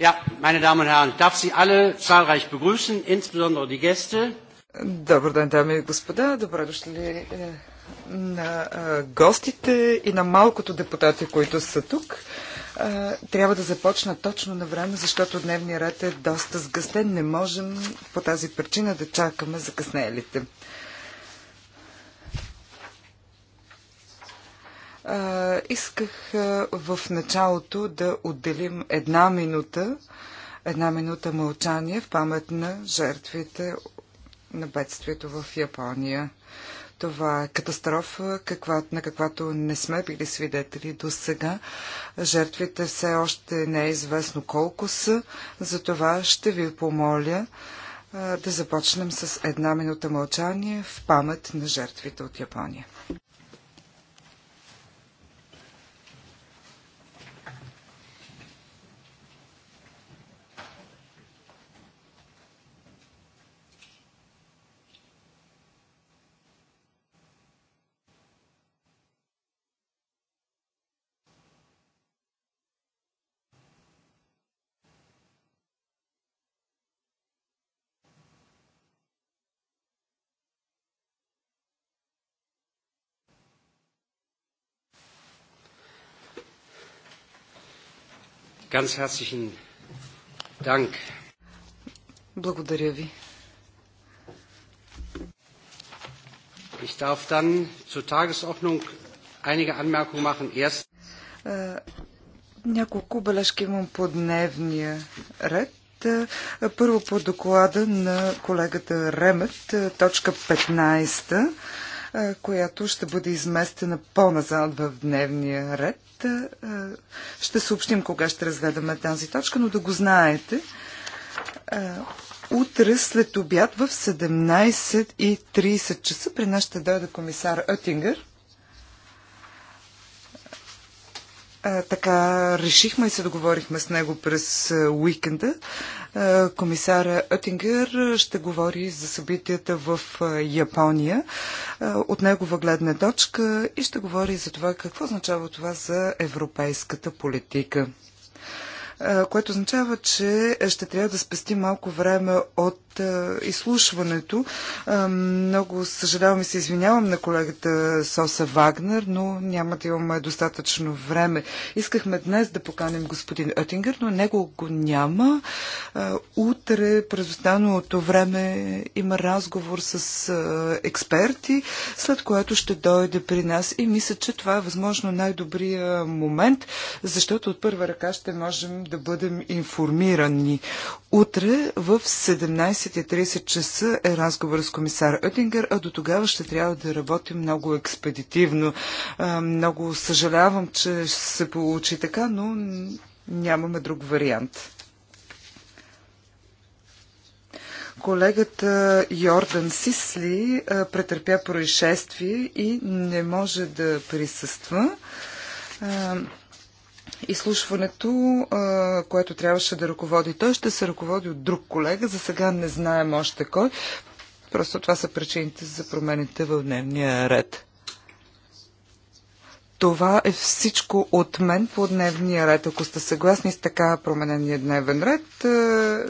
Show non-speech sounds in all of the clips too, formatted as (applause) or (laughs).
Ja, meine Damen und Herren, darf Sie alle zahlreich begrüßen, insbesondere die Gäste. Добър ден, дами и господа. Добре дошли е, на е, гостите и на малкото депутати, които са тук. Е, трябва да започна точно на време, защото дневният ред е доста сгъстен. Не можем по тази причина да чакаме закъснелите. исках в началото да отделим една минута, една минута мълчание в памет на жертвите на бедствието в Япония. Това е катастрофа, каква, на каквато не сме били свидетели до сега. Жертвите все още не е известно колко са, затова ще ви помоля а, да започнем с една минута мълчание в памет на жертвите от Япония. Ganz herzlichen Dank. Благодаря ви. Ich darf dann zur Tagesordnung einige Anmerkungen machen. Erst е, няколко бележки имам по дневния ред. Е, първо по доклада на колегата Ремет, е, точка 15 която ще бъде изместена по-назад в дневния ред. Ще съобщим кога ще разгледаме тази точка, но да го знаете. Утре след обяд в 17.30 часа при нас ще дойде комисар Оттингър. така решихме и се договорихме с него през уикенда. комисара Оттингер ще говори за събитията в Япония от негова гледна точка и ще говори за това какво означава това за европейската политика което означава, че ще трябва да спести малко време от изслушването. Много съжалявам и се извинявам на колегата Соса Вагнер, но няма да имаме достатъчно време. Искахме днес да поканим господин Оттингер, но него го няма. Утре през останалото време има разговор с експерти, след което ще дойде при нас и мисля, че това е възможно най-добрия момент, защото от първа ръка ще можем да бъдем информирани. Утре в 17 12.30 часа е разговор с комисар Оттингер, а до тогава ще трябва да работим много експедитивно. Много съжалявам, че се получи така, но нямаме друг вариант. Колегата Йордан Сисли претърпя происшествие и не може да присъства изслушването, което трябваше да ръководи той, ще се ръководи от друг колега. За сега не знаем още кой. Просто това са причините за промените в дневния ред. Това е всичко от мен по дневния ред. Ако сте съгласни с така променения дневен ред,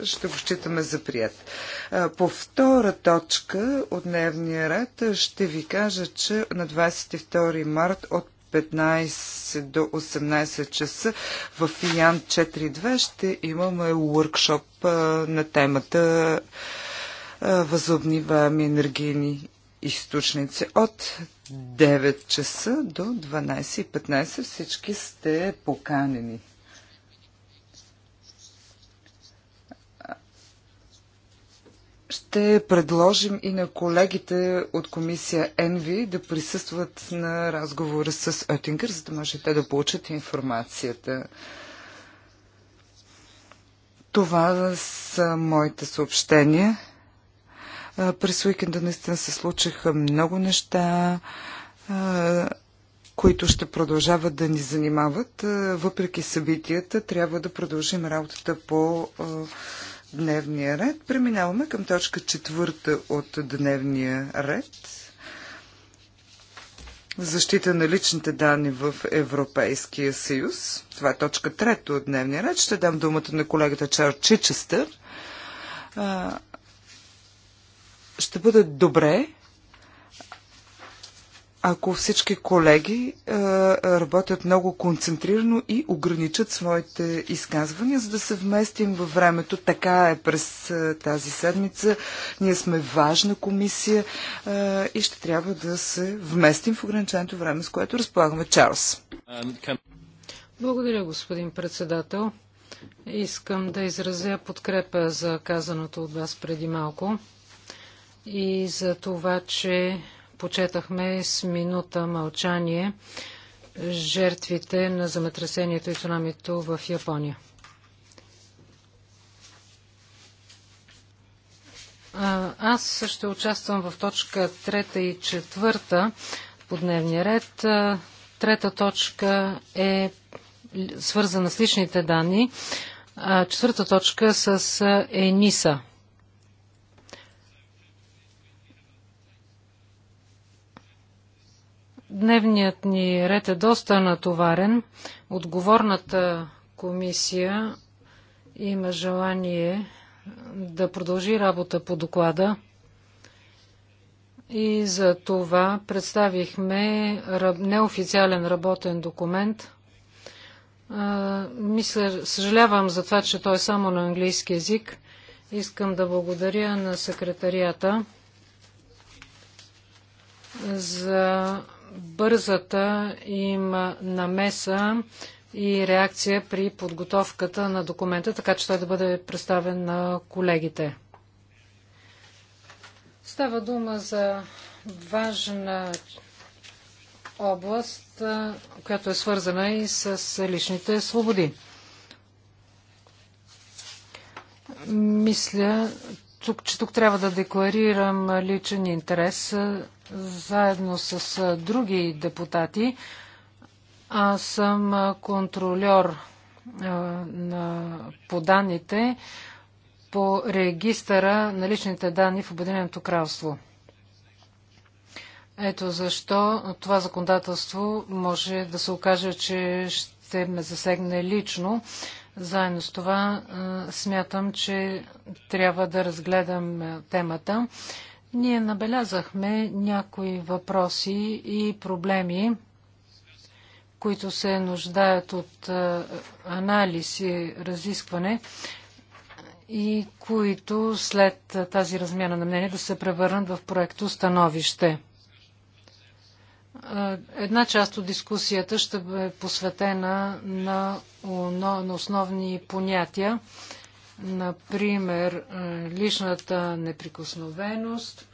ще го считаме за прият. По втора точка от дневния ред ще ви кажа, че на 22 март от 15 до 18 часа в Ян 4.2 ще имаме уркшоп на темата възобниваеми енергийни източници от 9 часа до 12.15 всички сте поканени. ще предложим и на колегите от комисия Енви да присъстват на разговора с Оттингър, за да може те да получат информацията. Това са моите съобщения. През уикенда наистина се случиха много неща, които ще продължават да ни занимават. Въпреки събитията, трябва да продължим работата по дневния ред. Преминаваме към точка четвърта от дневния ред. Защита на личните данни в Европейския съюз. Това е точка трета от дневния ред. Ще дам думата на колегата Чар Чичестър. Ще бъде добре ако всички колеги а, е, работят много концентрирано и ограничат своите изказвания, за да се вместим във времето. Така е през а, е, тази седмица. Ние сме важна комисия а, е, и ще трябва да се вместим в ограниченото време, с което разполагаме. Чарлз. Um, Благодаря, господин председател. Искам да изразя подкрепа за казаното от вас преди малко и за това, че почетахме с минута мълчание жертвите на земетресението и цунамито в Япония. Аз ще участвам в точка трета и четвърта по дневния ред. Трета точка е свързана с личните данни. Четвърта точка с ЕНИСА – Дневният ни ред е доста натоварен. Отговорната комисия има желание да продължи работа по доклада и за това представихме неофициален работен документ. Мисля, съжалявам за това, че той е само на английски язик. Искам да благодаря на секретарията за бързата им намеса и реакция при подготовката на документа, така че той да бъде представен на колегите. Става дума за важна област, която е свързана и с личните свободи. Мисля, тук, че тук трябва да декларирам личен интерес заедно с други депутати. Аз съм контролер на, по по регистъра на личните данни в Обединеното кралство. Ето защо това законодателство може да се окаже, че ще ме засегне лично заедно с това смятам, че трябва да разгледам темата. Ние набелязахме някои въпроси и проблеми, които се нуждаят от анализ и разискване и които след тази размяна на мнение да се превърнат в проекто становище. Е, една част от дискусията ще бъде посветена на, на основни понятия, например е, личната неприкосновеност,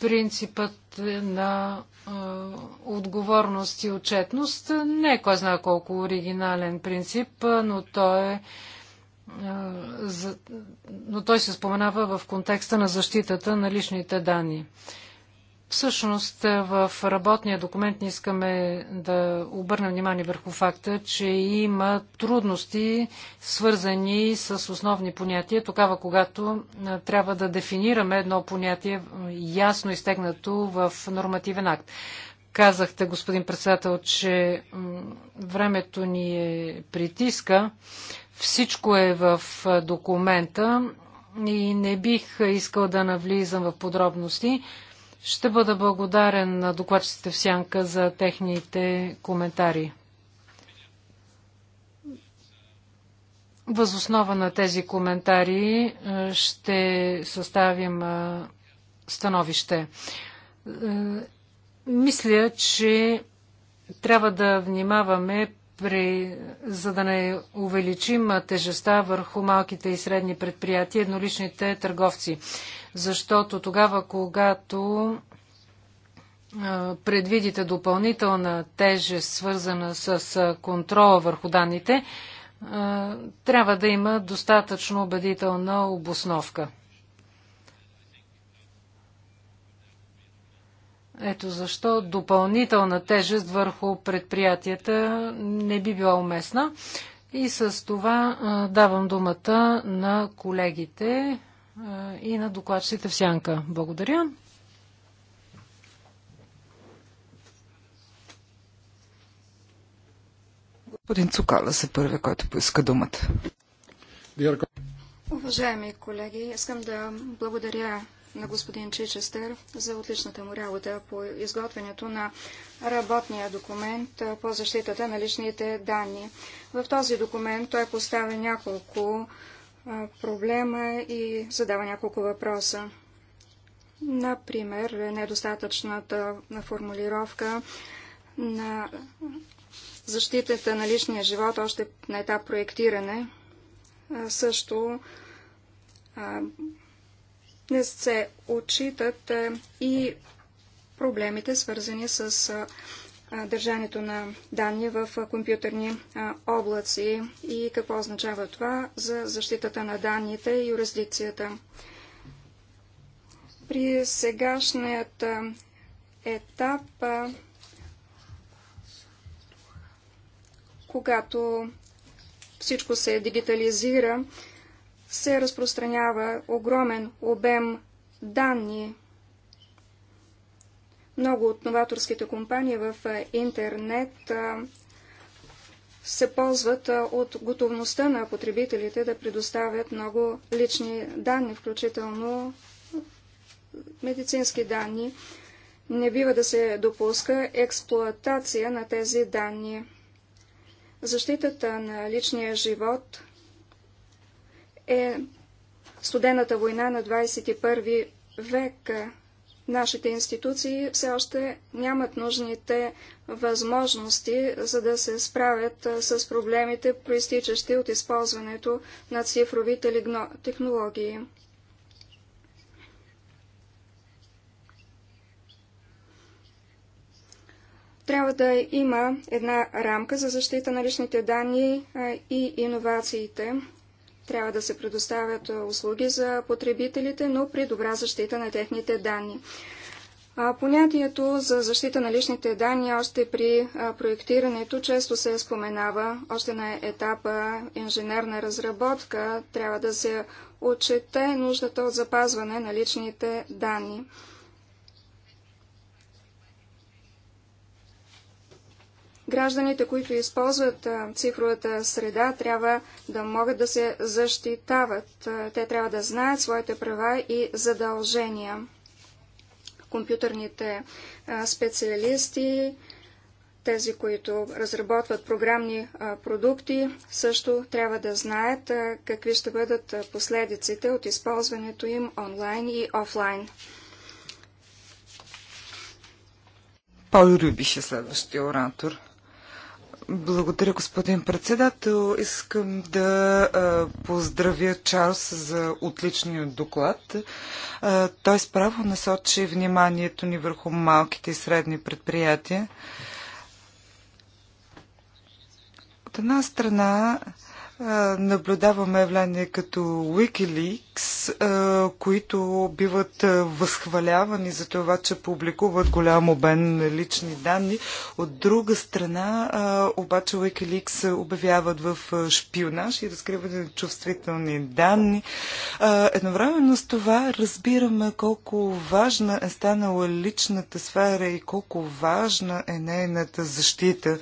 принципът на е, отговорност и отчетност. Не е кой знае колко оригинален принцип, но той е но той се споменава в контекста на защитата на личните данни. Всъщност е, в работния документ не искаме да обърнем внимание върху факта, че има трудности, свързани с основни понятия, тогава когато е, трябва да дефинираме едно понятие е, ясно изтегнато в нормативен акт. Казахте, господин председател, че времето ни е притиска. Всичко е в документа и не бих искал да навлизам в подробности. Ще бъда благодарен на докладчиците в Сянка за техните коментари. Възоснова на тези коментари е, ще съставим е, становище. Е, мисля, че трябва да внимаваме, при, за да не увеличим тежеста върху малките и средни предприятия, едноличните търговци защото тогава, когато предвидите допълнителна тежест, свързана с контрола върху данните, трябва да има достатъчно убедителна обосновка. Ето защо допълнителна тежест върху предприятията не би била уместна. И с това давам думата на колегите и на докладчите в сянка. Благодаря. Господин Цукала се първи, който поиска думата. Уважаеми колеги, искам да благодаря на господин Чичестър за отличната му работа по изготвянето на работния документ по защитата на личните данни. В този документ той поставя няколко проблема е и задава няколко въпроса. Например, недостатъчната формулировка на защитата на личния живот още на етап проектиране също не се отчитат и проблемите, свързани с държането на данни в компютърни облаци и какво означава това за защитата на данните и юрисдикцията. При сегашният етап, когато всичко се дигитализира, се разпространява огромен обем данни много от новаторските компании в интернет се ползват от готовността на потребителите да предоставят много лични данни, включително медицински данни. Не бива да се допуска експлоатация на тези данни. Защитата на личния живот е студената война на 21 век Нашите институции все още нямат нужните възможности, за да се справят с проблемите, проистичащи от използването на цифрови технологии. трябва да има една рамка за защита на личните данни и иновациите. Трябва да се предоставят услуги за потребителите, но при добра защита на техните данни. Понятието за защита на личните данни още при проектирането често се споменава. Още на етапа инженерна разработка трябва да се отчете нуждата от запазване на личните данни. Гражданите, които използват цифровата среда, трябва да могат да се защитават. Те трябва да знаят своите права и задължения. Компютърните специалисти, тези, които разработват програмни продукти, също трябва да знаят какви ще бъдат последиците от използването им онлайн и офлайн. Пол Рюбиш е следващия оратор. Благодаря, господин председател. Искам да а, поздравя Чарлз за отличния доклад. А, той справо насочи вниманието ни върху малките и средни предприятия. От една страна, а, наблюдаваме явления като Wikileaks, които биват възхвалявани за това, че публикуват голям обен лични данни. От друга страна, обаче Wikileaks се обявяват в шпионаж и разкриване чувствителни данни. Едновременно с това разбираме колко важна е станала личната сфера и колко важна е нейната защита.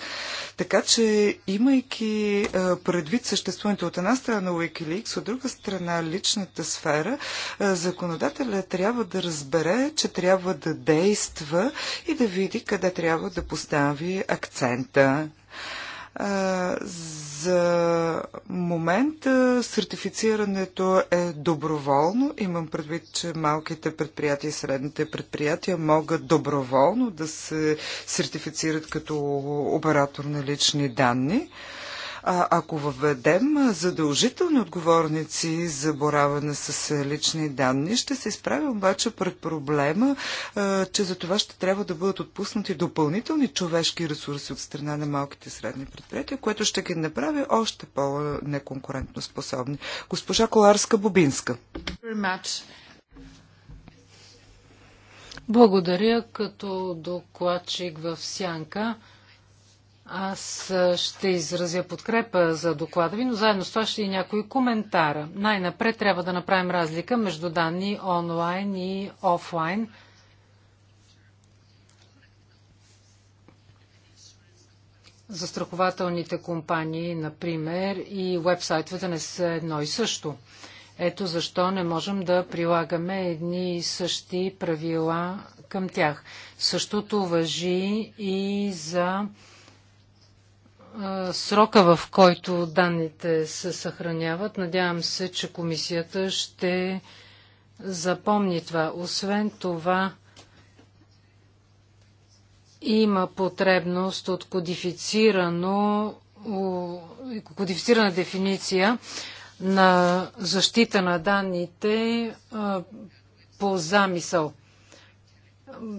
Така че, имайки предвид също съществуването от една страна на Wikileaks, от друга страна личната сфера, е, законодателя трябва да разбере, че трябва да действа и да види къде трябва да постави акцента. Е, за момента сертифицирането е доброволно. Имам предвид, че малките предприятия и средните предприятия могат доброволно да се сертифицират като оператор на лични данни. А, ако въведем задължителни отговорници за боравене с лични данни, ще се изправим обаче пред проблема, че за това ще трябва да бъдат отпуснати допълнителни човешки ресурси от страна на малките и средни предприятия, което ще ги направи още по-неконкурентно способни. Госпожа Коларска-Бобинска. Благодаря като докладчик в Сянка. Аз ще изразя подкрепа за доклада ви, но заедно с това ще и някои коментара. Най-напред трябва да направим разлика между данни онлайн и офлайн. Застрахователните компании, например, и вебсайтовете не са едно и също. Ето защо не можем да прилагаме едни и същи правила към тях. Същото въжи и за срока, в който данните се съхраняват. Надявам се, че комисията ще запомни това. Освен това, има потребност от кодифицирано, кодифицирана дефиниция на защита на данните по замисъл.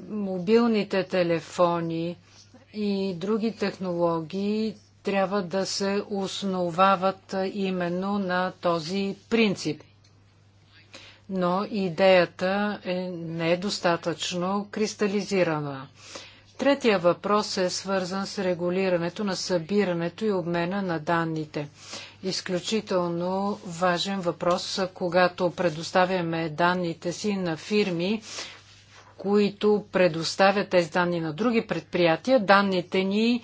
Мобилните телефони и други технологии трябва да се основават именно на този принцип. Но идеята е, не е достатъчно кристализирана. Третия въпрос е свързан с регулирането на събирането и обмена на данните. Изключително важен въпрос, когато предоставяме данните си на фирми, които предоставят тези данни на други предприятия, данните ни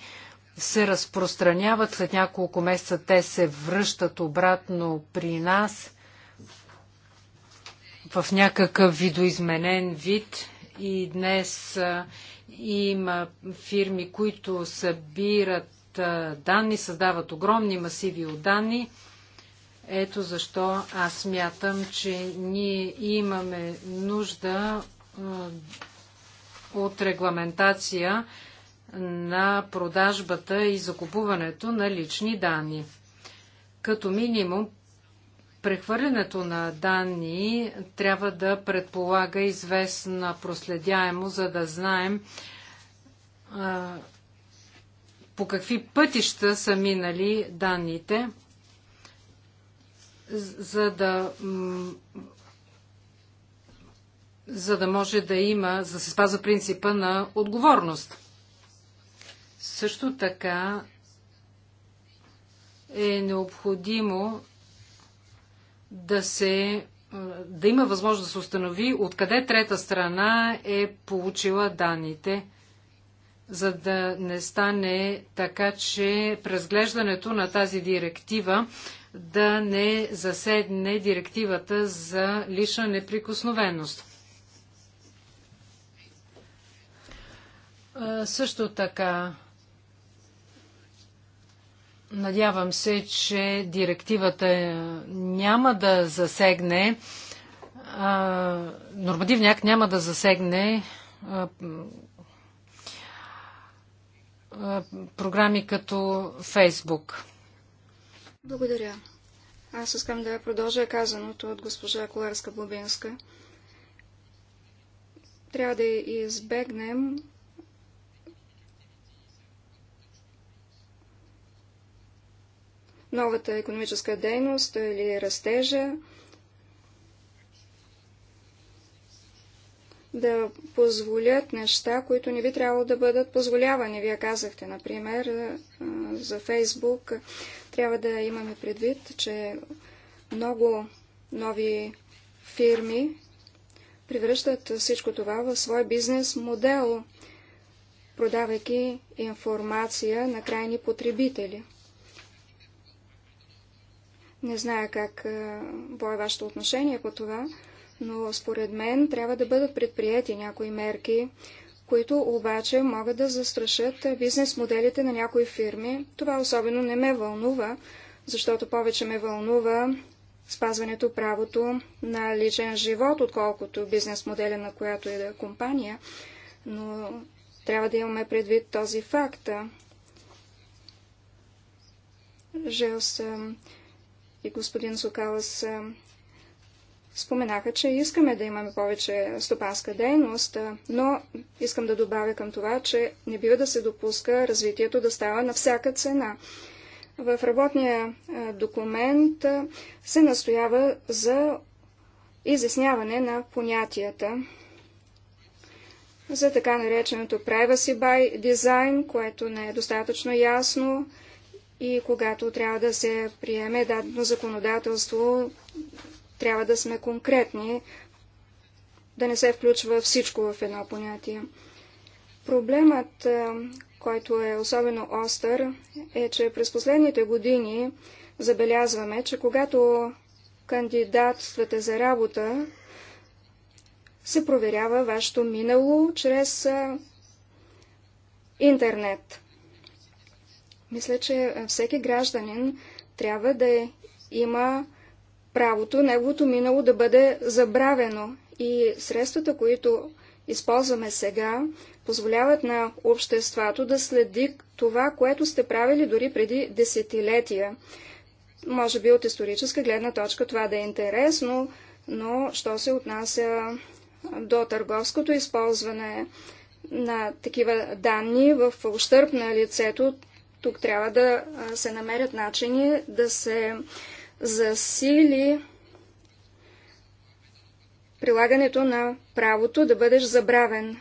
се разпространяват. След няколко месеца те се връщат обратно при нас в някакъв видоизменен вид. И днес има фирми, които събират данни, създават огромни масиви от данни. Ето защо аз мятам, че ние имаме нужда от регламентация на продажбата и закупуването на лични данни. Като минимум, прехвърлянето на данни трябва да предполага известна проследяемо, за да знаем а, по какви пътища са минали данните, за да за да може да има, за да се спазва принципа на отговорност. Също така е необходимо да се да има възможност да се установи откъде трета страна е получила данните, за да не стане така, че разглеждането на тази директива да не заседне директивата за лична неприкосновеност. Също така Надявам се, че директивата няма да засегне нормативния акт няма да засегне програми като Фейсбук. Благодаря. Аз искам да продължа казаното от госпожа Коларска-Блубинска. Трябва да избегнем новата економическа дейност или растежа, да позволят неща, които не би трябвало да бъдат позволявани. Вие казахте, например, за Фейсбук. Трябва да имаме предвид, че много нови фирми превръщат всичко това в свой бизнес модел, продавайки информация на крайни потребители. Не зная как бое е вашето отношение по това, но според мен трябва да бъдат предприяти някои мерки, които обаче могат да застрашат бизнес моделите на някои фирми. Това особено не ме вълнува, защото повече ме вълнува спазването правото на личен живот, отколкото бизнес моделя на която е да е компания. Но трябва да имаме предвид този факт. Желс и господин Сокалас споменаха, че искаме да имаме повече стопанска дейност, но искам да добавя към това, че не бива да се допуска развитието да става на всяка цена. В работния документ се настоява за изясняване на понятията за така нареченото privacy by design, което не е достатъчно ясно, и когато трябва да се приеме дадено законодателство, трябва да сме конкретни, да не се включва всичко в едно понятие. Проблемът, е, който е особено остър, е, че през последните години забелязваме, че когато кандидатствате за работа, се проверява вашето минало чрез е, интернет. Мисля, че всеки гражданин трябва да има правото неговото минало да бъде забравено и средствата, които използваме сега, позволяват на обществото да следи това, което сте правили дори преди десетилетия. Може би от историческа гледна точка това да е интересно, но що се отнася до търговското използване на такива данни в ущърп на лицето, тук трябва да се намерят начини да се засили прилагането на правото да бъдеш забравен.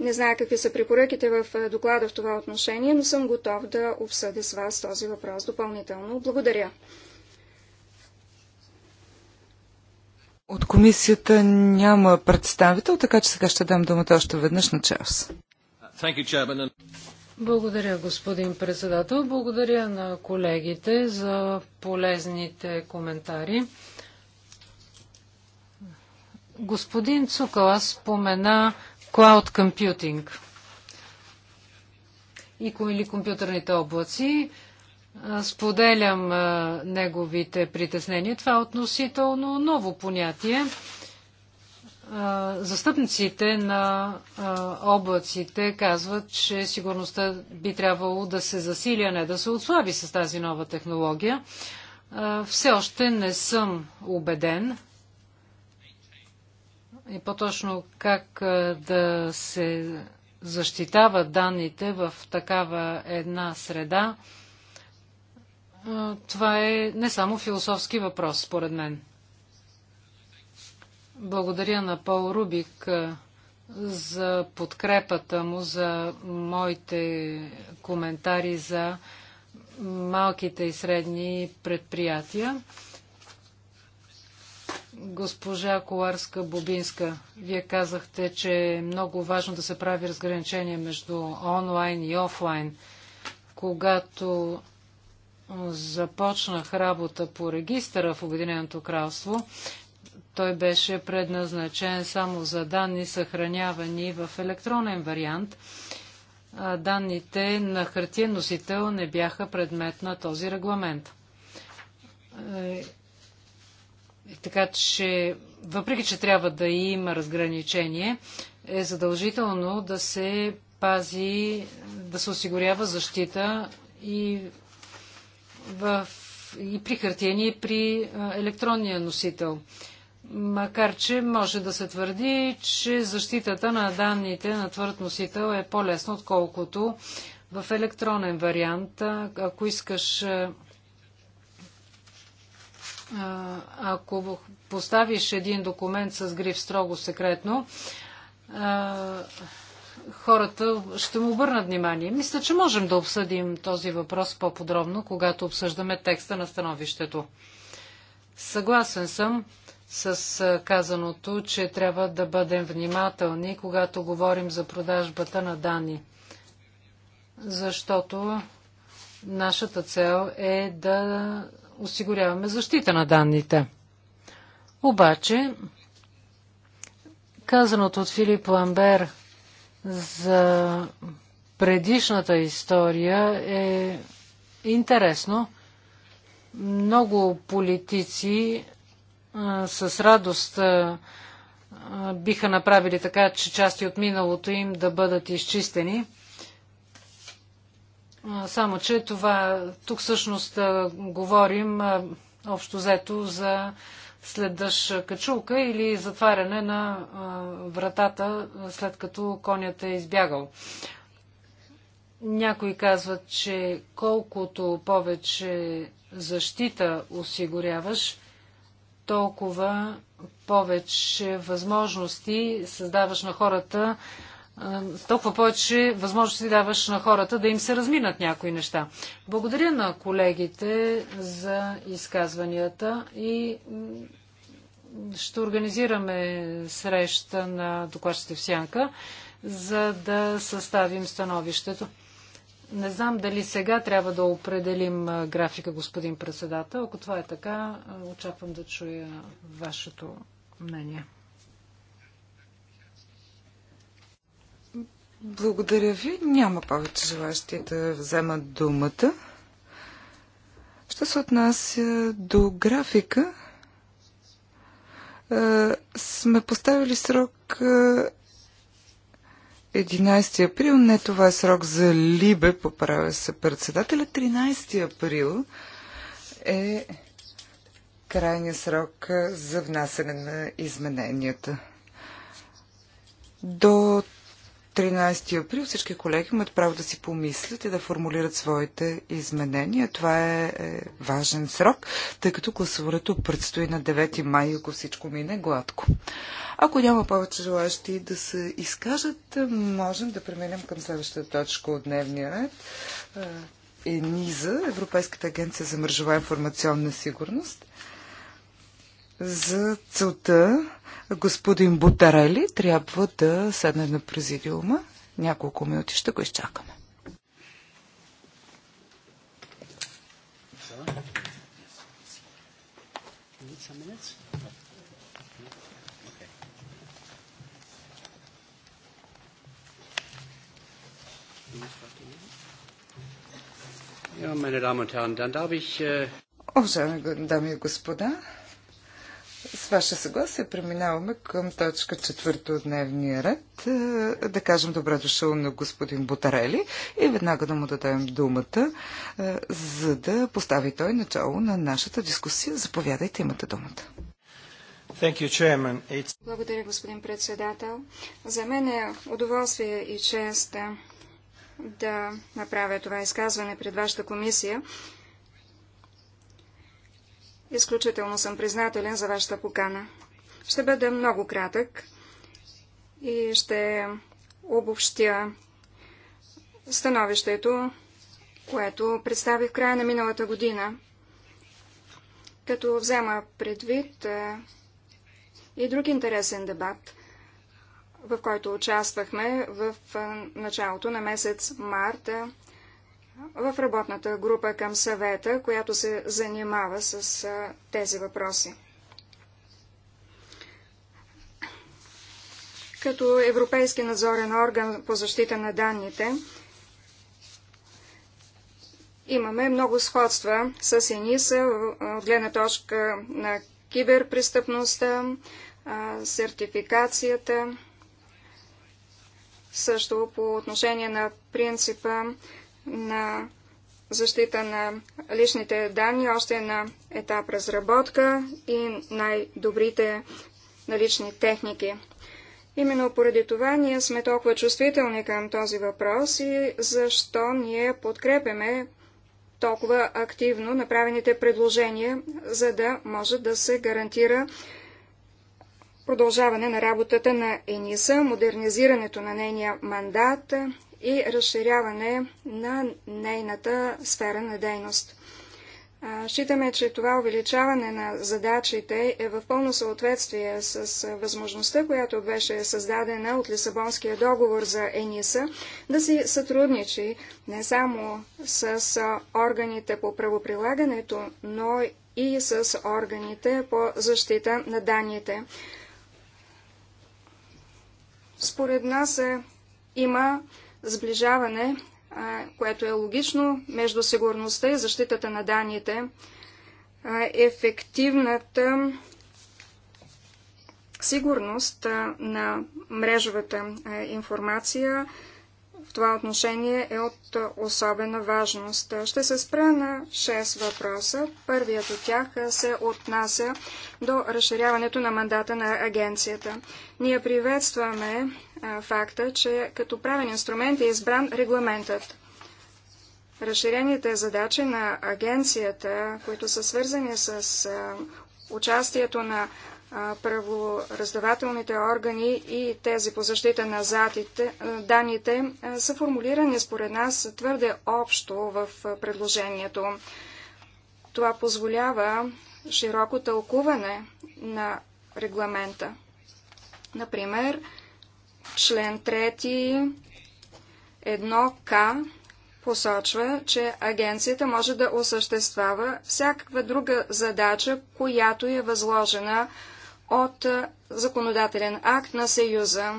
Не зная какви са препоръките в доклада в това отношение, но съм готов да обсъдя с вас този въпрос допълнително. Благодаря. От комисията няма представител, така че сега ще дам думата още веднъж на Чарлз. Благодаря, господин председател. Благодаря на колегите за полезните коментари. Господин Цукала спомена Cloud Computing или компютърните облаци. Споделям неговите притеснения. Това е относително ново понятие. Застъпниците на облаците казват, че сигурността би трябвало да се засили, а не да се отслаби с тази нова технология. Все още не съм убеден и по-точно как да се защитават данните в такава една среда. Това е не само философски въпрос, според мен. Благодаря на Пол Рубик за подкрепата му, за моите коментари за малките и средни предприятия. Госпожа Коларска-Бобинска, вие казахте, че е много важно да се прави разграничение между онлайн и офлайн. Когато започнах работа по регистъра в Обединеното кралство, той беше предназначен само за данни, съхранявани в електронен вариант. Данните на хартиен носител не бяха предмет на този регламент. Е, е, така че, въпреки че трябва да има разграничение, е задължително да се пази, да се осигурява защита и, в, и при хартиени, и при електронния носител. Макар, че може да се твърди, че защитата на данните на твърд носител е по-лесна, отколкото в електронен вариант. Ако искаш, ако поставиш един документ с гриф строго секретно, хората ще му обърнат внимание. Мисля, че можем да обсъдим този въпрос по-подробно, когато обсъждаме текста на становището. Съгласен съм с казаното, че трябва да бъдем внимателни, когато говорим за продажбата на данни. Защото нашата цел е да осигуряваме защита на данните. Обаче, казаното от Филип Ламбер за предишната история е интересно. Много политици с радост биха направили така, че части от миналото им да бъдат изчистени. Само, че това, тук всъщност говорим общо взето за следъж качулка или затваряне на вратата след като конят е избягал. Някои казват, че колкото повече защита осигуряваш, толкова повече възможности създаваш на хората, толкова повече възможности даваш на хората да им се разминат някои неща. Благодаря на колегите за изказванията и ще организираме среща на докладчите в Сянка, за да съставим становището. Не знам дали сега трябва да определим графика, господин председател. Ако това е така, очаквам да чуя вашето мнение. Благодаря ви. Няма повече желащи да вземат думата. Що се отнася до графика, сме поставили срок 11 април, не това е срок за Либе, поправя се председателя. 13 април е крайния срок за внасене на измененията. До 13 април всички колеги имат право да си помислят и да формулират своите изменения. Това е, е важен срок, тъй като гласуването предстои на 9 май, ако всичко мине гладко. Ако няма повече желащи да се изкажат, можем да преминем към следващата точка от дневния ред. Е, ЕНИЗА, Европейската агенция за мрежова информационна сигурност. За целта Господин Бутарели трябва да седне на президиума. Няколко минути ще го изчакаме. Ja, meine Damen und Herren, dann darf ich. Äh, Уважаеми дами и господа, ваше съгласие преминаваме към точка четвърта от дневния ред. Е, да кажем добре дошъл на господин Ботарели и веднага да му дадем думата, е, за да постави той начало на нашата дискусия. Заповядайте, имате думата. You, Благодаря, господин председател. За мен е удоволствие и чест е, да направя това изказване пред вашата комисия. Изключително съм признателен за вашата покана. Ще бъда много кратък и ще обобщя становището, което представих в края на миналата година, като взема предвид е, и друг интересен дебат, в който участвахме в е, началото на месец марта е, в работната група към съвета, която се занимава с тези въпроси. Като Европейски надзорен орган по защита на данните, имаме много сходства с ЕНИСА от гледна точка на киберпрестъпността, сертификацията, също по отношение на принципа на защита на личните данни още на етап разработка и най-добрите налични техники. Именно поради това ние сме толкова чувствителни към този въпрос и защо ние подкрепяме толкова активно направените предложения, за да може да се гарантира продължаване на работата на ЕНИСА, модернизирането на нейния мандат, и разширяване на нейната сфера на дейност. Считаме, че това увеличаване на задачите е в пълно съответствие с възможността, която беше създадена от Лисабонския договор за ЕНИСА, да си сътрудничи не само с органите по правоприлагането, но и с органите по защита на данните. Според нас има сближаване, което е логично между сигурността и защитата на данните, ефективната сигурност на мрежовата информация в това отношение е от особена важност. Ще се спра на 6 въпроса. Първият от тях се отнася до разширяването на мандата на агенцията. Ние приветстваме факта, че като правен инструмент е избран регламентът. Разширените задачи на агенцията, които са свързани с участието на правораздавателните органи и тези по защита на задите, данните, са формулирани според нас твърде общо в предложението. Това позволява широко тълкуване на регламента. Например, Член 3, 1К посочва, че агенцията може да осъществява всякаква друга задача, която е възложена от законодателен акт на Съюза.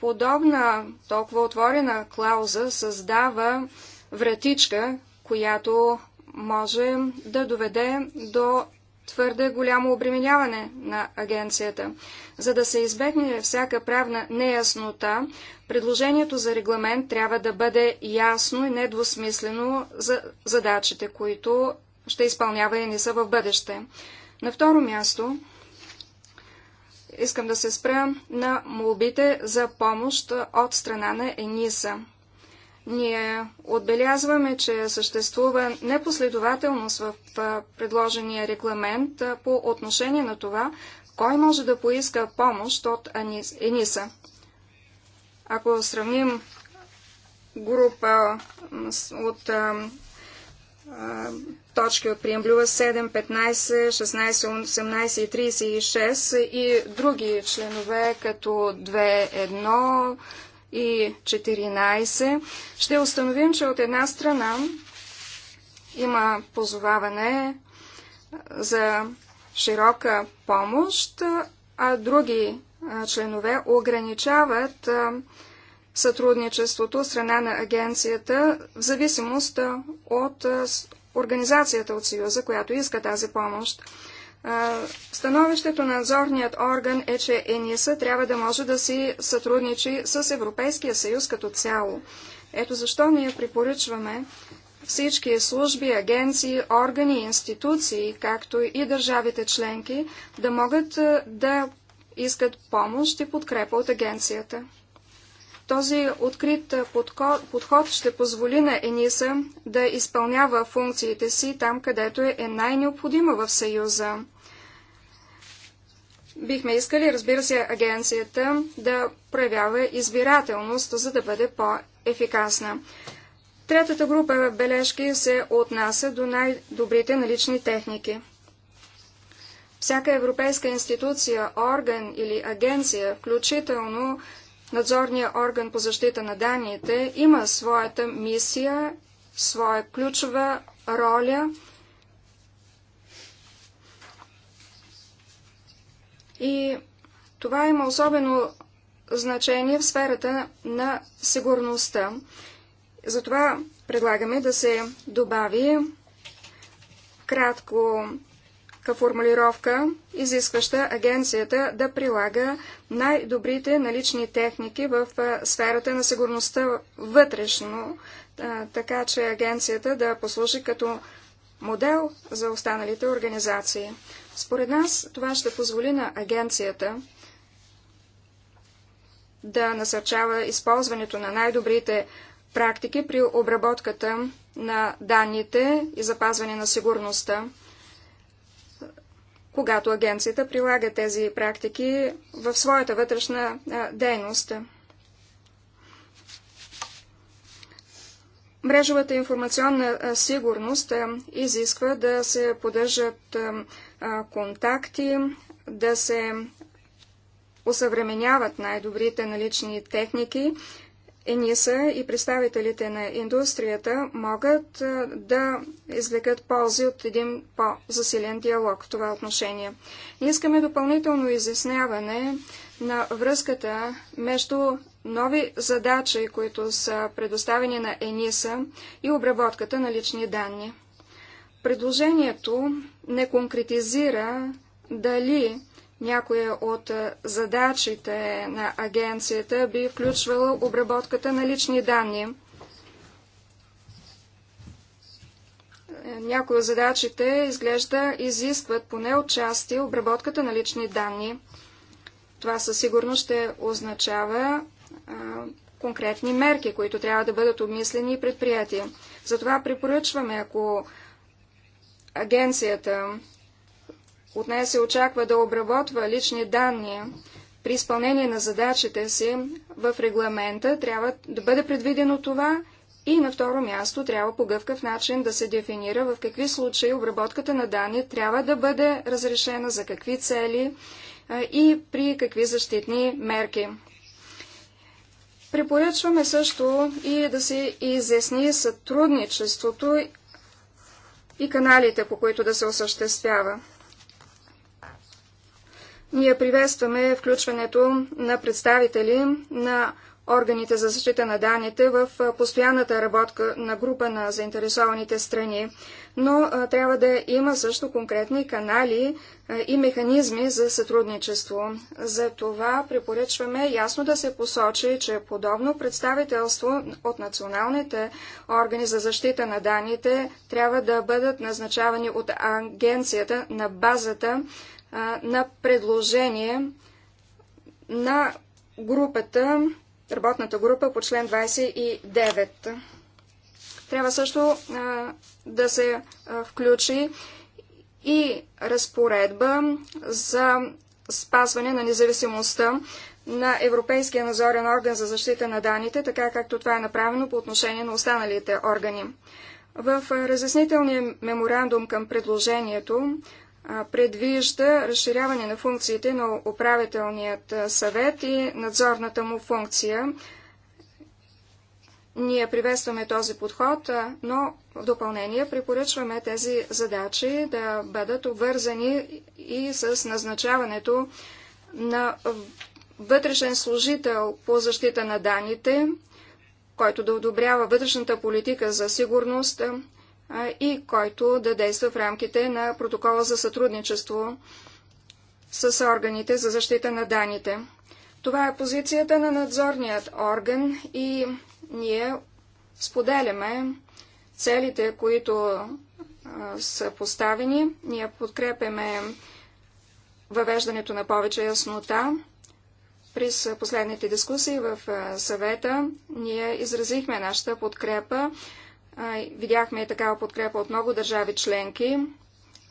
Подобна толкова отворена клауза създава вратичка, която може да доведе до твърде голямо обременяване на агенцията. За да се избегне всяка правна неяснота, предложението за регламент трябва да бъде ясно и недвусмислено за задачите, които ще изпълнява и не са в бъдеще. На второ място, искам да се спра на молбите за помощ от страна на ЕНИСА. Ние отбелязваме, че съществува непоследователност в предложения регламент по отношение на това, кой може да поиска помощ от ЕНИСА. Ако сравним група от точки от приемлюва 7, 15, 16, 18 и 36 и други членове като 2, 1, 14 ще установим, че от една страна има позоваване за широка помощ, а други членове ограничават сътрудничеството от страна на агенцията в зависимост от организацията от Съюза, която иска тази помощ. Становището на надзорният орган е, че ЕНИСА трябва да може да си сътрудничи с Европейския съюз като цяло. Ето защо ние препоръчваме всички служби, агенции, органи и институции, както и държавите членки, да могат да искат помощ и подкрепа от агенцията. Този открит подход ще позволи на ЕНИСА да изпълнява функциите си там, където е най-необходима в Съюза. Бихме искали, разбира се, агенцията да проявява избирателност, за да бъде по-ефикасна. Третата група бележки се отнася до най-добрите налични техники. Всяка европейска институция, орган или агенция, включително Надзорният орган по защита на данните има своята мисия, своя ключова роля и това има особено значение в сферата на сигурността. Затова предлагаме да се добави кратко формулировка, изискваща агенцията да прилага най-добрите налични техники в сферата на сигурността вътрешно, така че агенцията да послужи като модел за останалите организации. Според нас това ще позволи на агенцията да насърчава използването на най-добрите практики при обработката на данните и запазване на сигурността когато агенцията прилага тези практики в своята вътрешна дейност. Мрежовата информационна сигурност изисква да се поддържат контакти, да се осъвременяват най-добрите налични техники, ЕНИСА и представителите на индустрията могат да извлекат ползи от един по-засилен диалог в това отношение. Ние искаме допълнително изясняване на връзката между нови задачи, които са предоставени на ЕНИСА и обработката на лични данни. Предложението не конкретизира дали Някоя от задачите на агенцията би включвала обработката на лични данни. Е, някои от задачите изглежда изискват поне отчасти обработката на лични данни. Това със сигурност ще означава а, конкретни мерки, които трябва да бъдат обмислени и предприяти. Затова препоръчваме, ако агенцията от нея се очаква да обработва лични данни. При изпълнение на задачите си в регламента трябва да бъде предвидено това и на второ място трябва по гъвкав начин да се дефинира в какви случаи обработката на данни трябва да бъде разрешена, за какви цели и при какви защитни мерки. Препоръчваме също и да се изясни сътрудничеството и каналите, по които да се осъществява. Ние приветстваме включването на представители на органите за защита на данните в постоянната работка на група на заинтересованите страни, но а, трябва да има също конкретни канали а, и механизми за сътрудничество. За това препоръчваме ясно да се посочи, че подобно представителство от националните органи за защита на данните трябва да бъдат назначавани от агенцията на базата на предложение на групата, работната група по член 29. Трябва също да се включи и разпоредба за спазване на независимостта на Европейския назорен орган за защита на данните, така както това е направено по отношение на останалите органи. В разяснителния меморандум към предложението предвижда разширяване на функциите на управителният съвет и надзорната му функция. Ние приветстваме този подход, но в допълнение препоръчваме тези задачи да бъдат обвързани и с назначаването на вътрешен служител по защита на данните, който да одобрява вътрешната политика за сигурност, и който да действа в рамките на протокола за сътрудничество с органите за защита на данните. Това е позицията на надзорният орган и ние споделяме целите, които а, са поставени. Ние подкрепяме въвеждането на повече яснота. През последните дискусии в съвета ние изразихме нашата подкрепа Видяхме и такава подкрепа от много държави членки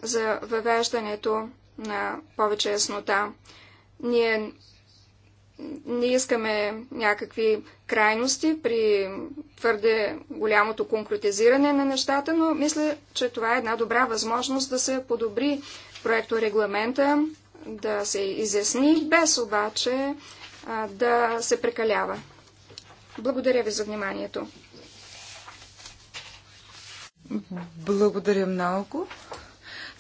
за въвеждането на повече яснота. Ние не искаме някакви крайности при твърде голямото конкретизиране на нещата, но мисля, че това е една добра възможност да се подобри проекто регламента, да се изясни, без обаче да се прекалява. Благодаря ви за вниманието. Благодаря много.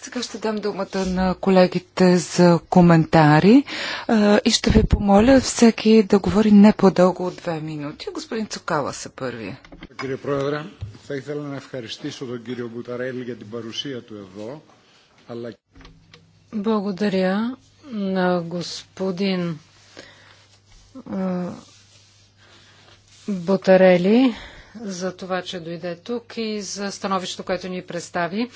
Сега ще дам думата на колегите за коментари а, и ще ви помоля всеки да говори не по-дълго от две минути. Господин Цукала се първи. Κύριε Проедра, θα ήθελα να ευχαριστήσω τον κύριο Μπουταρέλ για την παρουσία του εδώ. Αλλά... Благодаря на господин Бутарели за това, че дойде тук и за становището, което ни представи.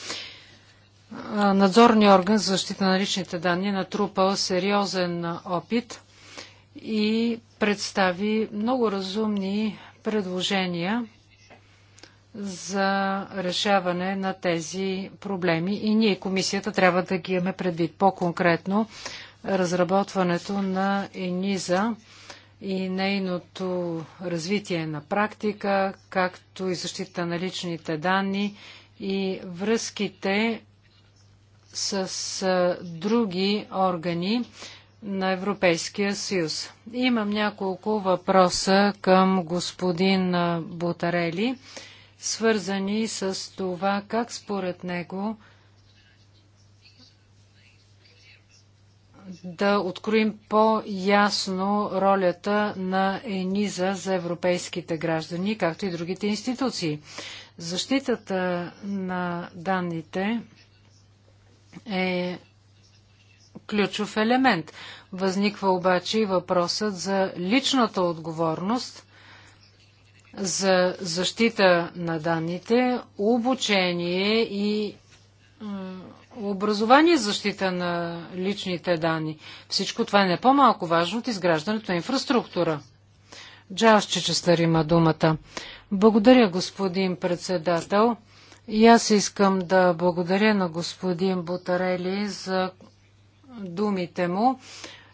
Надзорният орган за защита на личните данни натрупал сериозен опит и представи много разумни предложения за решаване на тези проблеми и ние, комисията, трябва да ги имаме предвид. По-конкретно, разработването на ЕНИЗА и нейното развитие на практика, както и защита на личните данни и връзките с други органи на Европейския съюз. Имам няколко въпроса към господин Бутарели, свързани с това как според него да откроим по-ясно ролята на ЕНИЗА за европейските граждани, както и другите институции. Защитата на данните е ключов елемент. Възниква обаче и въпросът за личната отговорност за защита на данните, обучение и образование, защита на личните данни. Всичко това е не по-малко важно от изграждането на инфраструктура. Джаш Чичестър има думата. Благодаря, господин председател. И аз искам да благодаря на господин Бутарели за думите му.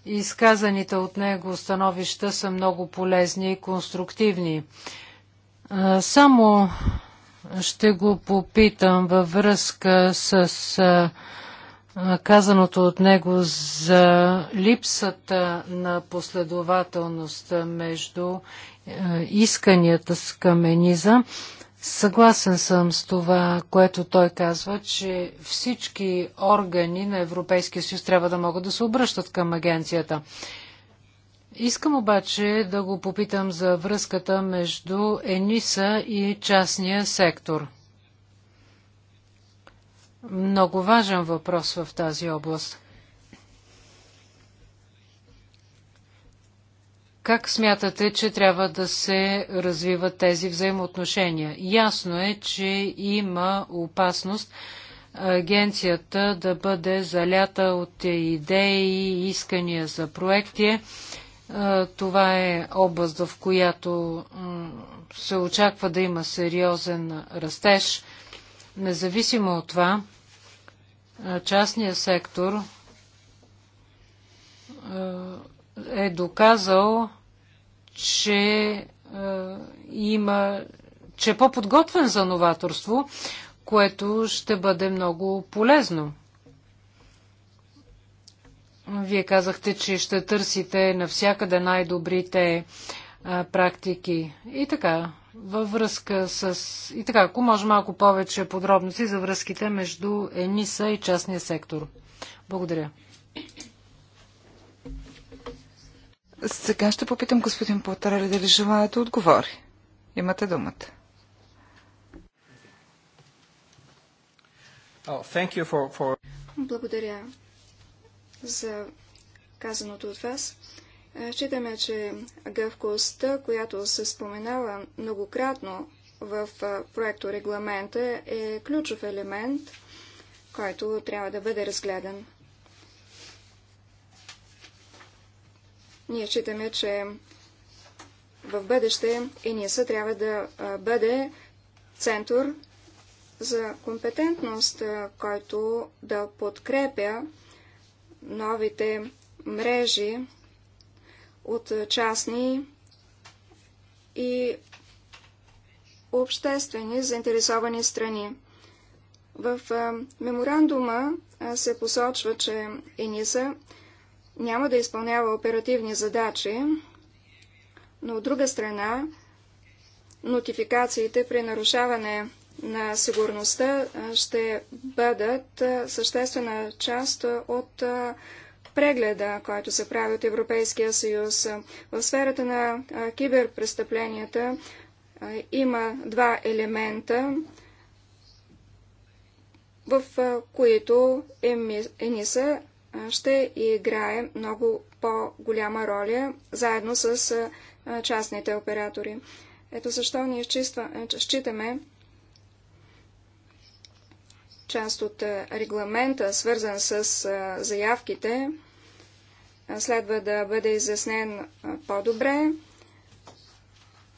Изказаните от него становища са много полезни и конструктивни. Само ще го попитам във връзка с казаното от него за липсата на последователност между исканията с камениза. Съгласен съм с това, което той казва, че всички органи на Европейския съюз трябва да могат да се обръщат към агенцията. Искам обаче да го попитам за връзката между ЕНИСА и частния сектор. Много важен въпрос в тази област. Как смятате, че трябва да се развиват тези взаимоотношения? Ясно е, че има опасност агенцията да бъде залята от идеи и искания за проекти това е област, в която се очаква да има сериозен растеж. Независимо от това, частният сектор е доказал, че има, че е по-подготвен за новаторство, което ще бъде много полезно. Вие казахте, че ще търсите навсякъде най-добрите практики. И така, във връзка с... И така, ако може малко повече подробности за връзките между ЕНИСА и частния сектор. Благодаря. Сега ще попитам господин Потарали дали желая да отговори. Имате думата. Oh, for, for... Благодаря за казаното от вас. Е, считаме, че гъвкостта, която се споменава многократно в е, проекто регламента, е ключов елемент, който трябва да бъде разгледан. Ние считаме, че в бъдеще ЕНИСА трябва да е, бъде център за компетентност, който да подкрепя новите мрежи от частни и обществени заинтересовани страни. В меморандума се посочва, че ЕНИСА няма да изпълнява оперативни задачи, но от друга страна нотификациите при нарушаване на сигурността ще бъдат съществена част от прегледа, който се прави от Европейския съюз. В сферата на киберпрестъпленията има два елемента, в които ЕНИСА ще играе много по-голяма роля заедно с частните оператори. Ето защо ние считаме, част от е, регламента, свързан с е, заявките, е, следва да бъде изяснен по-добре,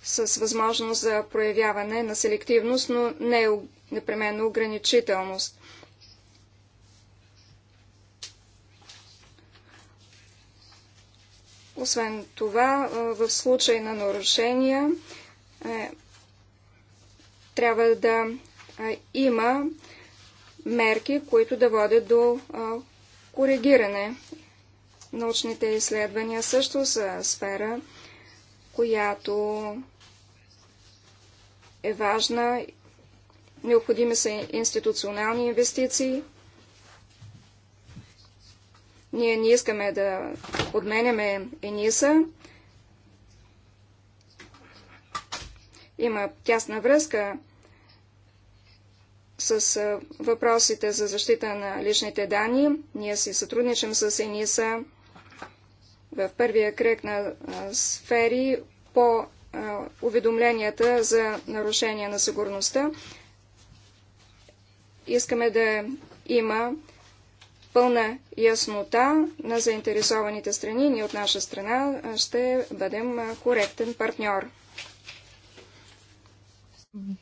с възможност за проявяване на селективност, но не непременно ограничителност. Освен това, в случай на нарушения трябва да има мерки, които да водят до коригиране. Научните изследвания също са сфера, която е важна. Необходими са институционални инвестиции. Ние не искаме да подменяме ЕНИСА. Има тясна връзка с въпросите за защита на личните данни. Ние си сътрудничим с ЕНИСА в първия кръг на сфери по уведомленията за нарушения на сигурността. Искаме да има пълна яснота на заинтересованите страни. Ние от наша страна ще бъдем коректен партньор.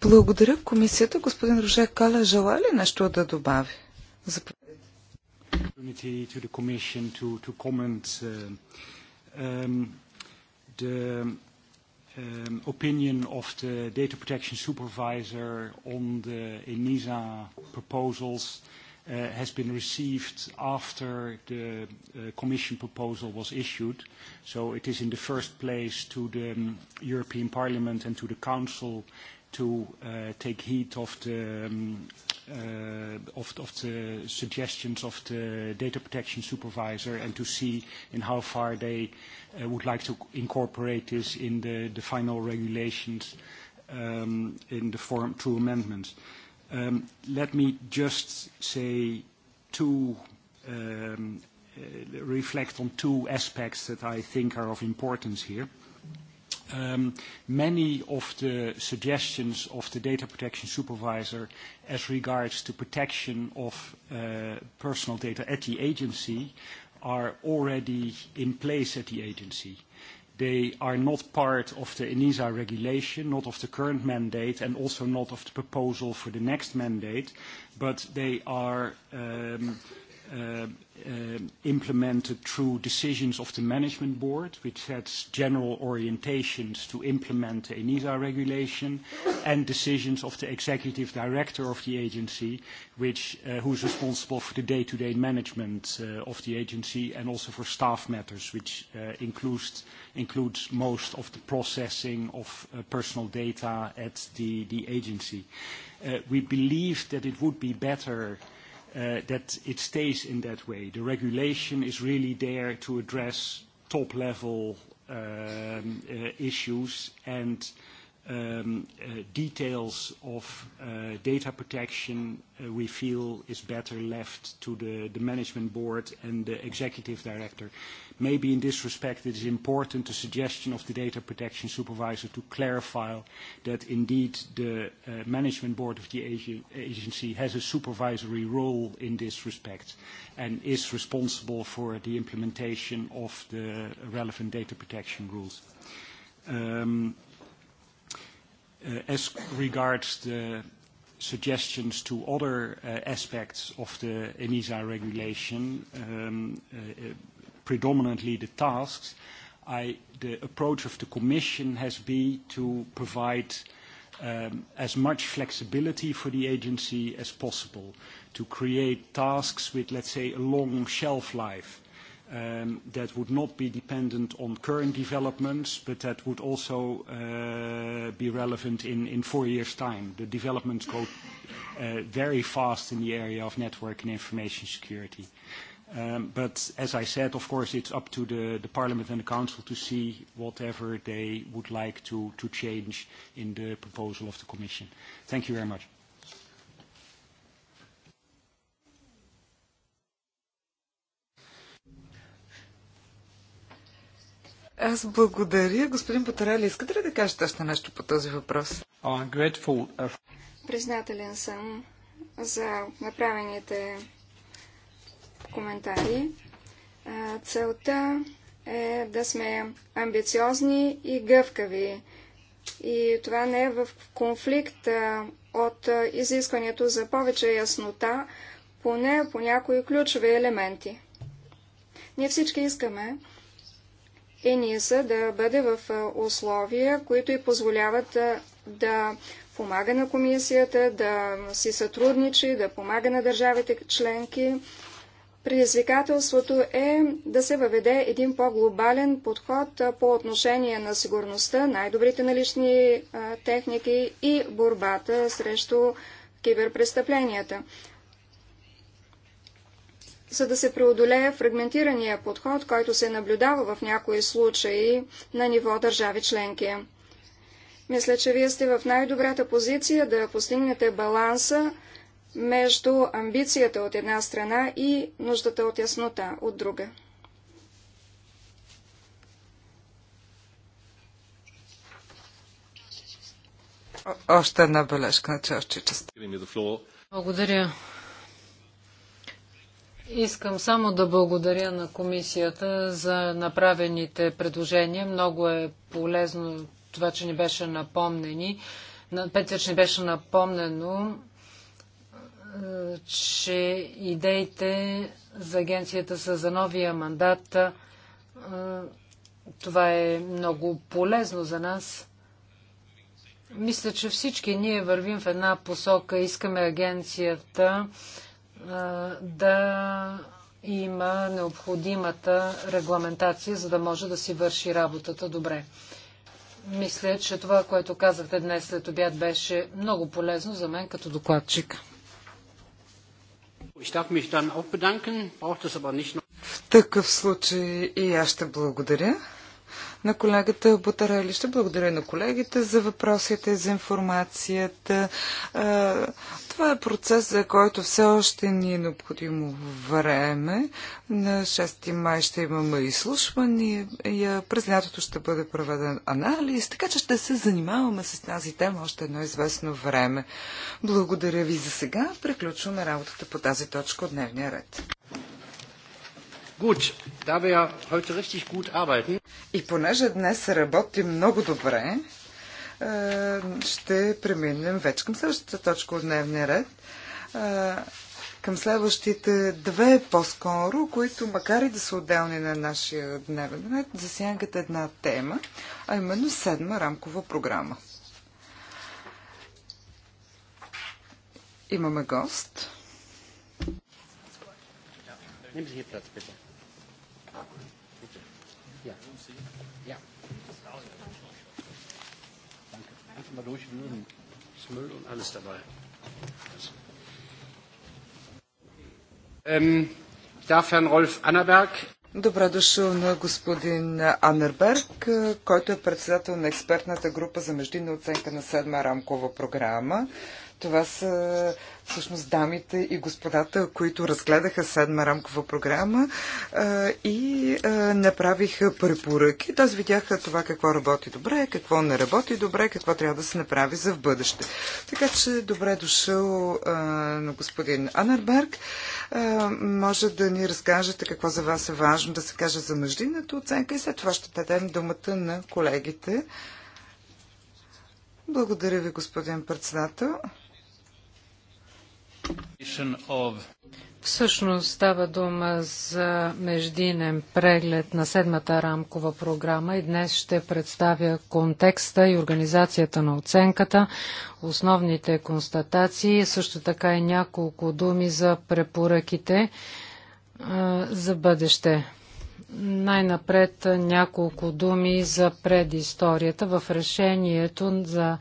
Благодаря комисията. Господин Роже Кале, желая ли нещо да добави? Заповядайте. Um, opinion of the data protection supervisor on the ENISA proposals uh, has been received after the uh, Commission proposal was issued. So it is in the first place to the um, European Parliament and to the Council to take heed of the suggestions of the data protection supervisor and to see in how far they would like to incorporate this in the final regulations in the form through amendments. Let me just say two reflect on two aspects that I think are of importance here many of the suggestions of the data protection supervisor as regards to protection of personal data at the agency are already in place at the agency. They are not part of the ENISA regulation, not of the current mandate, and also not of the proposal for the next mandate, but they are um, implemented through decisions of the management board, which sets general orientations to implement the ENISA regulation, and decisions of the executive director of the agency, which who's responsible for the day-to-day management of the agency and also for staff matters, which includes most of the processing of personal data at the agency. We believe that it would be better that it stays in that way. The regulation is really there to address top-level issues and details of data protection, we feel is better left to the management board and the executive director. Maybe in this respect, it is important, the suggestion of the data protection supervisor to clarify that indeed the management board of the agency has a supervisory role in this respect and is responsible for the implementation of the relevant data protection rules. As regards the suggestions to other aspects of the ENISA regulation, predominantly the tasks, the approach of the Commission has been to provide as much flexibility for the agency as possible, to create tasks with, let's say, a long shelf life that would not be dependent on current developments, but that would also be relevant in four years' time. The developments go very fast in the area of network and information security. But as I said, of course, it's up to the parliament and the council to see whatever they would like to change in the proposal of the commission. Thank you very much. Аз благодаря. Господин Патарали, искате ли да кажете още нещо по този въпрос? Uh, Признателен съм за направените коментари. Целта е да сме амбициозни и гъвкави. И това не е в конфликт от изискването за повече яснота, поне по някои ключови елементи. Ние всички искаме ЕНИСА да бъде в условия, които и позволяват да помага на комисията, да си сътрудничи, да помага на държавите членки. Предизвикателството е да се въведе един по-глобален подход по отношение на сигурността, най-добрите налични техники и борбата срещу киберпрестъпленията за да се преодолее фрагментирания подход, който се наблюдава в някои случаи на ниво държави членки. Мисля, че вие сте в най-добрата позиция да постигнете баланса между амбицията от една страна и нуждата от яснота от друга. О, още една бележка на чашчичеста. Благодаря, Искам само да благодаря на комисията за направените предложения. Много е полезно това, че ни беше напомнени. Петър, че ни беше напомнено, е, че идеите за агенцията са за новия мандат. Е, това е много полезно за нас. Мисля, че всички ние вървим в една посока. Искаме агенцията да има необходимата регламентация, за да може да си върши работата добре. Мисля, че това, което казахте днес след обяд, беше много полезно за мен като докладчик. В такъв случай и аз ще благодаря на колегата Бутарели. Ще благодаря на колегите за въпросите, за информацията. Това е процес, за който все още ни е необходимо време. На 6 май ще имаме изслушване, през лятото ще бъде проведен анализ, така че ще се занимаваме с тази тема още едно известно време. Благодаря ви за сега. Приключваме работата по тази точка от дневния ред. Gut, da wir heute richtig gut arbeiten. И понеже днес работим много добре, е, ще преминем вече към следващата точка от дневния ред. Е, към следващите две по-скоро, които макар и да са отделни на нашия дневен ред, засягат една тема, а именно седма рамкова програма. Имаме гост. Nehmen Sie ги Platz, mal durchwühlen. Ist Müll und alles dabei. Ähm, ich darf Herrn Rolf Annerberg Добре дошъл на господин Анерберг, който е председател на експертната група за междинна оценка на седма рамкова програма. Това са всъщност дамите и господата, които разгледаха седма рамкова програма а, и а, направиха препоръки. Т.е. видяха това какво работи добре, какво не работи добре, какво трябва да се направи за в бъдеще. Така че добре дошъл а, на господин Анерберг. А, може да ни разкажете какво за вас е важно да се каже за мъждината оценка и след това ще дадем думата на колегите. Благодаря ви, господин председател. Всъщност става дума за междинен преглед на седмата рамкова програма и днес ще представя контекста и организацията на оценката, основните констатации, също така и няколко думи за препоръките а, за бъдеще. Най-напред няколко думи за предисторията в решението за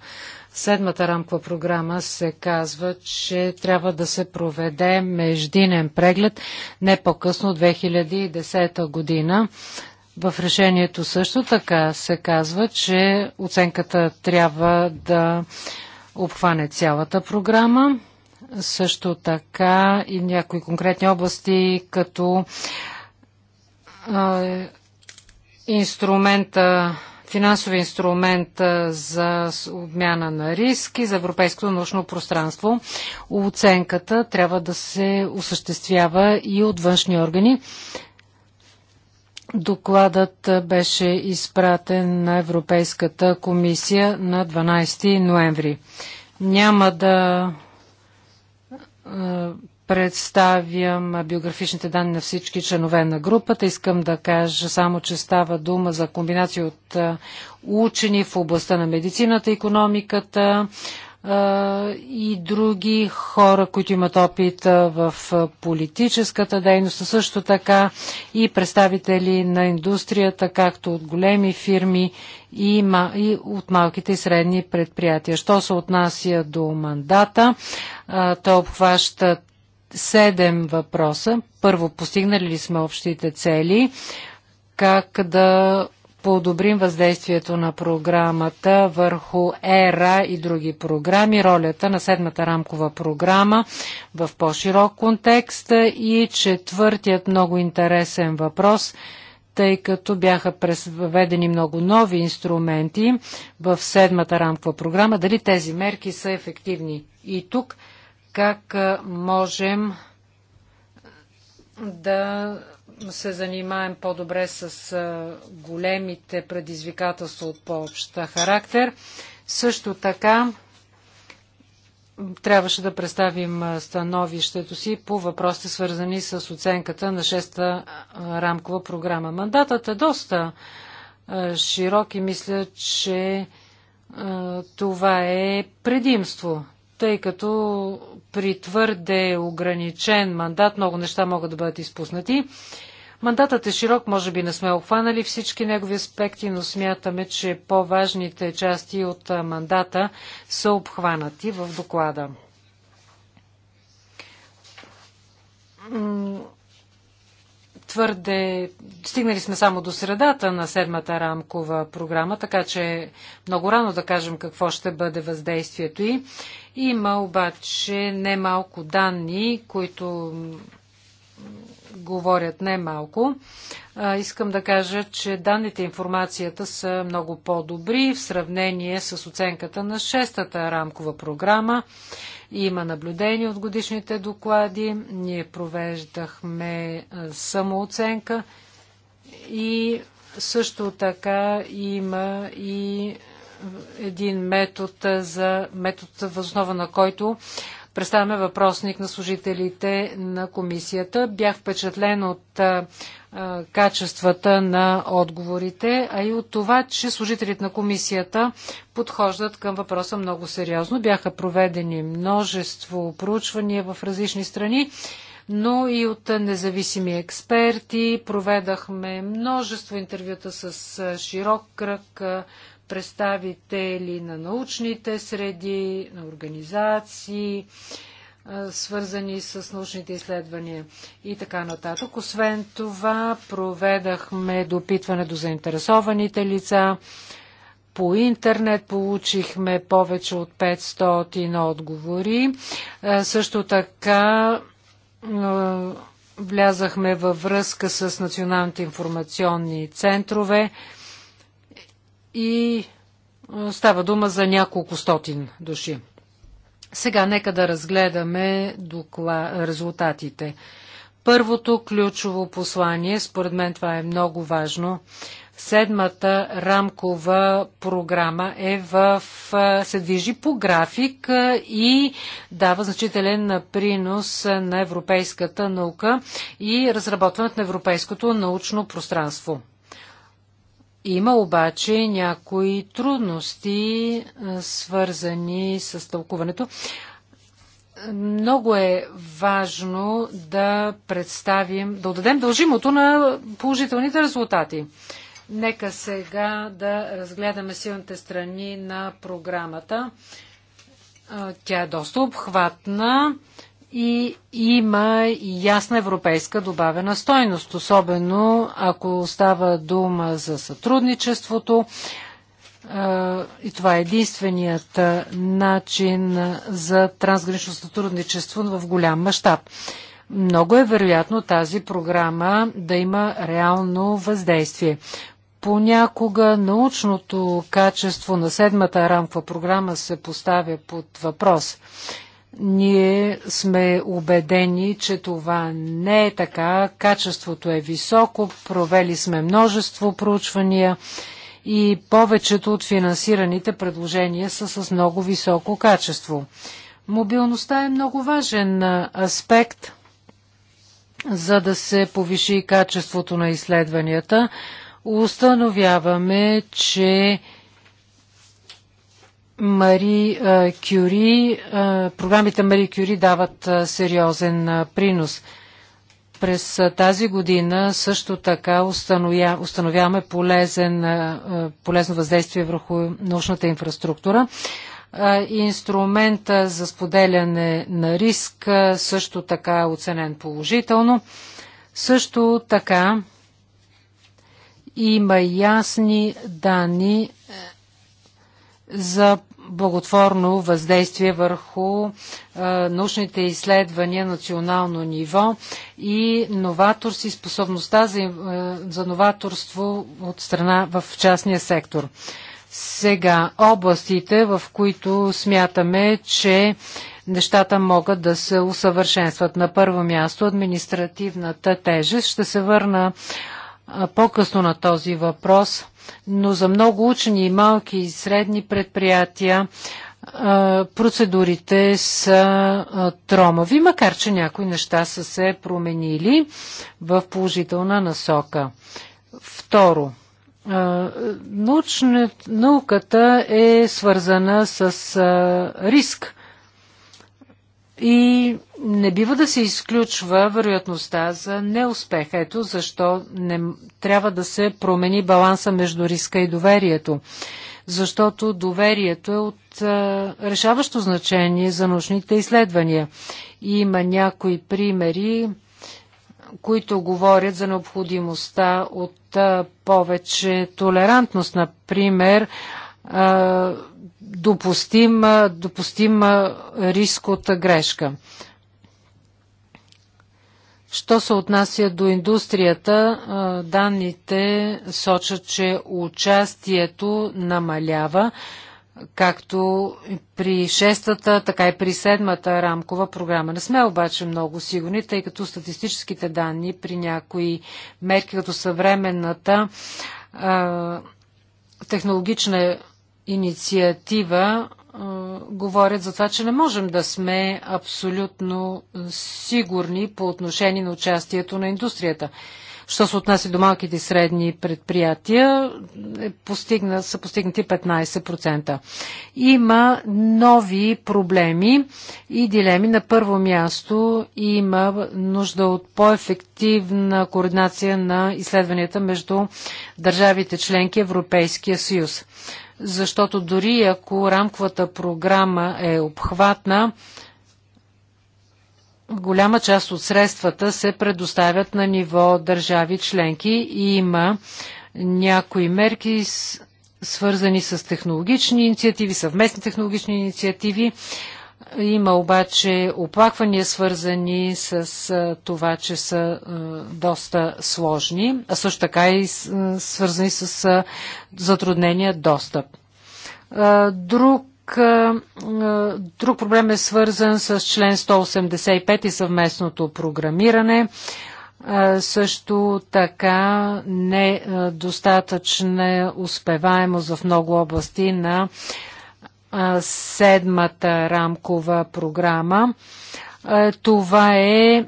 седмата рамкова програма се казва, че трябва да се проведе междинен преглед не по-късно 2010 година. В решението също така се казва, че оценката трябва да обхване цялата програма. Също така и някои конкретни области, като инструмента финансови инструмент за обмяна на риски за европейското научно пространство. Оценката трябва да се осъществява и от външни органи. Докладът беше изпратен на Европейската комисия на 12 ноември. Няма да представям биографичните данни на всички членове на групата. Искам да кажа само, че става дума за комбинация от учени в областта на медицината, економиката и други хора, които имат опит в политическата дейност, също така и представители на индустрията, както от големи фирми и, и от малките и средни предприятия. Що се отнася до мандата, той обхваща седем въпроса. Първо, постигнали ли сме общите цели? Как да подобрим въздействието на програмата върху ЕРА и други програми, ролята на седмата рамкова програма в по-широк контекст и четвъртият много интересен въпрос тъй като бяха преведени много нови инструменти в седмата рамкова програма, дали тези мерки са ефективни. И тук как можем да се занимаем по-добре с големите предизвикателства от по-обща характер. Също така трябваше да представим становището си по въпросите свързани с оценката на 6-та рамкова програма. Мандатът е доста широк и мисля, че това е предимство тъй като при твърде ограничен мандат много неща могат да бъдат изпуснати. Мандатът е широк, може би не сме обхванали всички негови аспекти, но смятаме, че по-важните части от мандата са обхванати в доклада твърде... Стигнали сме само до средата на седмата рамкова програма, така че е много рано да кажем какво ще бъде въздействието й. Има обаче немалко данни, които говорят не малко. Искам да кажа, че данните и информацията са много по-добри в сравнение с оценката на шестата рамкова програма. Има наблюдение от годишните доклади. Ние провеждахме самооценка и също така има и един метод за метод възоснова на който представяме въпросник на служителите на комисията. Бях впечатлен от качествата на отговорите, а и от това, че служителите на комисията подхождат към въпроса много сериозно. Бяха проведени множество проучвания в различни страни но и от независими експерти. Проведахме множество интервюта с широк кръг представители на научните среди, на организации, свързани с научните изследвания и така нататък. Освен това, проведахме допитване до заинтересованите лица. По интернет получихме повече от 500 отговори. Също така влязахме във връзка с националните информационни центрове и става дума за няколко стотин души. Сега нека да разгледаме докла... резултатите. Първото ключово послание, според мен това е много важно, седмата рамкова програма е в, се движи по график и дава значителен принос на европейската наука и разработването на европейското научно пространство. Има обаче някои трудности, свързани с тълкуването. Много е важно да представим, да отдадем дължимото на положителните резултати. Нека сега да разгледаме силните страни на програмата. Тя е доста обхватна и има ясна европейска добавена стойност, особено ако става дума за сътрудничеството. И това е единственият начин за трансгранично сътрудничество в голям мащаб. Много е вероятно тази програма да има реално въздействие. Понякога научното качество на седмата рамкова програма се поставя под въпрос. Ние сме убедени, че това не е така. Качеството е високо, провели сме множество проучвания и повечето от финансираните предложения са с много високо качество. Мобилността е много важен аспект, за да се повиши качеството на изследванията. Установяваме, че Мари Кюри, програмите Мари Кюри дават сериозен принос. През тази година също така установяваме полезен, полезно въздействие върху научната инфраструктура. Инструмента за споделяне на риск също така е оценен положително. Също така има ясни данни за благотворно въздействие върху а, научните изследвания национално ниво и и способността за, а, за новаторство от страна в частния сектор. Сега областите, в които смятаме, че нещата могат да се усъвършенстват. На първо място административната тежест. Ще се върна по-късно на този въпрос – но за много учени и малки и средни предприятия процедурите са тромави, макар че някои неща са се променили в положителна насока. Второ, науката е свързана с риск. И не бива да се изключва вероятността за неуспех. Ето защо не, трябва да се промени баланса между риска и доверието. Защото доверието е от а, решаващо значение за научните изследвания. И има някои примери, които говорят за необходимостта от а, повече толерантност. Например, допустим, допустим риск от грешка. Що се отнася до индустрията, данните сочат, че участието намалява както при шестата, така и при седмата рамкова програма. Не сме обаче много сигурни, тъй като статистическите данни при някои мерки, като съвременната технологична инициатива говорят за това, че не можем да сме абсолютно сигурни по отношение на участието на индустрията. Що се отнася до малките и средни предприятия, е постигна, са постигнати 15%. Има нови проблеми и дилеми. На първо място има нужда от по-ефективна координация на изследванията между държавите членки Европейския съюз. Защото дори ако рамковата програма е обхватна, голяма част от средствата се предоставят на ниво държави членки и има някои мерки свързани с технологични инициативи, съвместни технологични инициативи. Има обаче оплаквания свързани с това, че са доста сложни, а също така и свързани с затруднения достъп. Друг друг проблем е свързан с член 185 и съвместното програмиране. Също така не достатъчна е успеваемост в много области на седмата рамкова програма. Това е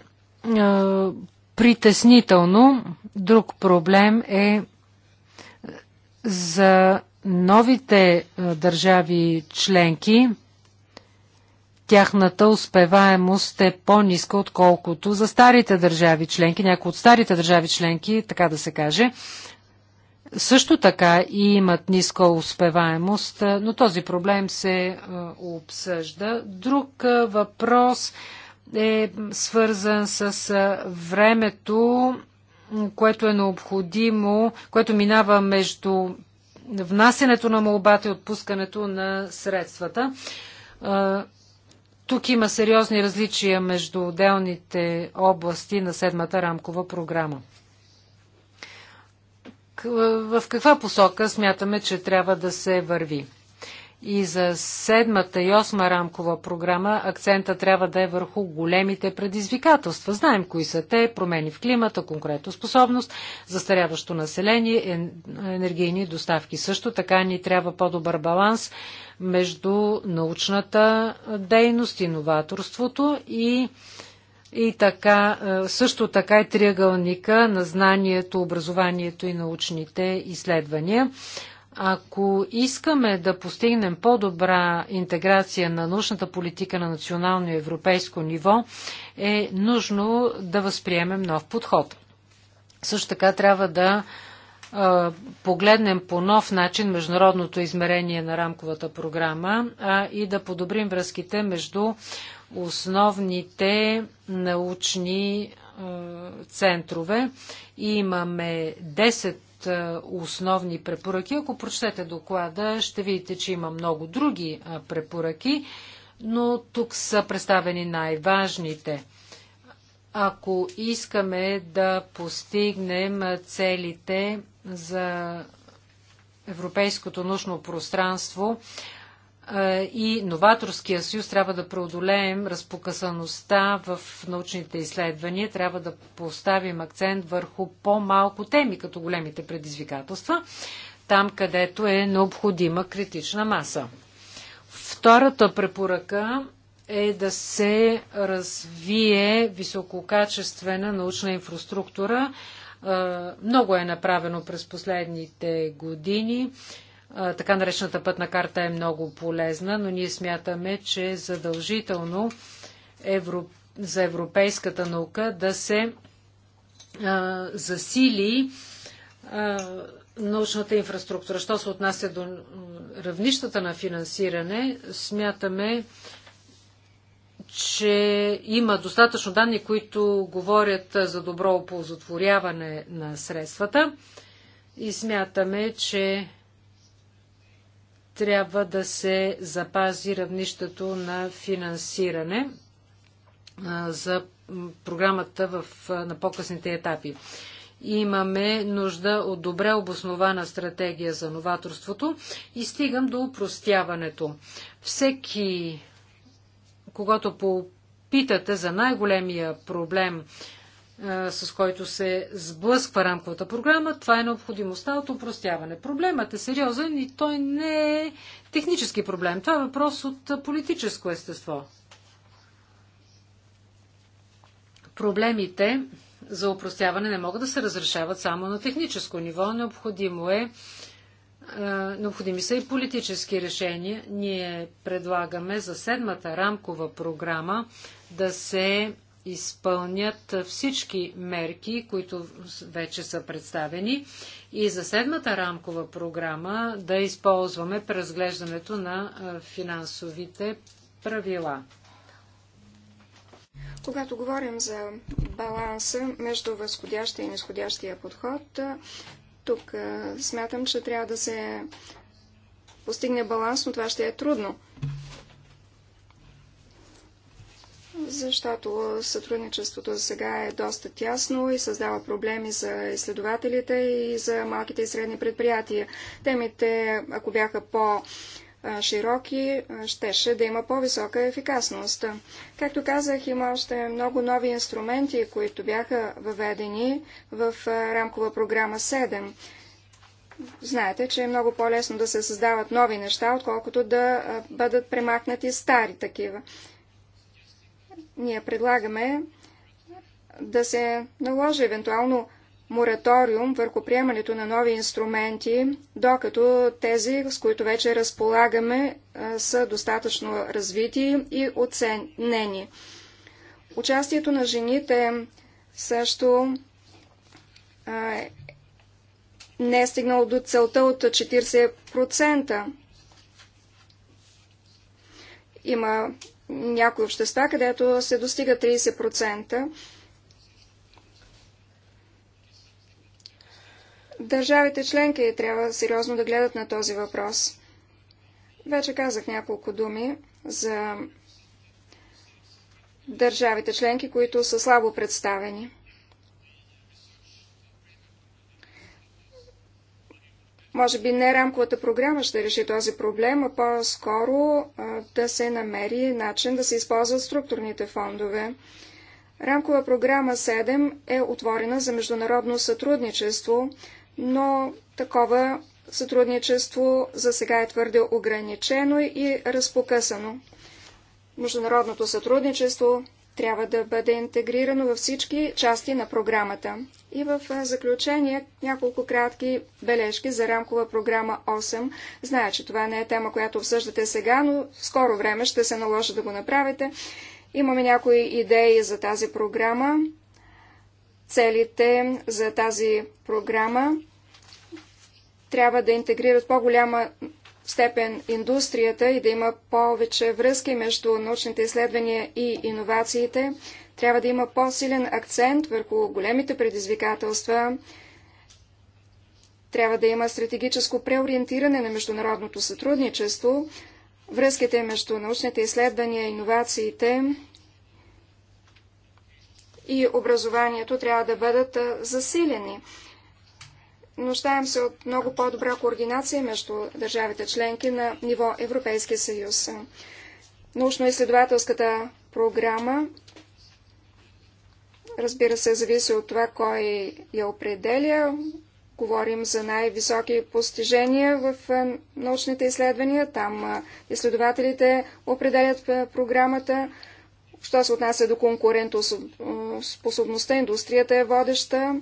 притеснително. Друг проблем е за новите държави членки, тяхната успеваемост е по-ниска, отколкото за старите държави членки, някои от старите държави членки, така да се каже, също така и имат ниска успеваемост, но този проблем се обсъжда. Друг въпрос е свързан с времето, което е необходимо, което минава между внасенето на молбата и отпускането на средствата. Тук има сериозни различия между отделните области на седмата рамкова програма. В каква посока смятаме, че трябва да се върви? И за седмата и осма рамкова програма акцента трябва да е върху големите предизвикателства. Знаем кои са те – промени в климата, способност, застаряващо население, енергийни доставки. Също така ни трябва по-добър баланс между научната дейност, иноваторството и и така, е, също така и триъгълника на знанието, образованието и научните изследвания. Ако искаме да постигнем по-добра интеграция на научната политика на национално и европейско ниво, е нужно да възприемем нов подход. Също така трябва да погледнем по нов начин международното измерение на рамковата програма а и да подобрим връзките между основните научни центрове. Имаме 10 е, основни препоръки. Ако прочетете доклада, ще видите, че има много други е, препоръки, но тук са представени най-важните. Ако искаме да постигнем е, целите за европейското научно пространство, и новаторския съюз трябва да преодолеем разпокъсаността в научните изследвания, трябва да поставим акцент върху по-малко теми, като големите предизвикателства, там където е необходима критична маса. Втората препоръка е да се развие висококачествена научна инфраструктура. Много е направено през последните години така наречената пътна карта е много полезна, но ние смятаме, че е задължително евро... за европейската наука да се а, засили а, научната инфраструктура. Що се отнася до равнищата на финансиране, смятаме, че има достатъчно данни, които говорят за добро оползотворяване на средствата и смятаме, че трябва да се запази равнището на финансиране за програмата в, на по-късните етапи. Имаме нужда от добре обоснована стратегия за новаторството и стигам до упростяването. Всеки, когато попитате за най-големия проблем с който се сблъсква рамковата програма, това е необходимостта от упростяване. Проблемът е сериозен и той не е технически проблем. Това е въпрос от политическо естество. Проблемите за упростяване не могат да се разрешават само на техническо ниво. Необходимо е, е необходими са и политически решения. Ние предлагаме за седмата рамкова програма да се изпълнят всички мерки, които вече са представени и за седмата рамкова програма да използваме преразглеждането на финансовите правила. Когато говорим за баланса между възходящия и нисходящия подход, тук смятам, че трябва да се постигне баланс, но това ще е трудно. защото сътрудничеството сега е доста тясно и създава проблеми за изследователите и за малките и средни предприятия. Темите, ако бяха по- широки, щеше да има по-висока ефикасност. Както казах, има още много нови инструменти, които бяха въведени в рамкова програма 7. Знаете, че е много по-лесно да се създават нови неща, отколкото да бъдат премахнати стари такива ние предлагаме да се наложи евентуално мораториум върху приемането на нови инструменти, докато тези, с които вече разполагаме, са достатъчно развити и оценени. Участието на жените също не е стигнало до целта от 40%. Има някои общества, където се достига 30%. Държавите членки трябва сериозно да гледат на този въпрос. Вече казах няколко думи за държавите членки, които са слабо представени. Може би не рамковата програма ще реши този проблем, а по-скоро да се намери начин да се използват структурните фондове. Рамкова програма 7 е отворена за международно сътрудничество, но такова сътрудничество за сега е твърде ограничено и разпокъсано. Международното сътрудничество трябва да бъде интегрирано във всички части на програмата. И в заключение няколко кратки бележки за рамкова програма 8. Зная, че това не е тема, която обсъждате сега, но в скоро време ще се наложи да го направите. Имаме някои идеи за тази програма, целите за тази програма трябва да интегрират по-голяма степен индустрията и да има повече връзки между научните изследвания и иновациите. Трябва да има по-силен акцент върху големите предизвикателства. Трябва да има стратегическо преориентиране на международното сътрудничество, връзките между научните изследвания и иновациите и образованието трябва да бъдат засилени нуждаем се от много по-добра координация между държавите членки на ниво Европейския съюз. Научно-изследователската е програма, разбира се, зависи от това кой я определя. Говорим за най-високи постижения в научните изследвания. Там изследователите определят програмата. Що се отнася до конкурентоспособността, индустрията е водеща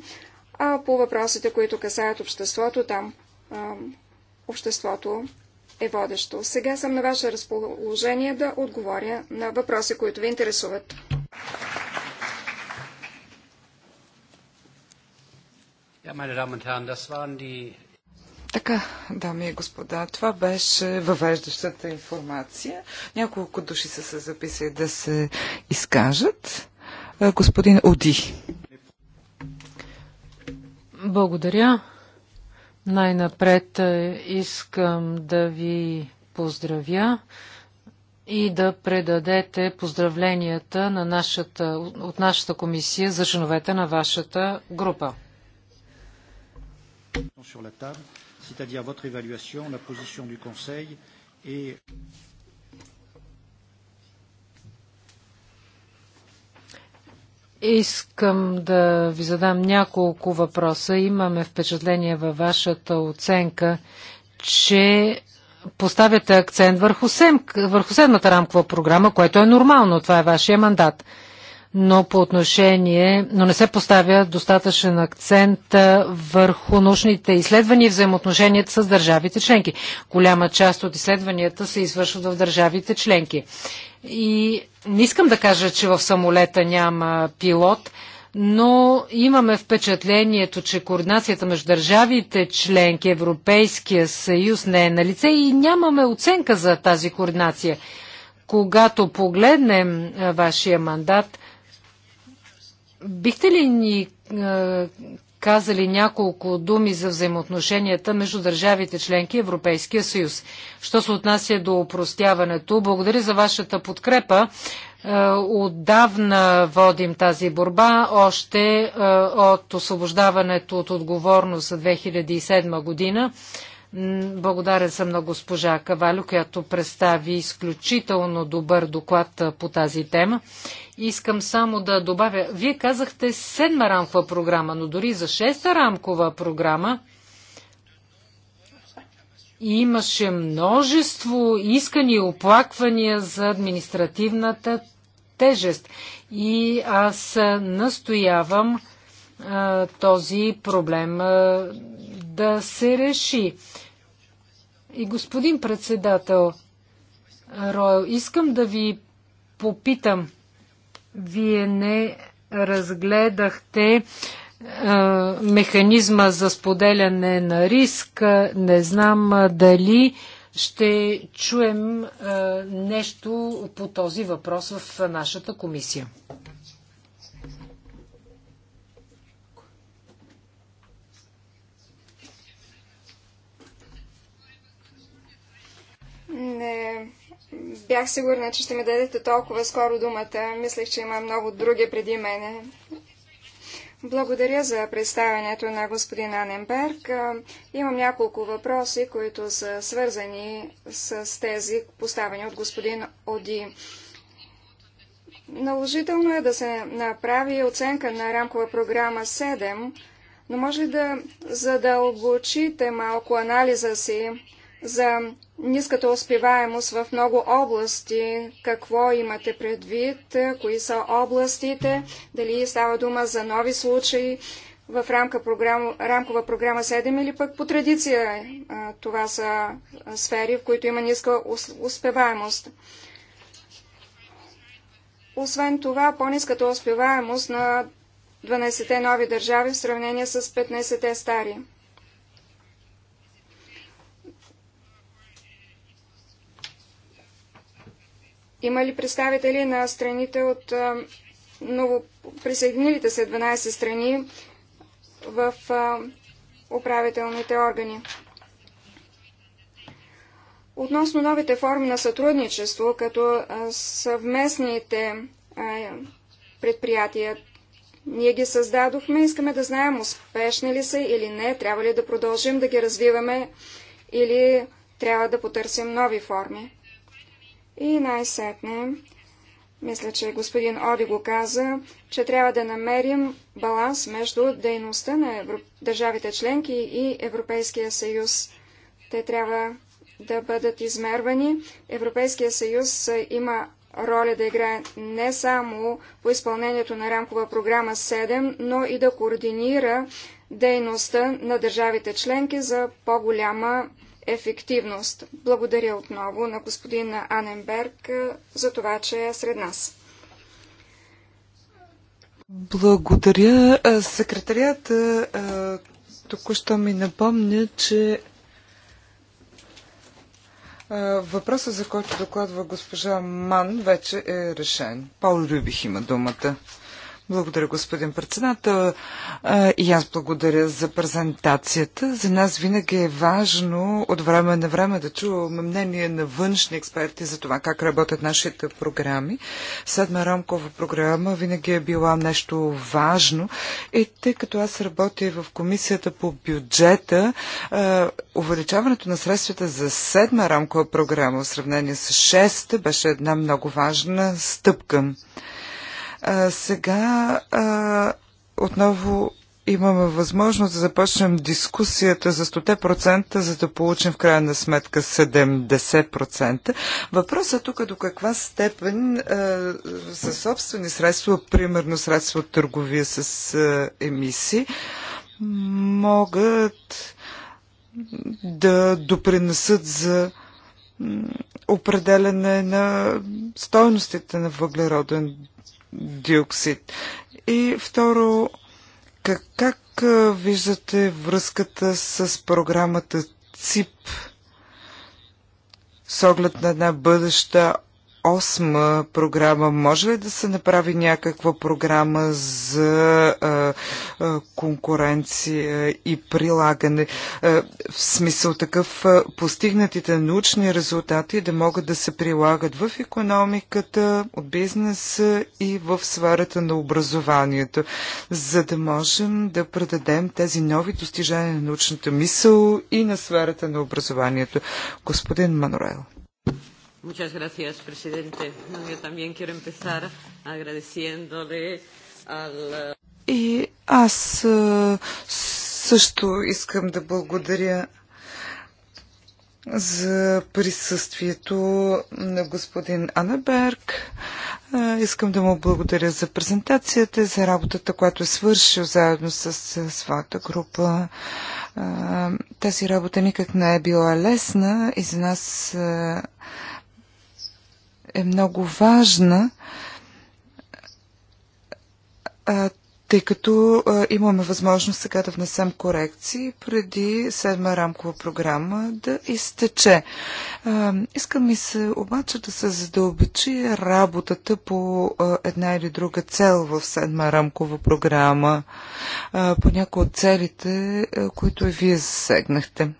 а по въпросите, които касаят обществото, там а, обществото е водещо. Сега съм на ваше разположение да отговоря на въпроси, които ви интересуват. Така, дами и господа, това беше въвеждащата информация. Няколко души са се записали да се изкажат. Господин Оди. Благодаря. Най-напред е, искам да ви поздравя и да предадете поздравленията на нашата, от нашата комисия за женовете на вашата група. Искам да ви задам няколко въпроса. Имаме впечатление във вашата оценка, че поставяте акцент върху, сем, върху седмата рамкова програма, което е нормално, това е вашия мандат. Но по отношение, но не се поставя достатъчен акцент върху научните изследвания и взаимоотношенията с държавите членки. Голяма част от изследванията се извършват в държавите членки. И не искам да кажа, че в самолета няма пилот, но имаме впечатлението, че координацията между държавите членки, Европейския съюз не е на лице и нямаме оценка за тази координация. Когато погледнем вашия мандат, бихте ли ни казали няколко думи за взаимоотношенията между държавите членки и Европейския съюз. Що се отнася до упростяването, благодаря за вашата подкрепа. Е, отдавна водим тази борба, още е, от освобождаването от отговорност за 2007 година. Благодарен съм на госпожа Кавалю, която представи изключително добър доклад по тази тема. Искам само да добавя, вие казахте седма рамкова програма, но дори за шеста рамкова програма имаше множество искани и оплаквания за административната тежест. И аз настоявам този проблем да се реши. И господин председател Ройл, искам да ви попитам. Вие не разгледахте а, е, механизма за споделяне на риск. Не знам е, дали ще чуем а, е, нещо по този въпрос в нашата комисия. Не бях сигурна, че ще ми дадете толкова скоро думата. Мислех, че има много други преди мене. Благодаря за представянето на господин Аненберг. Имам няколко въпроси, които са свързани с тези поставени от господин Оди. Наложително е да се направи оценка на рамкова програма 7, но може ли да задълбочите малко анализа си за ниската успеваемост в много области. Какво имате предвид? Кои са областите? Дали става дума за нови случаи в рамка програм, рамкова програма 7 или пък по традиция това са сфери, в които има ниска успеваемост. Освен това, по-ниската успеваемост на 12-те нови държави в сравнение с 15-те стари. Има ли представители на страните от новоприсъединилите се 12 страни в управителните органи? Относно новите форми на сътрудничество, като съвместните предприятия, ние ги създадохме, искаме да знаем успешни ли са или не, трябва ли да продължим да ги развиваме или трябва да потърсим нови форми. И най-сетне, мисля, че господин Оди го каза, че трябва да намерим баланс между дейността на евро... държавите членки и Европейския съюз. Те трябва да бъдат измервани. Европейския съюз има роля да играе не само по изпълнението на рамкова програма 7, но и да координира дейността на държавите членки за по-голяма ефективност. Благодаря отново на господин Аненберг за това, че е сред нас. Благодаря. Секретарият току-що ми напомня, че въпросът, за който докладва госпожа Ман, вече е решен. Пол Рюбих има думата. Благодаря, господин председател. И аз благодаря за презентацията. За нас винаги е важно от време на време да чуваме мнение на външни експерти за това как работят нашите програми. Седма рамкова програма винаги е била нещо важно. И тъй като аз работя в комисията по бюджета, увеличаването на средствата за седма рамкова програма в сравнение с шеста беше една много важна стъпка. А, сега а, отново имаме възможност да започнем дискусията за 100%, за да получим в крайна сметка 70%. Въпросът тук е до каква степен със собствени средства, примерно средства от търговия с а, емисии, могат да допринесат за определене на стойностите на въглероден диоксид. И второ, как, как виждате връзката с програмата ЦИП с оглед на една бъдеща осма програма, може ли да се направи някаква програма за а, а, конкуренция и прилагане? А, в смисъл такъв а, постигнатите научни резултати да могат да се прилагат в економиката, от бизнеса и в сферата на образованието, за да можем да предадем тези нови достижения на научната мисъл и на сферата на образованието. Господин Мануел. Muchas gracias, presidente. Yo también quiero empezar agradeciéndole al... И аз също искам да благодаря за присъствието на господин Анаберг. Искам да му благодаря за презентацията, за работата, която е свършил заедно с своята група. Тази работа никак не е била лесна и за нас е много важна, тъй като имаме възможност сега да внесем корекции преди седма рамкова програма да изтече. Искам ми се обаче да се задълбочи работата по една или друга цел в седма рамкова програма, по някои от целите, които и вие засегнахте.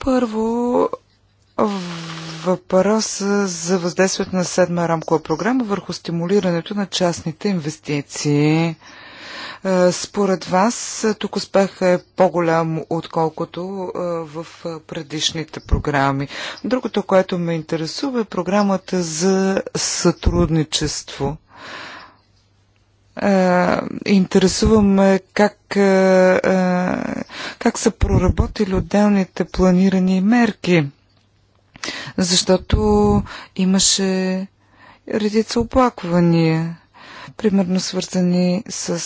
Първо, въпрос за въздействието на седма рамкова програма върху стимулирането на частните инвестиции. Е, според вас е, тук успех е по-голям, отколкото е, в предишните програми. Другото, което ме интересува е програмата за сътрудничество. Интересуваме как, как са проработили отделните планирани мерки защото имаше редица оплаквания, примерно свързани с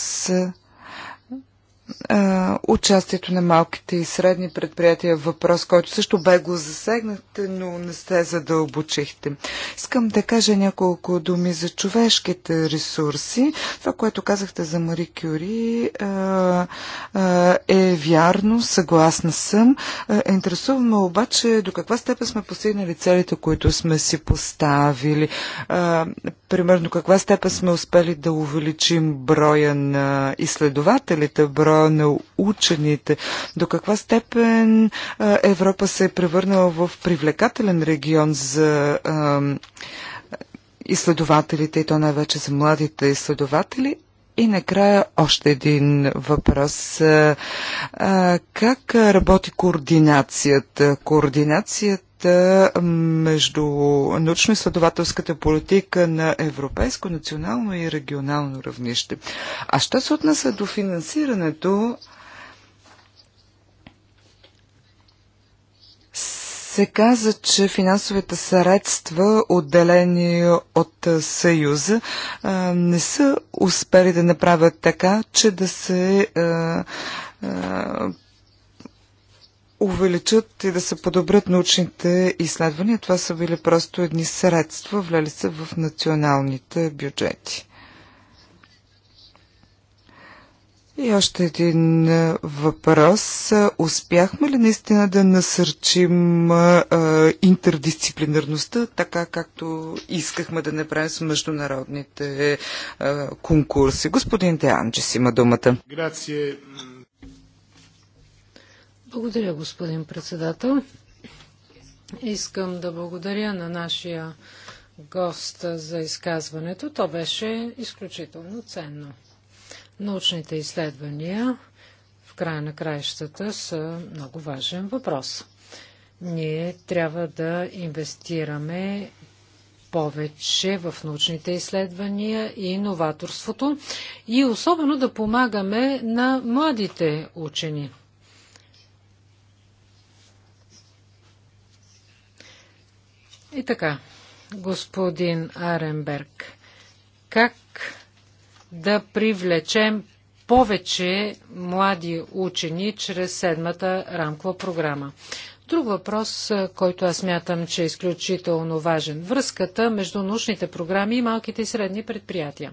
а, участието на малките и средни предприятия е въпрос, който също бе го засегнахте, но не сте задълбочихте. Искам да кажа няколко думи за човешките ресурси. Това, което казахте за Мари Кюри а, а, е вярно, съгласна съм. А, интересуваме обаче до каква степен сме постигнали целите, които сме си поставили. А, примерно, каква степен сме успели да увеличим броя на изследователите, броя на учените. До каква степен Европа се е превърнала в привлекателен регион за изследователите и то най-вече за младите изследователи и накрая още един въпрос. Как работи координацията? Координацията между научно-изследователската политика на европейско, национално и регионално равнище. А що се отнася до финансирането, се каза, че финансовите средства, отделени от Съюза, не са успели да направят така, че да се увеличат и да се подобрят научните изследвания. Това са били просто едни средства, влели се в националните бюджети. И още един въпрос. Успяхме ли наистина да насърчим а, интердисциплинарността, така както искахме да направим с международните а, конкурси? Господин Деанчес има думата. Благодаря, господин председател. Искам да благодаря на нашия гост за изказването. То беше изключително ценно. Научните изследвания в края на краищата са много важен въпрос. Ние трябва да инвестираме повече в научните изследвания и иноваторството и особено да помагаме на младите учени. И така, господин Аренберг, как да привлечем повече млади учени чрез седмата рамкова програма. Друг въпрос, който аз мятам, че е изключително важен. Връзката между научните програми и малките и средни предприятия.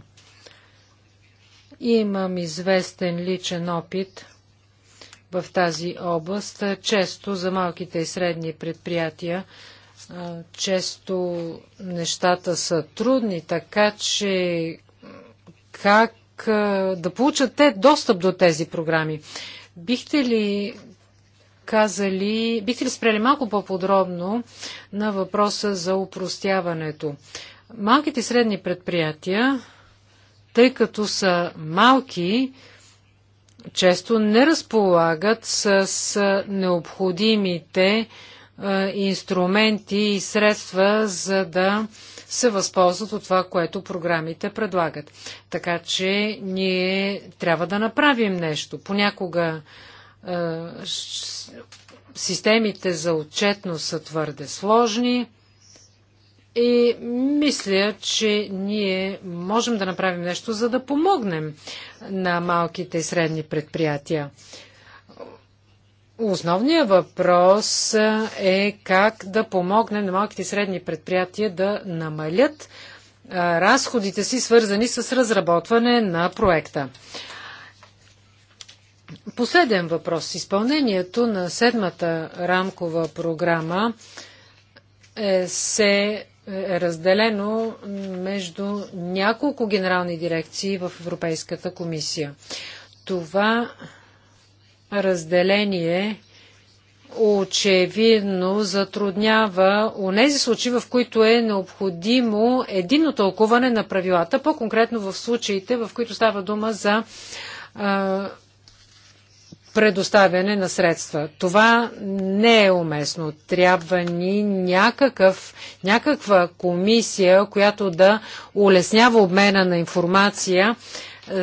Имам известен личен опит в тази област. Често за малките и средни предприятия често нещата са трудни, така че как да получат те достъп до тези програми. Бихте ли казали, бихте ли спрели малко по-подробно на въпроса за упростяването? Малките и средни предприятия, тъй като са малки, често не разполагат с необходимите инструменти и средства, за да се възползват от това, което програмите предлагат. Така че ние трябва да направим нещо. Понякога е, системите за отчетност са твърде сложни. И мисля, че ние можем да направим нещо, за да помогнем на малките и средни предприятия. Основният въпрос е как да помогнем на малките и средни предприятия да намалят разходите си, свързани с разработване на проекта. Последен въпрос. Изпълнението на седмата рамкова програма е, се е разделено между няколко генерални дирекции в Европейската комисия. Това разделение очевидно затруднява нези случаи, в които е необходимо едино тълкуване на правилата, по-конкретно в случаите, в които става дума за предоставяне на средства. Това не е уместно. Трябва ни някакъв, някаква комисия, която да улеснява обмена на информация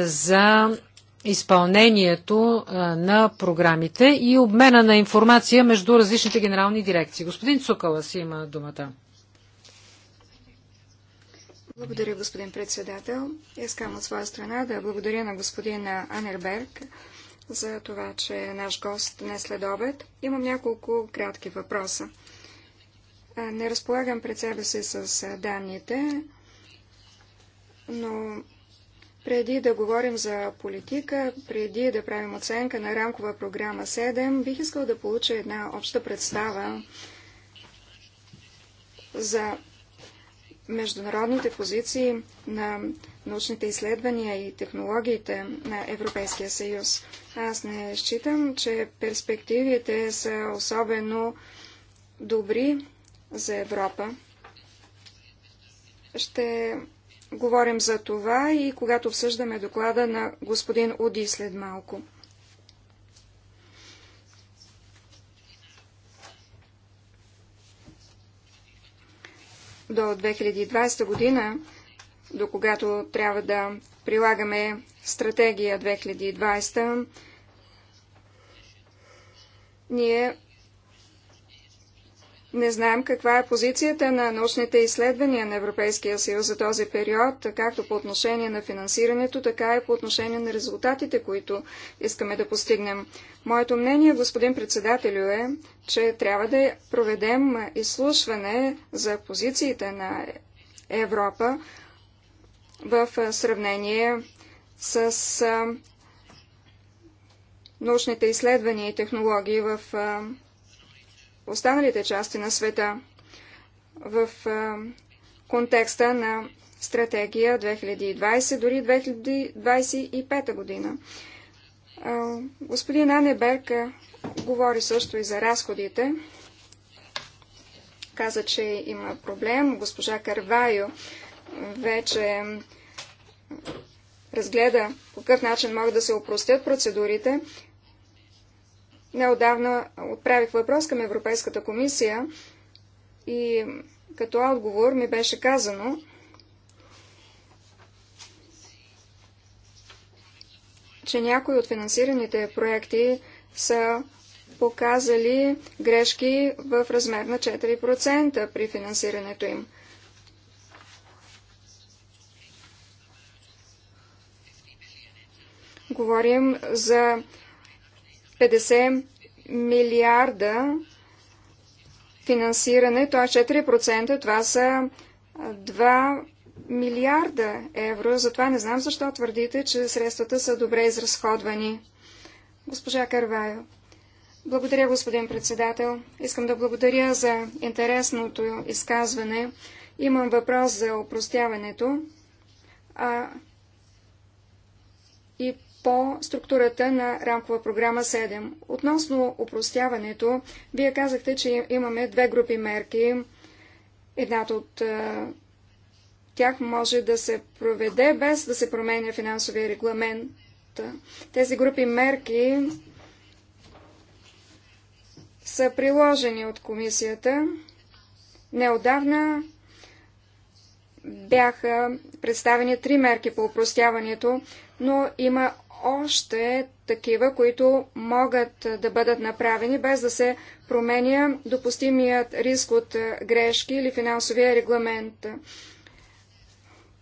за изпълнението на програмите и обмена на информация между различните генерални дирекции. Господин Цукала си има думата. Благодаря, господин председател. Искам от своя страна да благодаря на господин Анерберг за това, че е наш гост днес след обед. Имам няколко кратки въпроса. Не разполагам пред себе си с данните, но преди да говорим за политика, преди да правим оценка на рамкова програма 7, бих искал да получа една обща представа за международните позиции на научните изследвания и технологиите на Европейския съюз. Аз не считам, че перспективите са особено добри за Европа. Ще говорим за това и когато обсъждаме доклада на господин Уди след малко. До 2020 година, до когато трябва да прилагаме стратегия 2020, ние не знаем каква е позицията на научните изследвания на Европейския съюз за този период, както по отношение на финансирането, така и по отношение на резултатите, които искаме да постигнем. Моето мнение, господин председателю, е, че трябва да проведем изслушване за позициите на Европа в сравнение с научните изследвания и технологии в останалите части на света в е, контекста на стратегия 2020, дори 2025 година. Е, господин Анеберг е, говори също и за разходите. Каза, че има проблем. Госпожа Карвайо вече разгледа по какъв начин могат да се упростят процедурите. Неодавна отправих въпрос към Европейската комисия и като отговор ми беше казано, че някои от финансираните проекти са показали грешки в размер на 4% при финансирането им. Говорим за 50 милиарда финансиране, т.е. 4%, това са 2 милиарда евро. Затова не знам защо твърдите, че средствата са добре изразходвани. Госпожа Карвайо. Благодаря, господин председател. Искам да благодаря за интересното изказване. Имам въпрос за опростяването а, и по структурата на рамкова програма 7. Относно упростяването, вие казахте, че имаме две групи мерки. Едната от тях може да се проведе без да се променя финансовия регламент. Тези групи мерки са приложени от комисията. Неодавна бяха представени три мерки по упростяването, но има още такива, които могат да бъдат направени, без да се променя допустимият риск от е, грешки или финансовия регламент.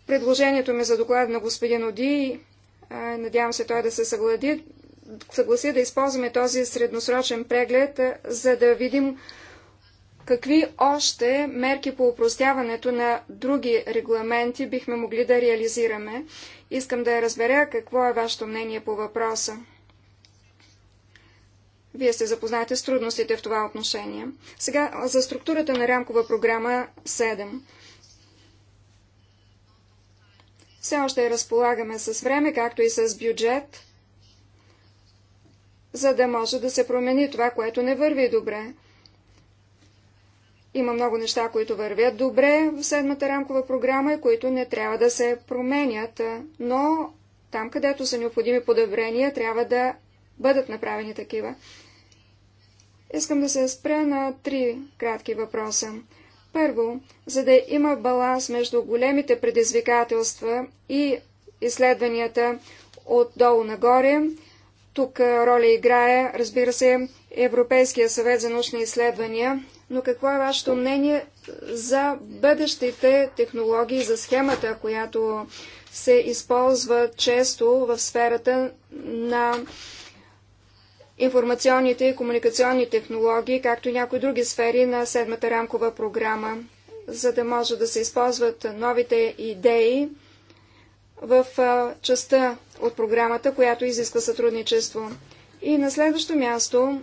Предложението ми за доклад на господин Оди, е, надявам се той да се съглади, съгласи да използваме този средносрочен преглед, е, за да видим какви още мерки по упростяването на други регламенти бихме могли да реализираме Искам да я разбера какво е вашето мнение по въпроса. Вие сте запознаете с трудностите в това отношение. Сега за структурата на рамкова програма 7. Все още разполагаме с време, както и с бюджет, за да може да се промени това, което не върви добре. Има много неща, които вървят добре в седмата рамкова програма и които не трябва да се променят, но там, където са необходими подобрения, трябва да бъдат направени такива. Искам да се спра на три кратки въпроса. Първо, за да има баланс между големите предизвикателства и изследванията отдолу нагоре, тук роля играе, разбира се, Европейския съвет за научни изследвания, но какво е вашето мнение за бъдещите технологии, за схемата, която се използва често в сферата на информационните и комуникационни технологии, както и някои други сфери на седмата рамкова програма, за да може да се използват новите идеи в частта от програмата, която изисква сътрудничество. И на следващо място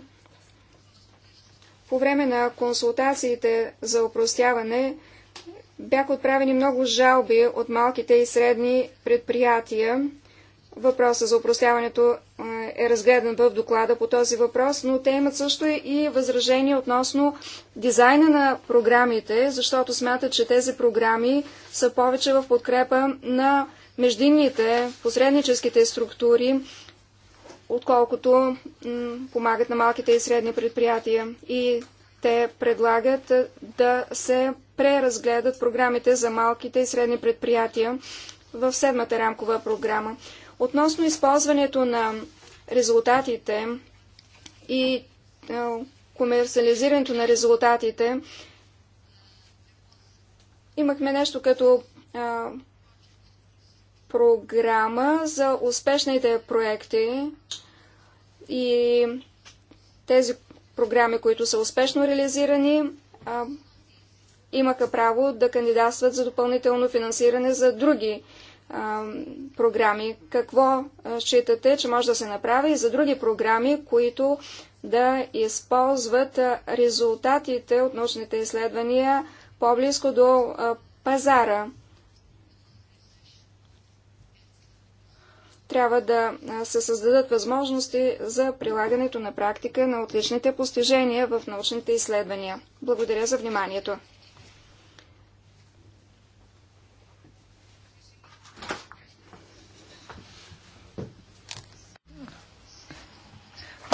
по време на консултациите за упростяване бяха отправени много жалби от малките и средни предприятия. Въпросът за упростяването е разгледан в доклада по този въпрос, но те имат също и възражения относно дизайна на програмите, защото смятат, че тези програми са повече в подкрепа на междинните, посредническите структури, отколкото помагат на малките и средни предприятия. И те предлагат да се преразгледат програмите за малките и средни предприятия в седмата рамкова програма. Относно използването на резултатите и комерциализирането на резултатите, имахме нещо като програма за успешните проекти и тези програми, които са успешно реализирани, а, имаха право да кандидатстват за допълнително финансиране за други а, програми. Какво считате, че може да се направи и за други програми, които да използват резултатите от научните изследвания по-близко до а, пазара? трябва да се създадат възможности за прилагането на практика на отличните постижения в научните изследвания. Благодаря за вниманието.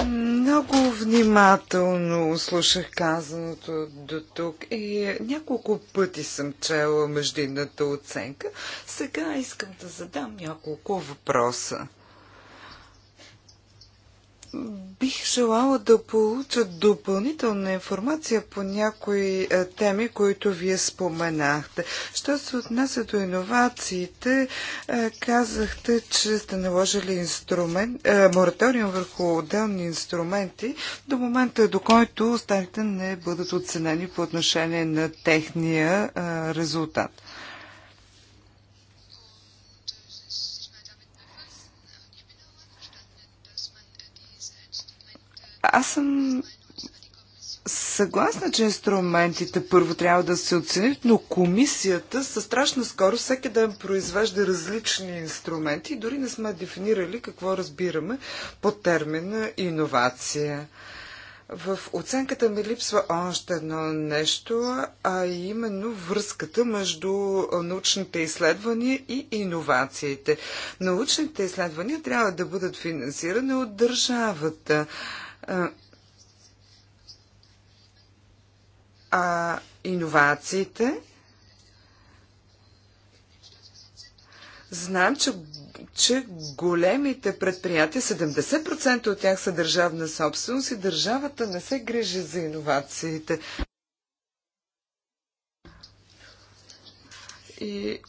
Много внимателно слушах казаното до тук и няколко пъти съм чела междинната оценка. Сега искам да задам няколко въпроса. Бих желала да получа допълнителна информация по някои е, теми, които вие споменахте. Що се отнася до иновациите, е, казахте, че сте наложили инструмент, е, мораториум върху отделни инструменти до момента, до който останите не бъдат оценени по отношение на техния резултат. Аз съм съгласна, че инструментите първо трябва да се оценят, но комисията със страшна скоро всеки ден произвежда различни инструменти и дори не сме дефинирали какво разбираме по термина иновация. В оценката ми липсва още едно нещо, а именно връзката между научните изследвания и иновациите. Научните изследвания трябва да бъдат финансирани от държавата. А иновациите Знам, че, че големите предприятия, 70% от тях са държавна собственост и държавата не се грижи за иновациите. И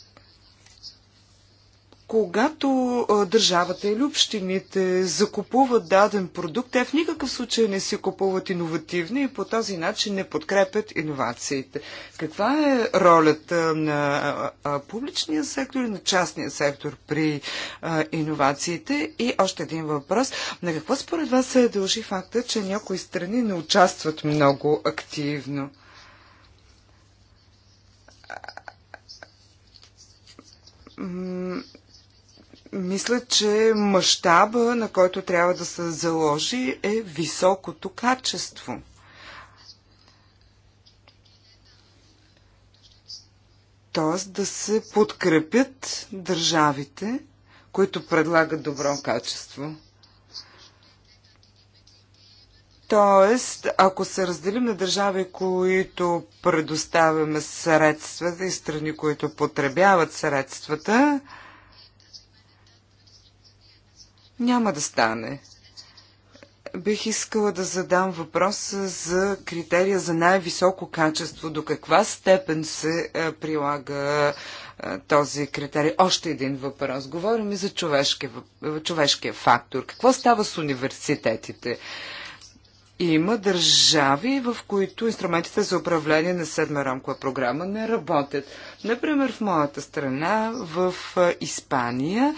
когато държавата или общините закупуват даден продукт, те в никакъв случай не си купуват иновативни и по този начин не подкрепят иновациите. Каква е ролята на публичния сектор и на частния сектор при иновациите? И още един въпрос. На какво според вас се дължи факта, че някои страни не участват много активно? мисля, че мащаба, на който трябва да се заложи, е високото качество. Тоест да се подкрепят държавите, които предлагат добро качество. Тоест, ако се разделим на държави, които предоставяме средствата и страни, които потребяват средствата, няма да стане. Бих искала да задам въпроса за критерия за най-високо качество. До каква степен се е, прилага е, този критерий? Още един въпрос. Говорим и за човешкия, е, човешкия фактор. Какво става с университетите? Има държави, в които инструментите за управление на седма рамкова програма не работят. Например, в моята страна, в Испания,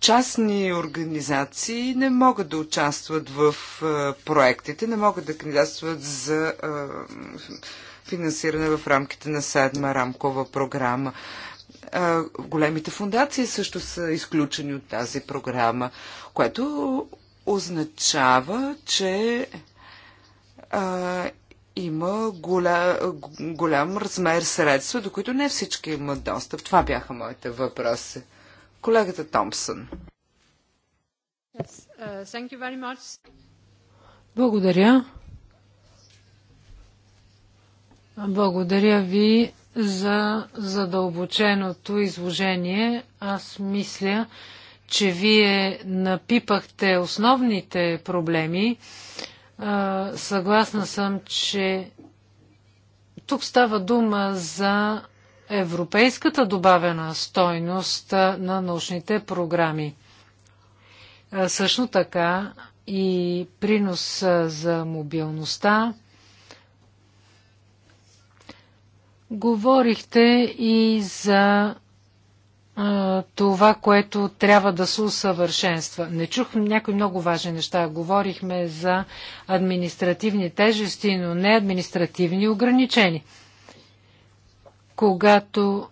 частни организации не могат да участват в е, проектите, не могат да кандидатстват за е, финансиране в рамките на седма рамкова програма. Е, големите фундации също са изключени от тази програма, което означава, че а, има голя, голям размер средства, до които не всички имат достъп. Това бяха моите въпроси. Колегата Томпсън. Uh, Благодаря. Благодаря ви за задълбоченото изложение. Аз мисля, че вие напипахте основните проблеми. Съгласна съм, че тук става дума за европейската добавена стойност на научните програми. Също така и принос за мобилността. Говорихте и за това, което трябва да се усъвършенства. Не чухме някои много важни неща. Говорихме за административни тежести, но не административни ограничения когато,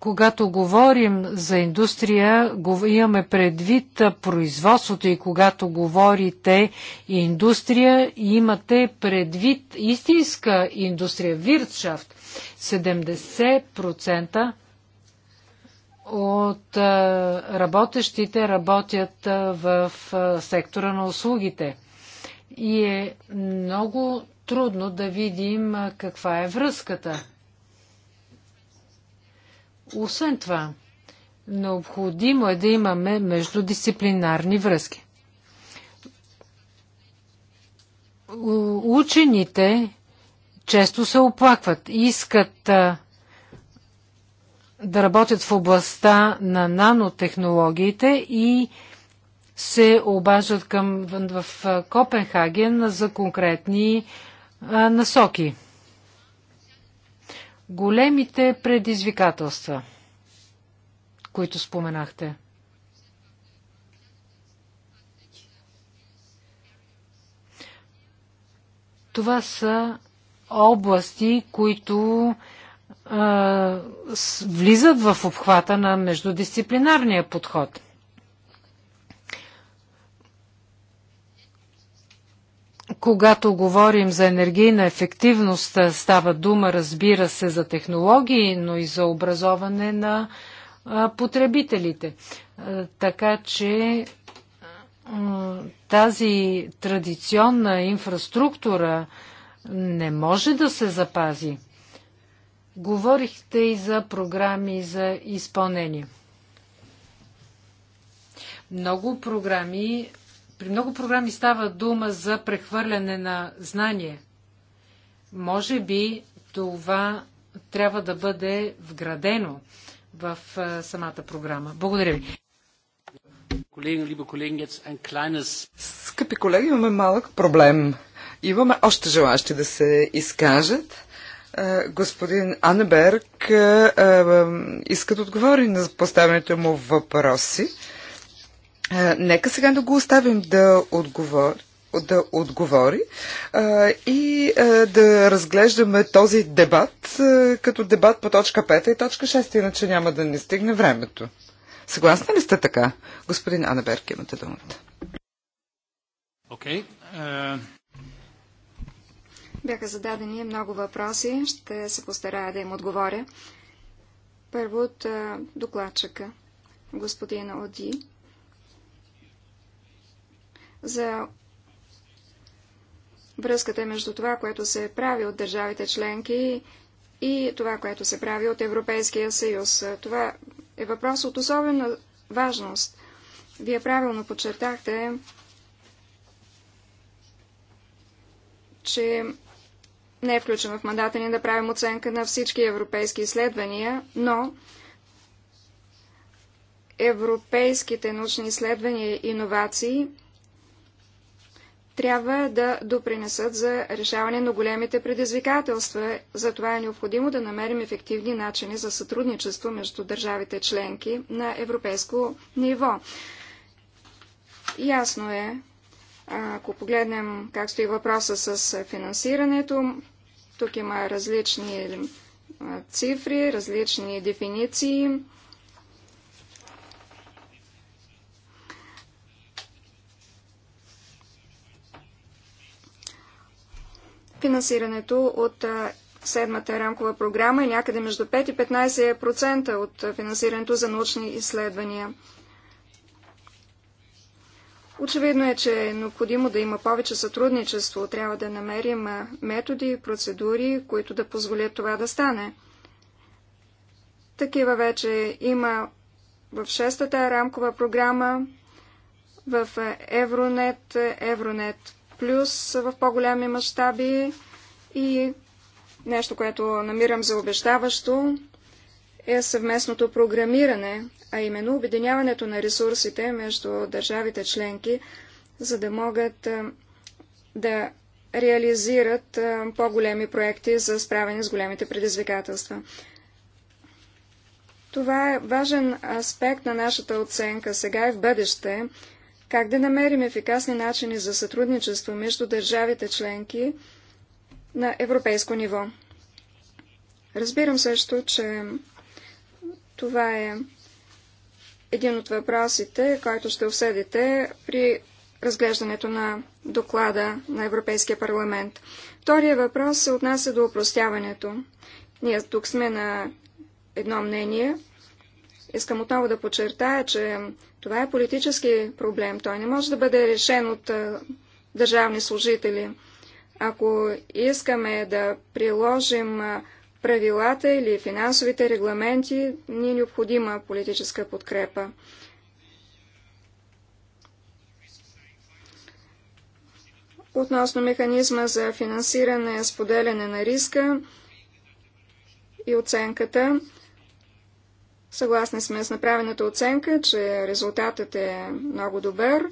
когато говорим за индустрия, имаме предвид производството и когато говорите индустрия, имате предвид истинска индустрия, виртшафт. 70% от работещите работят в сектора на услугите. И е много трудно да видим каква е връзката. Освен това, необходимо е да имаме междудисциплинарни връзки. Учените често се оплакват, искат а, да работят в областта на нанотехнологиите и се обаждат към, в Копенхаген за конкретни а, насоки големите предизвикателства, които споменахте. Това са области, които а, влизат в обхвата на междудисциплинарния подход – Когато говорим за енергийна ефективност, става дума, разбира се, за технологии, но и за образоване на потребителите. Така че тази традиционна инфраструктура не може да се запази. Говорихте и за програми за изпълнение. Много програми при много програми става дума за прехвърляне на знание. Може би това трябва да бъде вградено в самата програма. Благодаря ви. Скъпи колеги, имаме малък проблем. Имаме още желащи да се изкажат. Господин Анеберг иска да отговори на поставените му въпроси нека сега да го оставим да отговори да отговори а, и а, да разглеждаме този дебат а, като дебат по точка 5 и точка 6, иначе няма да ни стигне времето. Съгласна ли сте така? Господин Анаберг, имате думата. Okay. Uh... Бяха зададени много въпроси. Ще се постарая да им отговоря. Първо от докладчика, господин Оди за връзката между това, което се прави от държавите членки и това, което се прави от Европейския съюз. Това е въпрос от особена важност. Вие правилно подчертахте, че не е включено в мандата ни да правим оценка на всички европейски изследвания, но европейските научни изследвания и иновации – трябва да допринесат за решаване на големите предизвикателства. Затова е необходимо да намерим ефективни начини за сътрудничество между държавите членки на европейско ниво. Ясно е, ако погледнем как стои въпроса с финансирането, тук има различни цифри, различни дефиниции Финансирането от седмата рамкова програма е някъде между 5 и 15% от финансирането за научни изследвания. Очевидно е, че е необходимо да има повече сътрудничество. Трябва да намерим методи процедури, които да позволят това да стане. Такива вече има в шестата рамкова програма, в Евронет, Евронет плюс в по големи мащаби и нещо, което намирам за обещаващо, е съвместното програмиране, а именно обединяването на ресурсите между държавите членки, за да могат да реализират по-големи проекти за справяне с големите предизвикателства. Това е важен аспект на нашата оценка сега и в бъдеще, как да намерим ефикасни начини за сътрудничество между държавите членки на европейско ниво? Разбирам също, че това е един от въпросите, който ще обсъдите при разглеждането на доклада на Европейския парламент. Втория въпрос се отнася до упростяването. Ние тук сме на едно мнение – Искам отново да подчертая, че това е политически проблем. Той не може да бъде решен от а, държавни служители. Ако искаме да приложим правилата или финансовите регламенти, ни е необходима политическа подкрепа. Относно механизма за финансиране, споделяне на риска и оценката, Съгласни сме с направената оценка, че резултатът е много добър.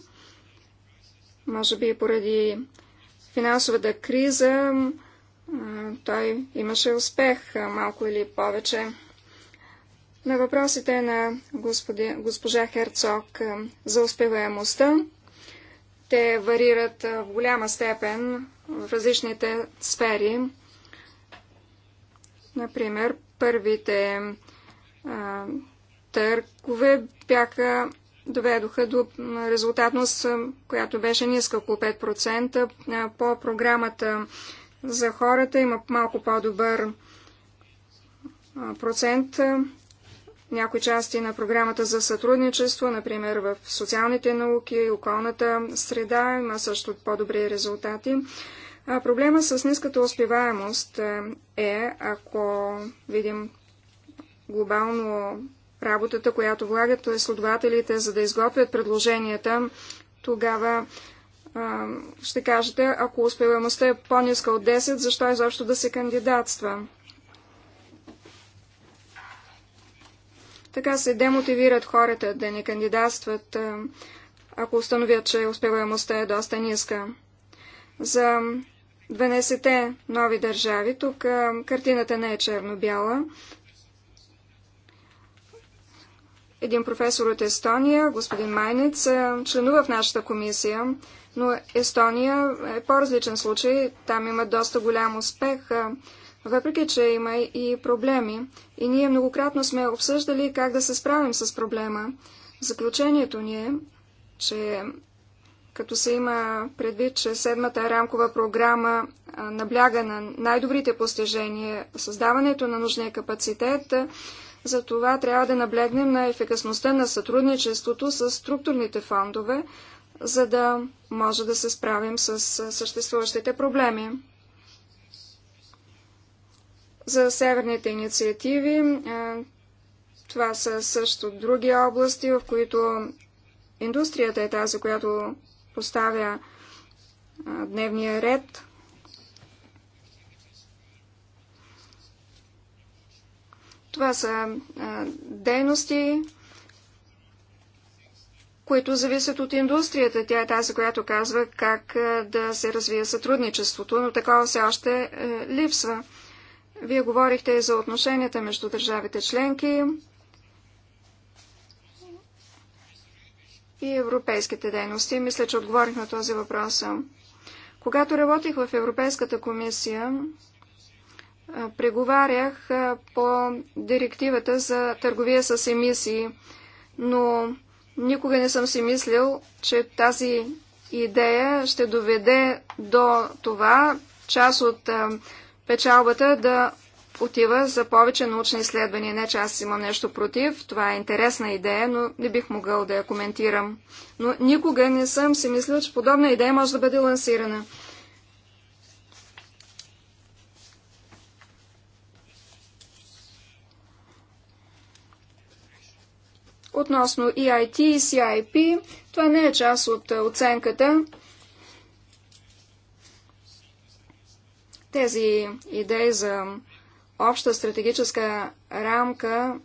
Може би поради финансовата криза той имаше успех малко или повече. На въпросите на господи, госпожа Херцог за успеваемостта, те варират в голяма степен в различните сфери. Например, първите Търкове, бяха доведоха до резултатност, която беше ниска около 5%. По програмата за хората има малко по-добър процент. Някои части на програмата за сътрудничество, например в социалните науки, околната среда, има също по-добри резултати. проблема с ниската успеваемост е, ако видим глобално работата, която влагат следователите, за да изготвят предложенията, тогава а, ще кажете, ако успеваемостта е по-ниска от 10, защо изобщо да се кандидатства? Така се демотивират хората да не кандидатстват, ако установят, че успеваемостта е доста ниска. За 12-те нови държави, тук картината не е черно-бяла, един професор от Естония, господин Майнец, е, членува в нашата комисия, но Естония е по-различен случай. Там има доста голям успех, е, въпреки че има и проблеми. И ние многократно сме обсъждали как да се справим с проблема. Заключението ни е, че като се има предвид, че седмата рамкова програма е, набляга на най-добрите постижения, създаването на нужния капацитет, затова трябва да наблегнем на ефикасността на сътрудничеството с структурните фондове, за да може да се справим с съществуващите проблеми. За северните инициативи, това са също други области, в които индустрията е тази, която поставя дневния ред. Това са а, дейности, които зависят от индустрията. Тя е тази, която казва как а, да се развие сътрудничеството, но такова все още а, липсва. Вие говорихте и за отношенията между държавите членки и европейските дейности. Мисля, че отговорих на този въпрос. Когато работих в Европейската комисия, преговарях по директивата за търговия с емисии, но никога не съм си мислил, че тази идея ще доведе до това част от печалбата да отива за повече научни изследвания. Не, че аз имам нещо против, това е интересна идея, но не бих могъл да я коментирам. Но никога не съм си мислил, че подобна идея може да бъде лансирана. Относно EIT и CIP, това не е част от оценката. Тези идеи за обща стратегическа рамка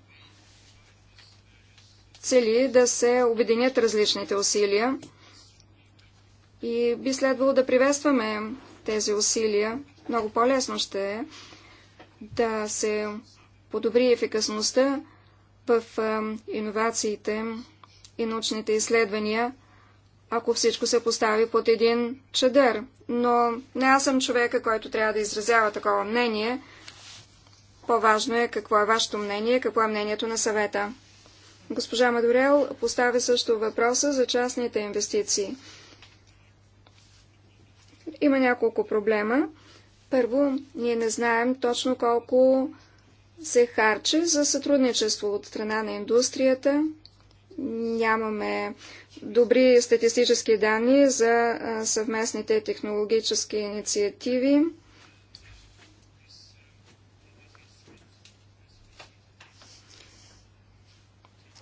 цели да се обединят различните усилия и би следвало да приветстваме тези усилия. Много по-лесно ще е да се подобри ефикасността в иновациите и научните изследвания, ако всичко се постави под един чадър. Но не аз съм човека, който трябва да изразява такова мнение. По-важно е какво е вашето мнение, какво е мнението на съвета. Госпожа Мадорел поставя също въпроса за частните инвестиции. Има няколко проблема. Първо, ние не знаем точно колко се харчи за сътрудничество от страна на индустрията. Нямаме добри статистически данни за съвместните технологически инициативи.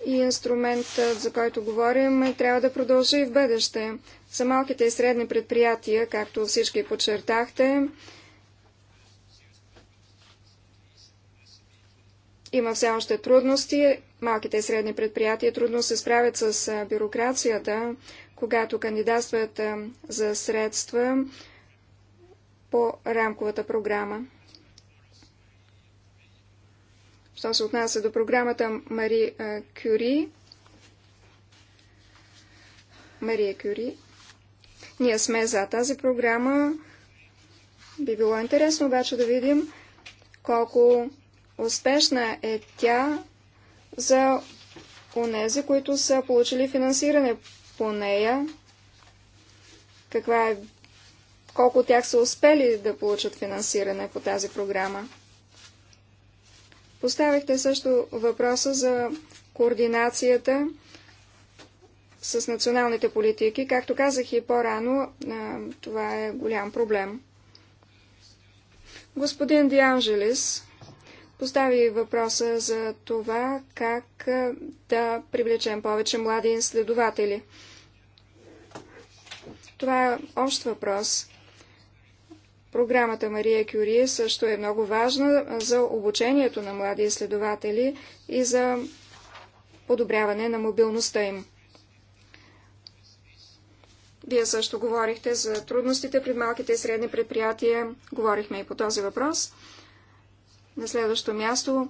И инструментът, за който говорим, трябва да продължи и в бъдеще. За малките и средни предприятия, както всички подчертахте, Има все още трудности. Малките и средни предприятия трудно се справят с бюрокрацията, когато кандидатстват за средства по рамковата програма. Що се отнася до програмата Мари Кюри, Мария Кюри, ние сме за тази програма. Би било интересно обаче да видим колко Успешна е тя за онези, които са получили финансиране по нея. Каква е, колко от тях са успели да получат финансиране по тази програма? Поставихте също въпроса за координацията с националните политики. Както казах и по-рано, това е голям проблем. Господин Дианжелис постави въпроса за това как да привлечем повече млади изследователи. Това е общ въпрос. Програмата Мария Кюри също е много важна за обучението на млади изследователи и за подобряване на мобилността им. Вие също говорихте за трудностите пред малките и средни предприятия. Говорихме и по този въпрос. На следващо място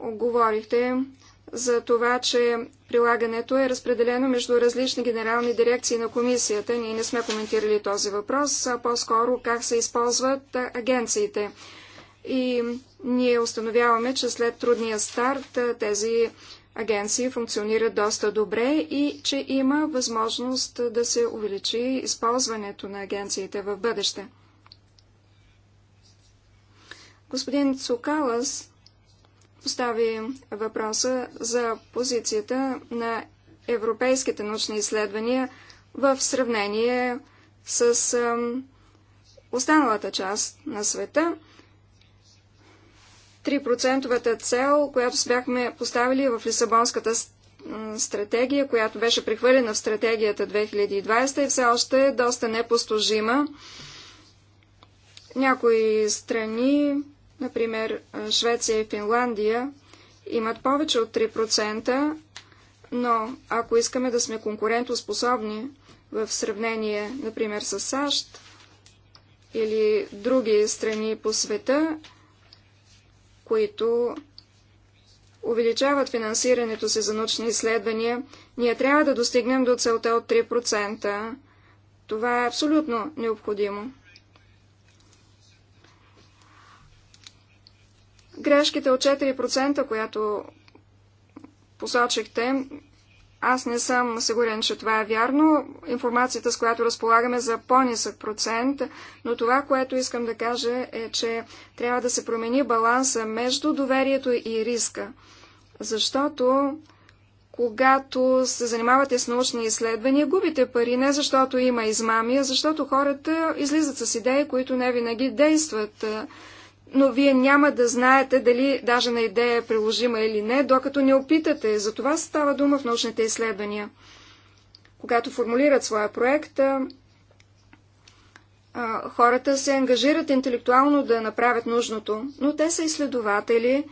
говорихте за това, че прилагането е разпределено между различни генерални дирекции на комисията. Ние не сме коментирали този въпрос, а по-скоро как се използват агенциите. И ние установяваме, че след трудния старт тези агенции функционират доста добре и че има възможност да се увеличи използването на агенциите в бъдеще. Господин Цукалас постави въпроса за позицията на европейските научни изследвания в сравнение с останалата част на света. 3 процентовата цел, която бяхме поставили в Лисабонската стратегия, която беше прехвърлена в стратегията 2020 и е все още е доста непостожима Някои страни Например, Швеция и Финландия имат повече от 3%, но ако искаме да сме конкурентоспособни в сравнение, например, с САЩ или други страни по света, които увеличават финансирането си за научни изследвания, ние трябва да достигнем до целта от 3%. Това е абсолютно необходимо. Грешките от 4%, която посочихте, аз не съм сигурен, че това е вярно. Информацията, с която разполагаме е за по-нисък процент, но това, което искам да кажа е, че трябва да се промени баланса между доверието и риска. Защото когато се занимавате с научни изследвания, губите пари не защото има измами, а защото хората излизат с идеи, които не винаги действат но вие няма да знаете дали даже на идея е приложима или не, докато не опитате. За това става дума в научните изследвания. Когато формулират своя проект, хората се ангажират интелектуално да направят нужното, но те са изследователи.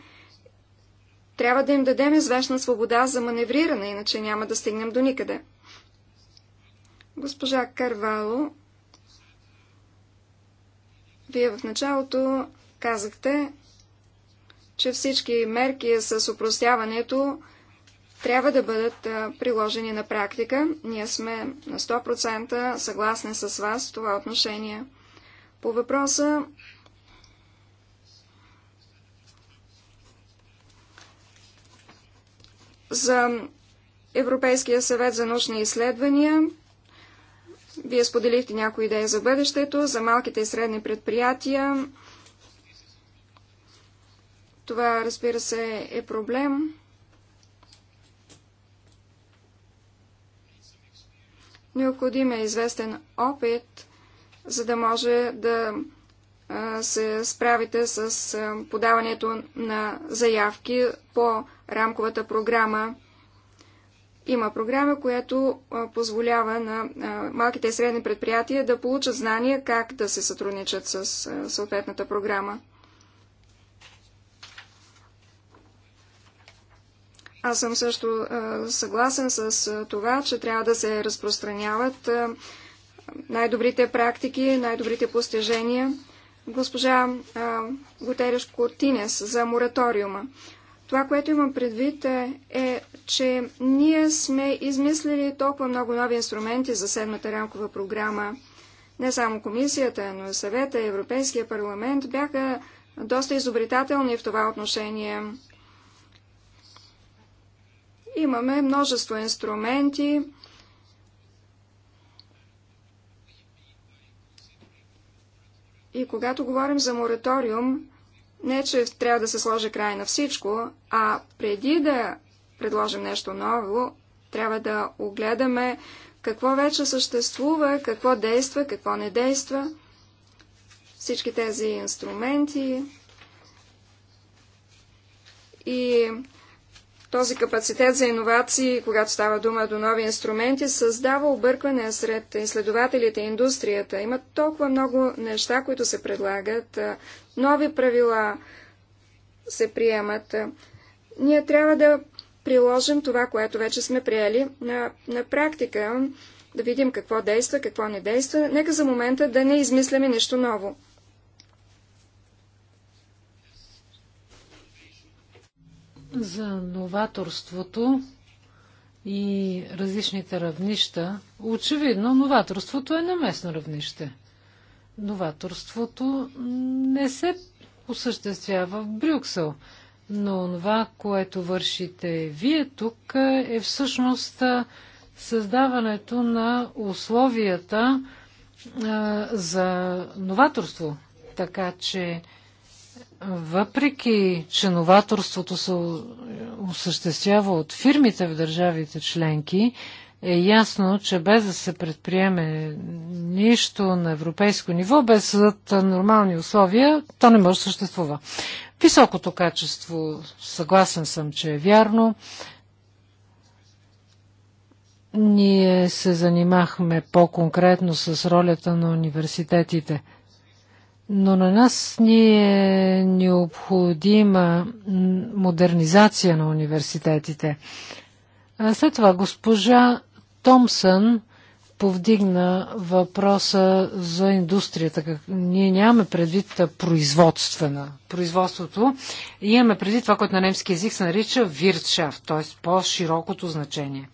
Трябва да им дадем известна свобода за маневриране, иначе няма да стигнем до никъде. Госпожа Карвало, вие в началото Казахте, че всички мерки с упростяването трябва да бъдат приложени на практика. Ние сме на 100% съгласни с вас в това отношение. По въпроса за Европейския съвет за научни изследвания, вие споделихте някои идеи за бъдещето, за малките и средни предприятия, това, разбира се, е проблем. Необходим е известен опит, за да може да се справите с подаването на заявки по рамковата програма. Има програма, която позволява на малките и средни предприятия да получат знания как да се сътрудничат с съответната програма. Аз съм също съгласен с това, че трябва да се разпространяват най-добрите практики, най-добрите постижения. Госпожа Готереш Кортинес за мораториума. Това, което имам предвид е, е, че ние сме измислили толкова много нови инструменти за седмата рамкова програма. Не само комисията, но и съвета, Европейския парламент бяха доста изобретателни в това отношение. Имаме множество инструменти. И когато говорим за мораториум, не че трябва да се сложи край на всичко, а преди да предложим нещо ново, трябва да огледаме какво вече съществува, какво действа, какво не действа. Всички тези инструменти и този капацитет за иновации, когато става дума до нови инструменти, създава объркване сред изследователите и индустрията. Има толкова много неща, които се предлагат, нови правила се приемат. Ние трябва да приложим това, което вече сме приели на, на практика, да видим какво действа, какво не действа. Нека за момента да не измисляме нещо ново. за новаторството и различните равнища, очевидно новаторството е на местно равнище. Новаторството не се осъществява в Брюксел, но това, което вършите вие тук, е всъщност създаването на условията а, за новаторство. Така че въпреки че новаторството се осъществява от фирмите в държавите членки, е ясно, че без да се предприеме нищо на европейско ниво, без съдът нормални условия, то не може да съществува. Високото качество, съгласен съм, че е вярно. Ние се занимахме по-конкретно с ролята на университетите – но на нас ни е необходима модернизация на университетите. След това госпожа Томсън повдигна въпроса за индустрията. Ние нямаме предвид производствена, производството. И имаме предвид това, което на немски язик се нарича виртшафт, т.е. по-широкото значение.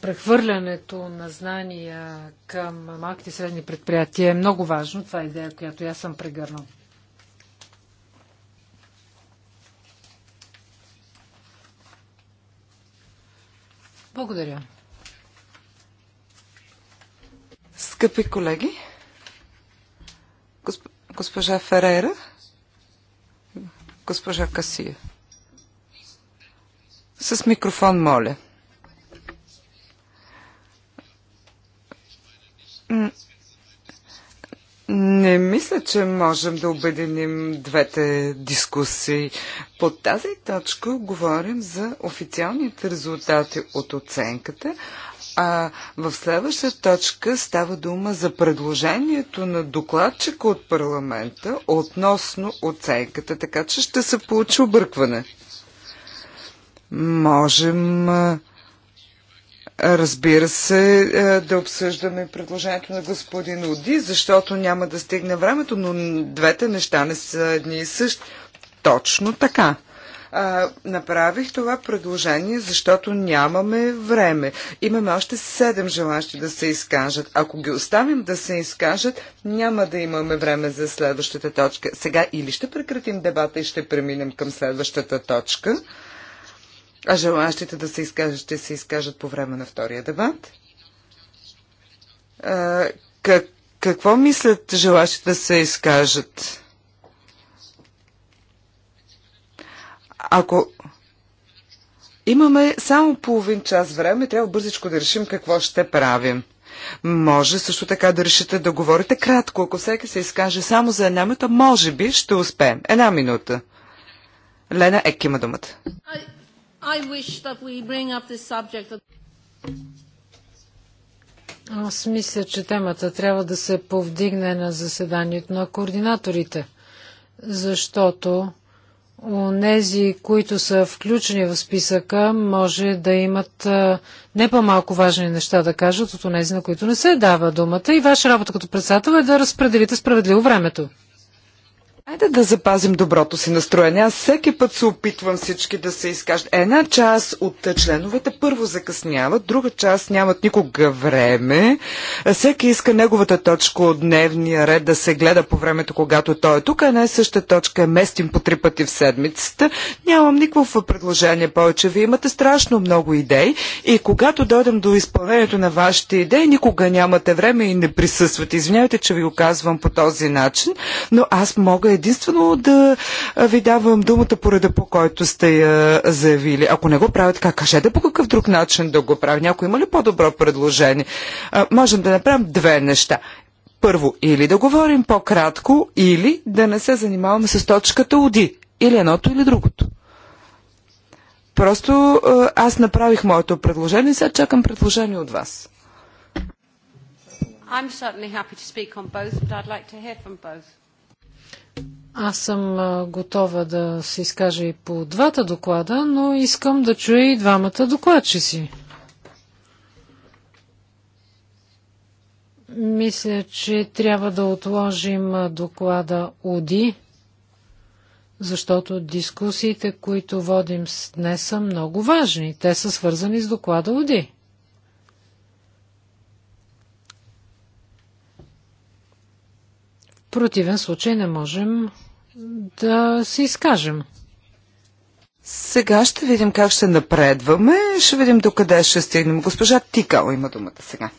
прехвърлянето на знания към малките и средни предприятия е много важно. Това е идея, която аз съм прегърнал. Благодаря. Скъпи колеги, госп... госпожа Ферера, госпожа Касия. С микрофон, моля. Не мисля, че можем да обединим двете дискусии. По тази точка говорим за официалните резултати от оценката, а в следваща точка става дума за предложението на докладчика от парламента относно оценката, така че ще се получи объркване. Можем разбира се, е, да обсъждаме предложението на господин Уди, защото няма да стигне времето, но двете неща не са едни и същи. Точно така. А, е, направих това предложение, защото нямаме време. Имаме още седем желащи да се изкажат. Ако ги оставим да се изкажат, няма да имаме време за следващата точка. Сега или ще прекратим дебата и ще преминем към следващата точка а желащите да се изкажат, ще се изкажат по време на втория дебат. А, как, какво мислят желащите да се изкажат? Ако имаме само половин час време, трябва бързичко да решим какво ще правим. Може също така да решите да говорите кратко, ако всеки се изкаже само за една минута, може би ще успеем. Една минута. Лена Ек има думата. I wish that we bring up this subject. Аз мисля, че темата трябва да се повдигне на заседанието на координаторите, защото Онези, които са включени в списъка, може да имат не по-малко важни неща да кажат от онези, на които не се дава думата. И ваша работа като председател е да разпределите справедливо времето. Айде да запазим доброто си настроение. Аз всеки път се опитвам всички да се изкажат. Една част от членовете първо закъсняват, друга част нямат никога време. Всеки иска неговата точка от дневния ред да се гледа по времето, когато той е тук, а не същата точка е местим по три пъти в седмицата. Нямам никакво предложение повече. Вие имате страшно много идеи и когато дойдем до изпълнението на вашите идеи, никога нямате време и не присъствате. Извинявайте, че ви оказвам по този начин, но аз мога е, единствено да ви давам думата по реда, по който сте я заявили. Ако не го правят, така кажете по какъв друг начин да го прави. Някой има ли по-добро предложение? А, можем да направим две неща. Първо, или да говорим по-кратко, или да не се занимаваме с точката ОДИ. Или едното, или другото. Просто аз направих моето предложение и сега чакам предложение от вас. I'm certainly happy to speak on both, but I'd like to hear from both. Аз съм готова да се изкажа и по двата доклада, но искам да чуя и двамата докладчици. Мисля, че трябва да отложим доклада УДИ, защото дискусиите, които водим днес, са много важни. Те са свързани с доклада УДИ. противен случай не можем да се изкажем. Сега ще видим как ще напредваме. Ще видим докъде ще стигнем. Госпожа Тикал има думата сега.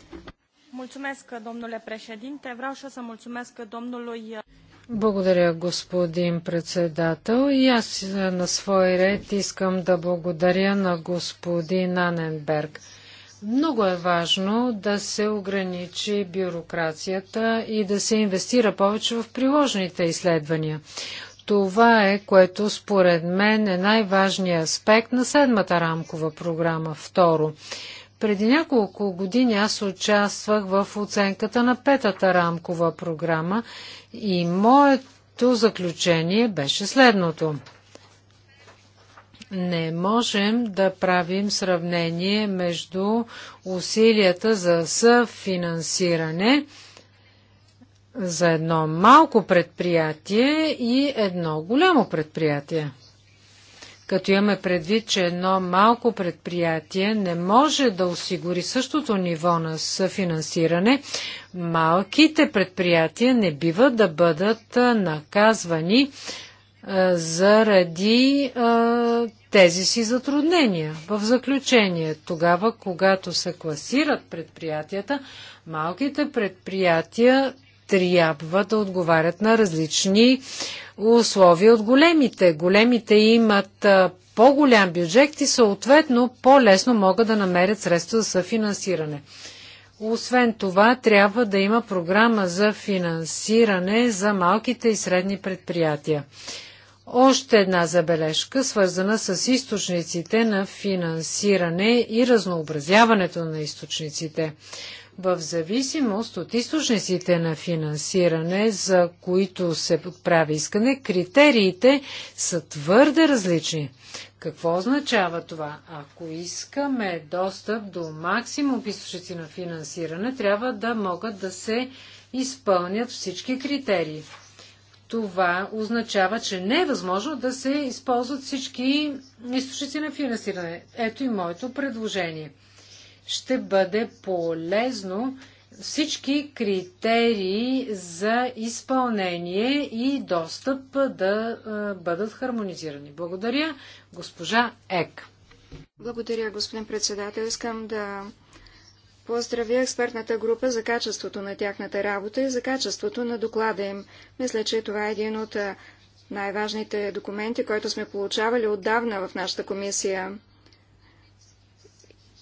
Uh, благодаря, господин председател. И аз е, на свой ред искам да благодаря на господин Аненберг. Много е важно да се ограничи бюрокрацията и да се инвестира повече в приложните изследвания. Това е, което според мен е най-важният аспект на седмата рамкова програма. Второ, преди няколко години аз участвах в оценката на петата рамкова програма и моето заключение беше следното – не можем да правим сравнение между усилията за съфинансиране за едно малко предприятие и едно голямо предприятие. Като имаме предвид, че едно малко предприятие не може да осигури същото ниво на съфинансиране, малките предприятия не бива да бъдат наказвани е, заради а, е, тези си затруднения. В заключение, тогава, когато се класират предприятията, малките предприятия трябва да отговарят на различни условия от големите. Големите имат е, по-голям бюджет и съответно по-лесно могат да намерят средства за съфинансиране. Освен това, трябва да има програма за финансиране за малките и средни предприятия. Още една забележка, свързана с източниците на финансиране и разнообразяването на източниците. В зависимост от източниците на финансиране, за които се прави искане, критериите са твърде различни. Какво означава това? Ако искаме достъп до максимум източници на финансиране, трябва да могат да се изпълнят всички критерии това означава, че не е възможно да се използват всички източници на финансиране. Ето и моето предложение. Ще бъде полезно всички критерии за изпълнение и достъп да бъдат хармонизирани. Благодаря, госпожа Ек. Благодаря, господин председател. Искам да поздравя експертната група за качеството на тяхната работа и за качеството на доклада им. Мисля, че това е един от най-важните документи, който сме получавали отдавна в нашата комисия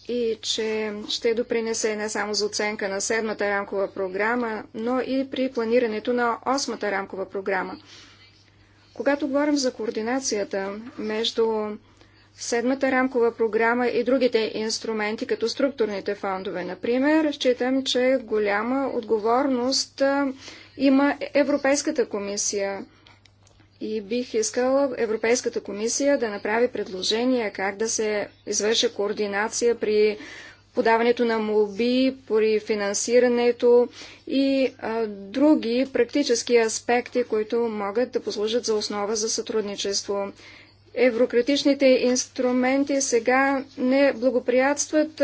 и че ще допринесе не само за оценка на седмата рамкова програма, но и при планирането на осмата рамкова програма. Когато говорим за координацията между седмата рамкова програма и другите инструменти, като структурните фондове, например, считам, че голяма отговорност има Европейската комисия. И бих искала Европейската комисия да направи предложения как да се извърши координация при подаването на молби, при финансирането и а, други практически аспекти, които могат да послужат за основа за сътрудничество еврократичните инструменти сега не благоприятстват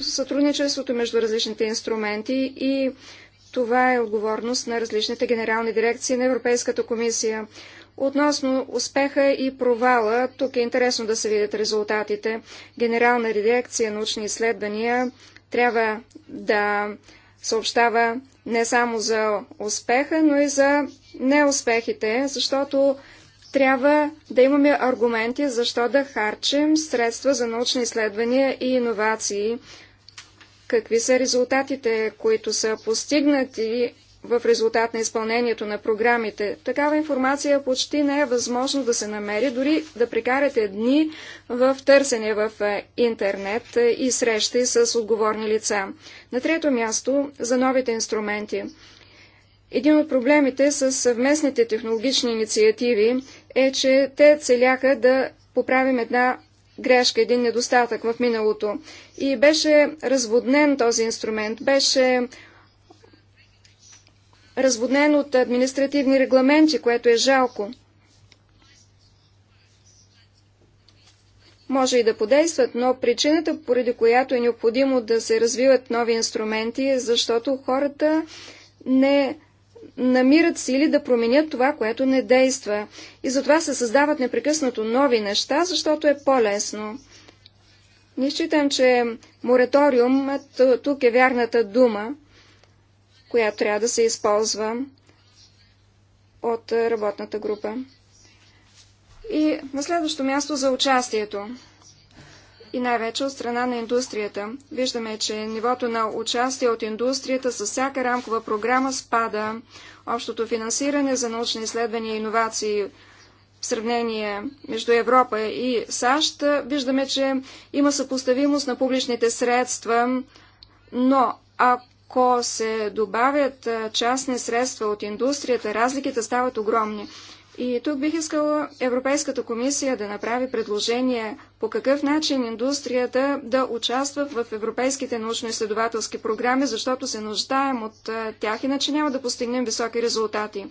сътрудничеството между различните инструменти и това е отговорност на различните генерални дирекции на Европейската комисия. Относно успеха и провала, тук е интересно да се видят резултатите. Генерална дирекция научни изследвания трябва да съобщава не само за успеха, но и за неуспехите, защото трябва да имаме аргументи защо да харчим средства за научни изследвания и иновации, какви са резултатите, които са постигнати в резултат на изпълнението на програмите. Такава информация почти не е възможно да се намери, дори да прекарате дни в търсене в е, интернет е, и срещи с отговорни лица. На трето място за новите инструменти. Един от проблемите с съвместните технологични инициативи е, че те целяха да поправим една грешка, един недостатък в миналото. И беше разводнен този инструмент, беше разводнен от административни регламенти, което е жалко. Може и да подействат, но причината, поради която е необходимо да се развиват нови инструменти, е защото хората не намират сили да променят това, което не действа. И затова се създават непрекъснато нови неща, защото е по-лесно. Не считам, че мораториум тук е вярната дума, която трябва да се използва от работната група. И на следващо място за участието и най-вече от страна на индустрията. Виждаме, че нивото на участие от индустрията със всяка рамкова програма спада. Общото финансиране за научни изследвания и иновации в сравнение между Европа и САЩ, виждаме, че има съпоставимост на публичните средства, но ако се добавят частни средства от индустрията, разликите стават огромни. И тук бих искала Европейската комисия да направи предложение по какъв начин индустрията да участва в европейските научно-изследователски програми, защото се нуждаем от тях, иначе няма да постигнем високи резултати.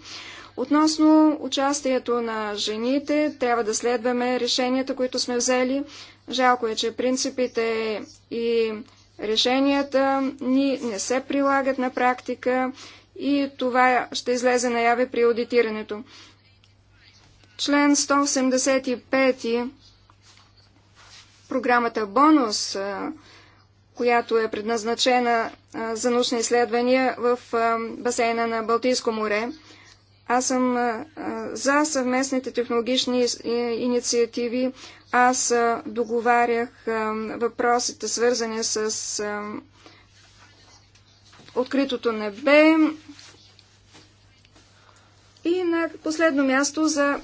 Относно участието на жените, трябва да следваме решенията, които сме взели. Жалко е, че принципите и решенията ни не се прилагат на практика и това ще излезе наяве при аудитирането. Член 185. Програмата Бонус, която е предназначена за научни изследвания в басейна на Балтийско море. Аз съм за съвместните технологични инициативи. Аз договарях въпросите, свързани с откритото небе. И на последно място за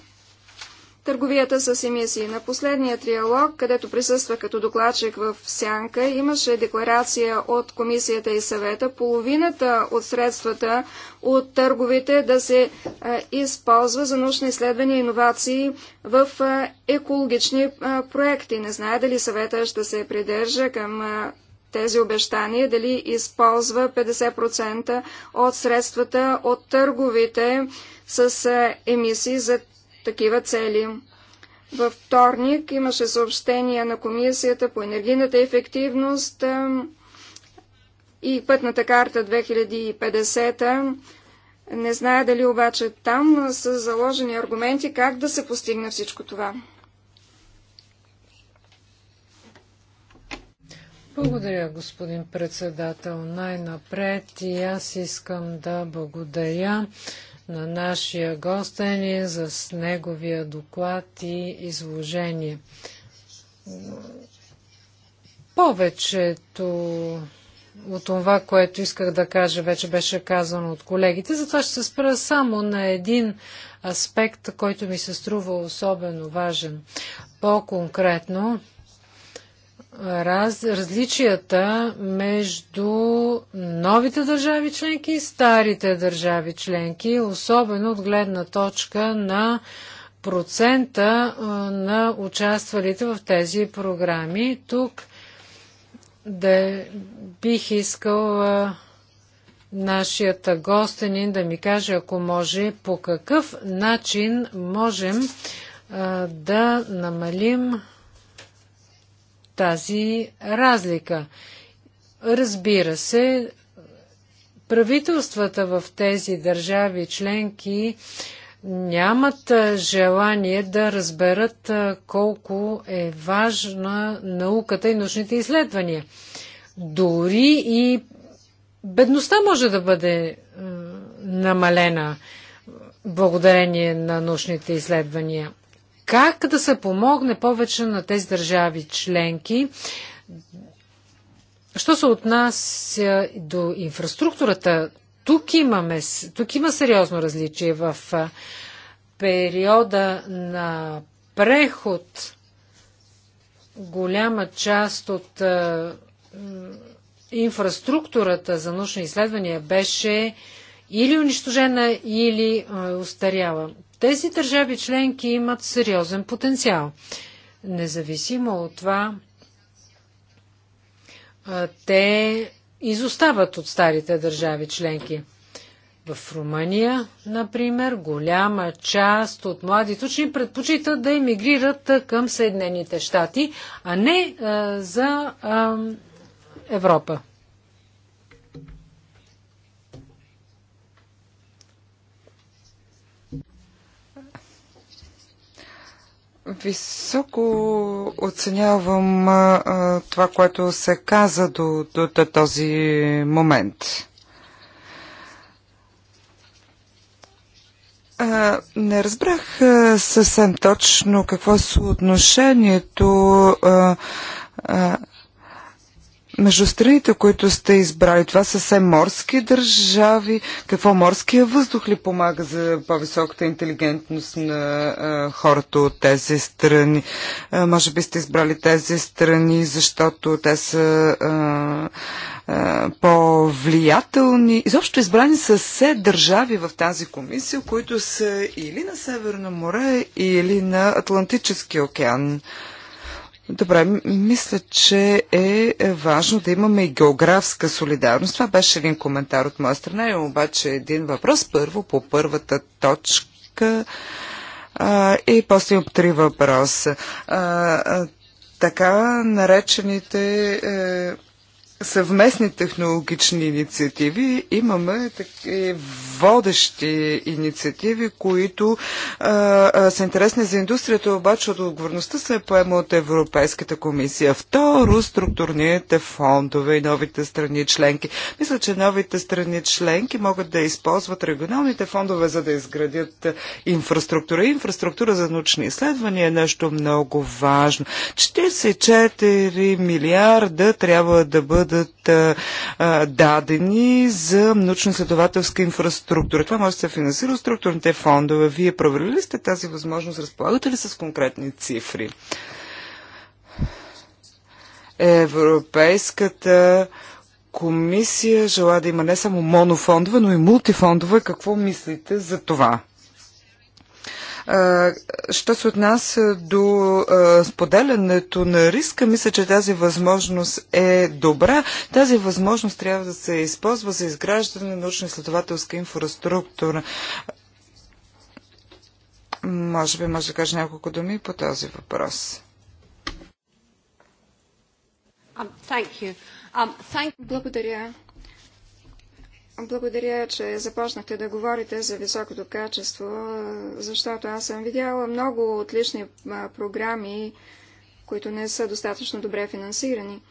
търговията с емисии. На последния триалог, където присъства като докладчик в Сянка, имаше декларация от комисията и съвета половината от средствата от търговите да се а, използва за научни изследвания и иновации в а, екологични а, проекти. Не знае дали съвета ще се придържа към тези обещания, дали използва 50% от средствата от търговите с емисии за такива цели. Във вторник имаше съобщение на Комисията по енергийната ефективност и пътната карта 2050. Не зная дали обаче там са заложени аргументи как да се постигне всичко това. Благодаря, господин председател. Най-напред и аз искам да благодаря на нашия гостен и с неговия доклад и изложение. Повечето от това, което исках да кажа, вече беше казано от колегите, затова ще се спра само на един аспект, който ми се струва особено важен. По-конкретно, раз, различията между новите държави членки и старите държави членки, особено от гледна точка на процента на участвалите в тези програми. Тук да бих искал нашията гостенин да ми каже, ако може, по какъв начин можем да намалим тази разлика. Разбира се, правителствата в тези държави членки нямат желание да разберат колко е важна науката и научните изследвания. Дори и бедността може да бъде намалена благодарение на научните изследвания как да се помогне повече на тези държави членки. Що се отнася до инфраструктурата, тук, имаме, тук има сериозно различие в периода на преход. Голяма част от инфраструктурата за научни изследвания беше или унищожена, или устаряла. Тези държави членки имат сериозен потенциал. Независимо от това, те изостават от старите държави членки. В Румъния, например, голяма част от младите учени предпочитат да емигрират към Съединените щати, а не а, за а, Европа. Високо оценявам а, това, което се каза до, до, до този момент. А, не разбрах а, съвсем точно какво е съотношението а, а, между страните, които сте избрали, това са все морски държави. Какво морския въздух ли помага за по-високата интелигентност на а, хората от тези страни? А, може би сте избрали тези страни, защото те са а, а, по-влиятелни. Изобщо избрани са все държави в тази комисия, които са или на Северно море, или на Атлантическия океан. Добре, мисля, че е важно да имаме и географска солидарност. Това беше един коментар от моя страна. Имам обаче един въпрос. Първо по първата точка а, и после имам три въпроса. А, а, така наречените е, съвместни технологични инициативи, имаме таки водещи инициативи, които а, а, са интересни за индустрията, обаче от отговорността се е поема от Европейската комисия. Второ, структурните фондове и новите страни членки. Мисля, че новите страни членки могат да използват регионалните фондове, за да изградят инфраструктура. Инфраструктура за научни изследвания е нещо много важно. 44 милиарда трябва да бъдат бъдат а, дадени за научно-следователска инфраструктура. Това може да се финансира от структурните фондове. Вие проверили ли сте тази възможност? Разполагате ли с конкретни цифри? Европейската комисия желая да има не само монофондове, но и мултифондове. Какво мислите за това? Що се отнася до споделянето на риска, мисля, че тази възможност е добра. Тази възможност трябва да се използва за изграждане на научно-изследователска инфраструктура. Може би може да кажа няколко думи по този въпрос. Um, Um, Благодаря. Благодаря, че започнахте да говорите за високото качество, защото аз съм видяла много отлични програми, които не са достатъчно добре финансирани.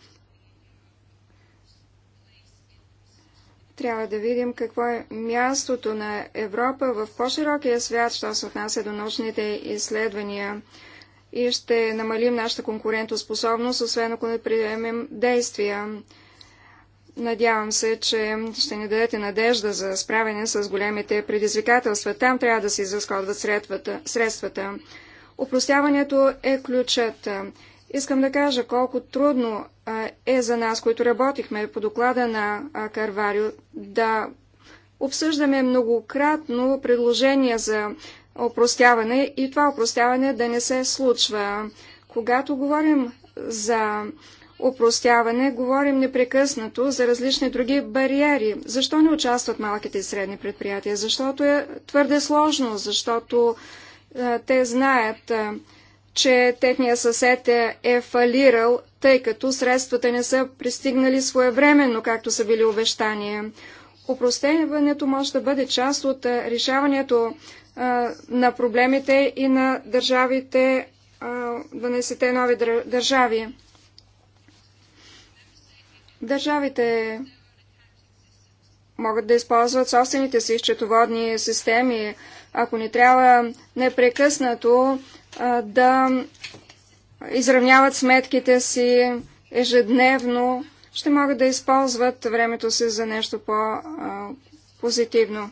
Трябва да видим какво е мястото на Европа в по-широкия свят, що се отнася до научните изследвания. И ще намалим нашата конкурентоспособност, освен ако не приемем действия. Надявам се, че ще ни дадете надежда за справяне с големите предизвикателства. Там трябва да се изразходват средствата. Опростяването е ключът. Искам да кажа колко трудно е за нас, които работихме по доклада на Карварио, да обсъждаме многократно предложения за опростяване и това опростяване да не се случва. Когато говорим за упростяване, говорим непрекъснато за различни други бариери. Защо не участват малките и средни предприятия? Защото е твърде сложно, защото а, е, те знаят, а, е, че техният съсед е, е фалирал, тъй като средствата не са пристигнали своевременно, както са били обещания. Опростяването може да бъде част от а, е, решаването а, на проблемите и на държавите, а, 12-те нови държави. Държавите могат да използват собствените си счетоводни системи, ако не трябва непрекъснато да изравняват сметките си ежедневно, ще могат да използват времето си за нещо по-позитивно.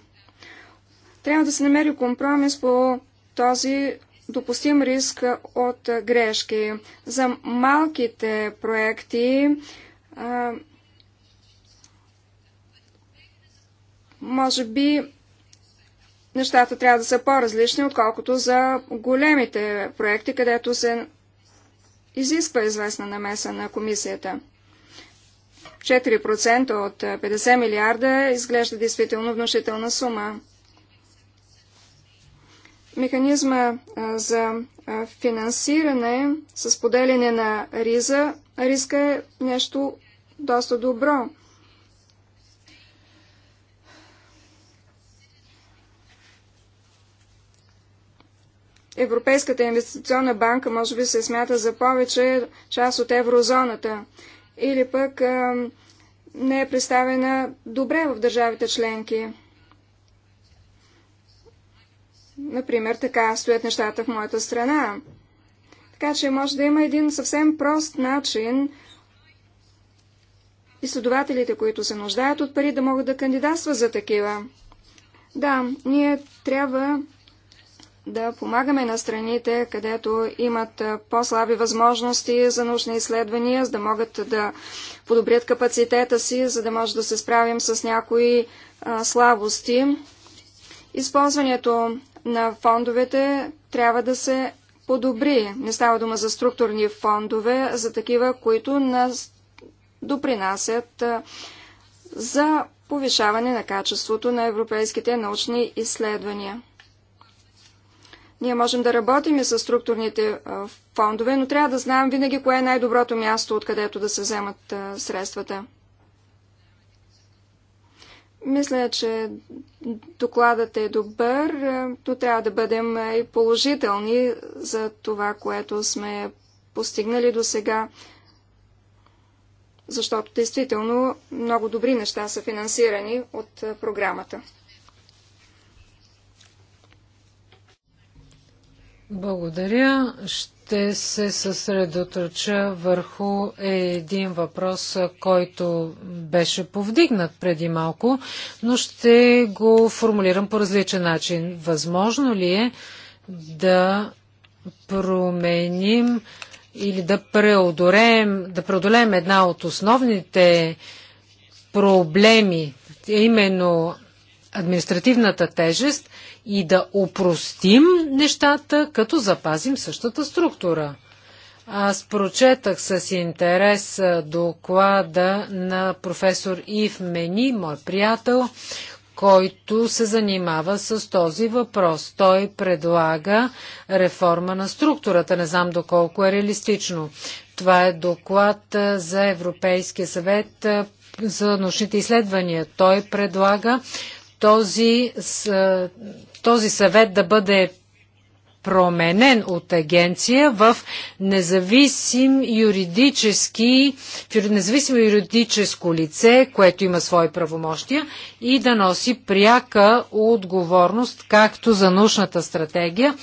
Трябва да се намери компромис по този допустим риск от грешки. За малките проекти а, може би нещата трябва да са по-различни, отколкото за големите проекти, където се изисква известна намеса на комисията. 4% от 50 милиарда изглежда действително внушителна сума. Механизма за финансиране с поделяне на риза, риска е нещо доста добро. Европейската инвестиционна банка може би се смята за повече част от еврозоната или пък не е представена добре в държавите членки. Например, така стоят нещата в моята страна. Така че може да има един съвсем прост начин изследователите, които се нуждаят от пари, да могат да кандидатстват за такива. Да, ние трябва да помагаме на страните, където имат по-слаби възможности за научни изследвания, за да могат да подобрят капацитета си, за да може да се справим с някои а, слабости. Използването на фондовете трябва да се подобри. Не става дума за структурни фондове, за такива, които нас допринасят за повишаване на качеството на европейските научни изследвания. Ние можем да работим и с структурните фондове, но трябва да знаем винаги кое е най-доброто място, откъдето да се вземат средствата. Мисля, че докладът е добър, но трябва да бъдем и положителни за това, което сме постигнали до сега, защото действително много добри неща са финансирани от програмата. Благодаря. Ще ще се съсредоточа върху един въпрос, който беше повдигнат преди малко, но ще го формулирам по различен начин. Възможно ли е да променим или да преодолеем, да преодолеем една от основните проблеми, именно административната тежест и да упростим нещата, като запазим същата структура. Аз прочетах с интерес доклада на професор Ив Мени, мой приятел, който се занимава с този въпрос. Той предлага реформа на структурата. Не знам доколко е реалистично. Това е доклад за Европейския съвет за научните изследвания. Той предлага този, този съвет да бъде променен от агенция в независим юридически, в независимо юридическо лице, което има свои правомощия и да носи пряка отговорност както за научната стратегия,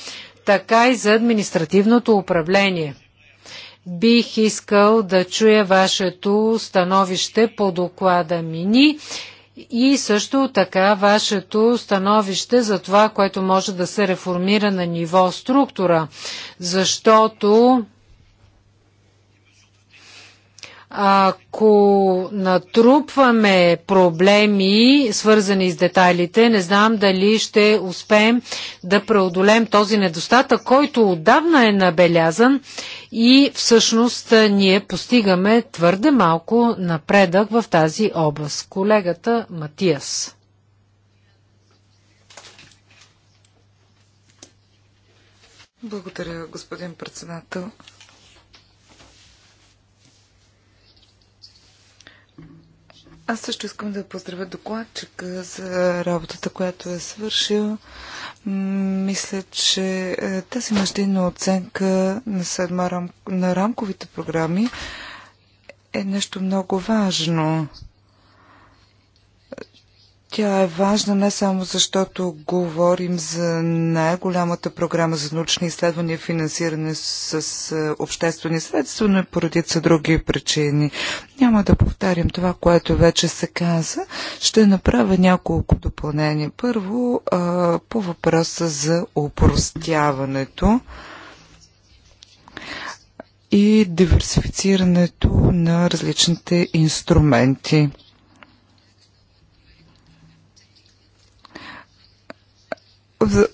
така и за административното управление. Бих искал да чуя вашето становище по доклада Мини и също така вашето становище за това, което може да се реформира на ниво структура, защото ако натрупваме проблеми, свързани с детайлите, не знам дали ще успеем да преодолем този недостатък, който отдавна е набелязан и всъщност ние постигаме твърде малко напредък в тази област. Колегата Матиас. Благодаря, господин председател. Аз също искам да поздравя докладчика за работата, която е свършил. Мисля, че е, тази междинна оценка на, седма рам... на рамковите програми е нещо много важно. Тя е важна не само защото говорим за най-голямата програма за научни изследвания, финансиране с е, обществени средства, но и поради са други причини. Няма да повтарям това, което вече се каза. Ще направя няколко допълнения. Първо, е, по въпроса за упростяването и диверсифицирането на различните инструменти.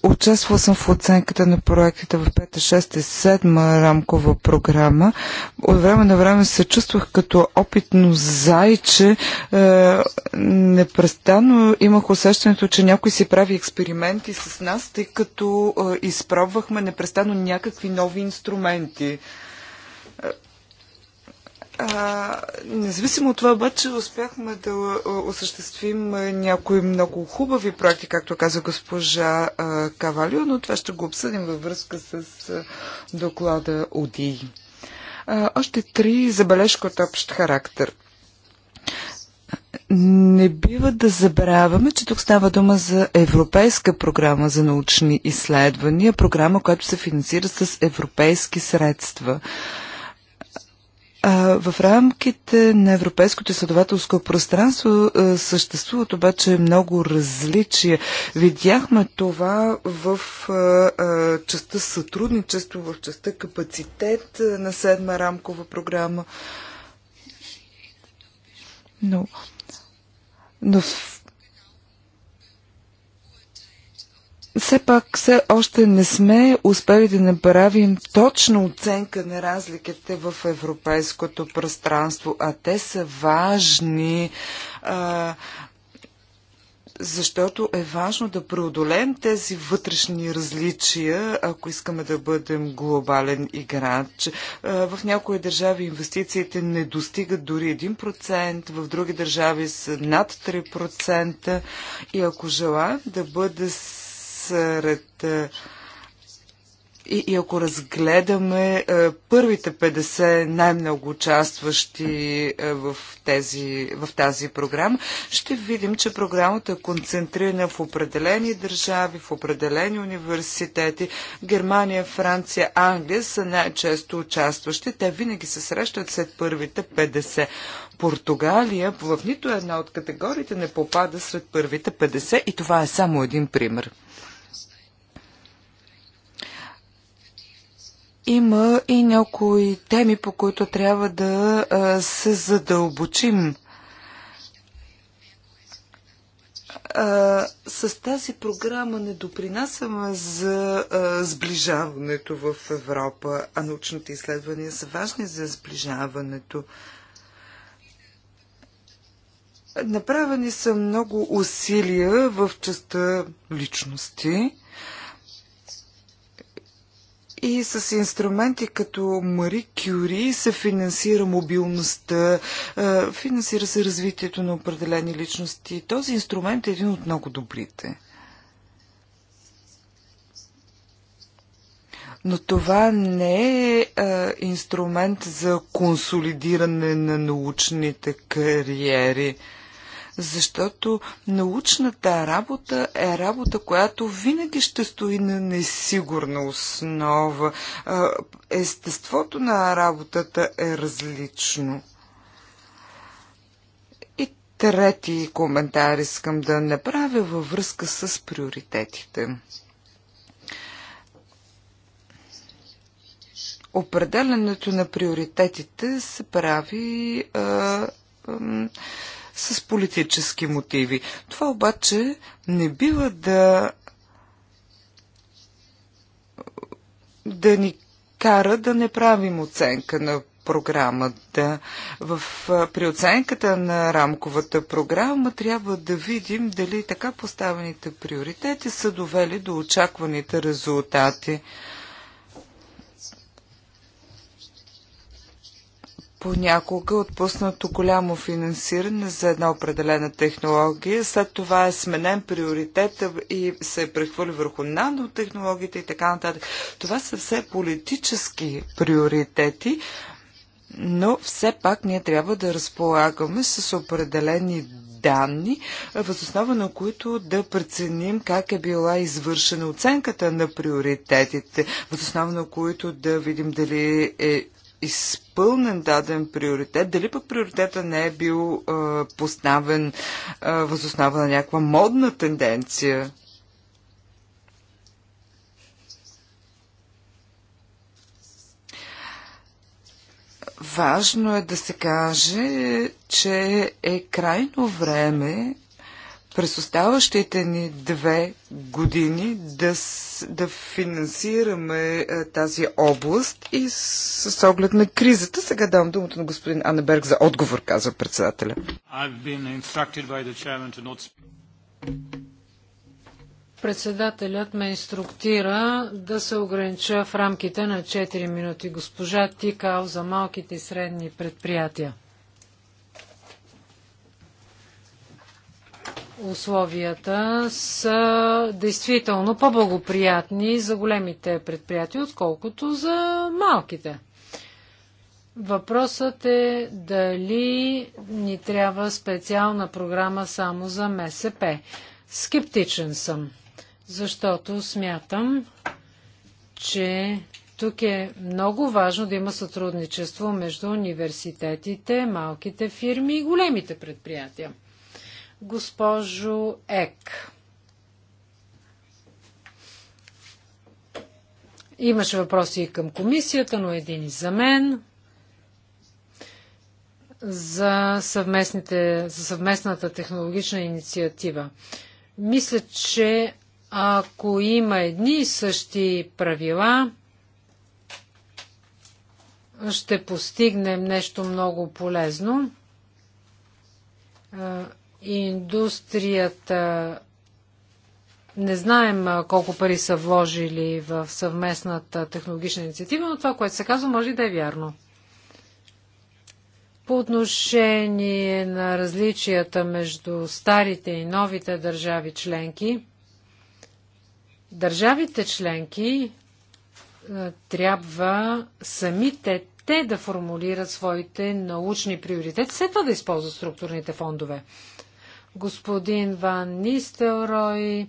Участвала съм в оценката на проектите в 5, 6 и 7 рамкова програма. От време на време се чувствах като опитно зайче. Е, непрестанно имах усещането, че някой си прави експерименти с нас, тъй като е, изпробвахме непрестанно някакви нови инструменти. А, независимо от това, обаче, успяхме да осъществим някои много хубави проекти, както каза госпожа а, Кавалио, но това ще го обсъдим във връзка с а, доклада ОДИ. Още три забележки от общ характер. Не бива да забравяме, че тук става дума за Европейска програма за научни изследвания, програма, която се финансира с европейски средства. В рамките на европейското изследователско пространство съществуват обаче много различия. Видяхме това в частта сътрудничество, в частта капацитет на седма рамкова програма. Но, но все пак все още не сме успели да направим точна оценка на разликите в европейското пространство, а те са важни. А, защото е важно да преодолеем тези вътрешни различия, ако искаме да бъдем глобален играч. В някои държави инвестициите не достигат дори 1%, в други държави са над 3%. И ако желаем да бъде сред и, и ако разгледаме е, първите 50 най-много участващи е, в, тези, в тази програма, ще видим, че програмата е концентрирана в определени държави, в определени университети. Германия, Франция, Англия са най-често участващи. Те винаги се срещат след първите 50. Португалия в нито една от категориите не попада сред първите 50 и това е само един пример. Има и някои теми, по които трябва да се задълбочим. а, с тази програма не допринасяме за а, сближаването в Европа, а научните изследвания са важни за сближаването. Направени са много усилия в частта личности и с инструменти като Мари Кюри се финансира мобилността, е, финансира се развитието на определени личности. Този инструмент е един от много добрите. Но това не е а, е, инструмент за консолидиране на научните кариери. А, защото научната работа е работа, която винаги ще стои на несигурна основа. Естеството на работата е различно. И трети коментар искам да направя във връзка с приоритетите. Определенето на приоритетите се прави а, а, с политически мотиви. Това обаче не бива да да ни кара да не правим оценка на програмата. В, при оценката на рамковата програма трябва да видим дали така поставените приоритети са довели до очакваните резултати. понякога отпуснато голямо финансиране за една определена технология, след това е сменен приоритет и се е прехвърли върху нанотехнологията и така нататък. Това са все политически приоритети, но все пак ние трябва да разполагаме с определени данни, възоснова на които да преценим как е била извършена оценката на приоритетите, възоснова на които да видим дали е изпълнен даден приоритет, дали пък приоритета не е бил е, поставен е, възоснова на някаква модна тенденция. Важно е да се каже, че е крайно време през оставащите ни две години да, да финансираме а, е, тази област и с, с оглед на кризата. Сега давам думата на господин Анеберг за отговор, казва председателя. Председателят ме инструктира да се огранича в рамките на 4 минути. Госпожа Тикал за малките и средни предприятия. условията са действително по-благоприятни за големите предприятия, отколкото за малките. Въпросът е дали ни трябва специална програма само за МСП. Скептичен съм, защото смятам, че тук е много важно да има сътрудничество между университетите, малките фирми и големите предприятия госпожо Ек. Имаше въпроси и към комисията, но един и за мен. За, съвместните, за съвместната технологична инициатива. Мисля, че ако има едни и същи правила, ще постигнем нещо много полезно. Индустрията не знаем колко пари са вложили в съвместната технологична инициатива, но това, което се казва, може и да е вярно. По отношение на различията между старите и новите държави членки, държавите членки трябва самите те да формулират своите научни приоритети, след това да използват структурните фондове. Господин Ван Нистелрой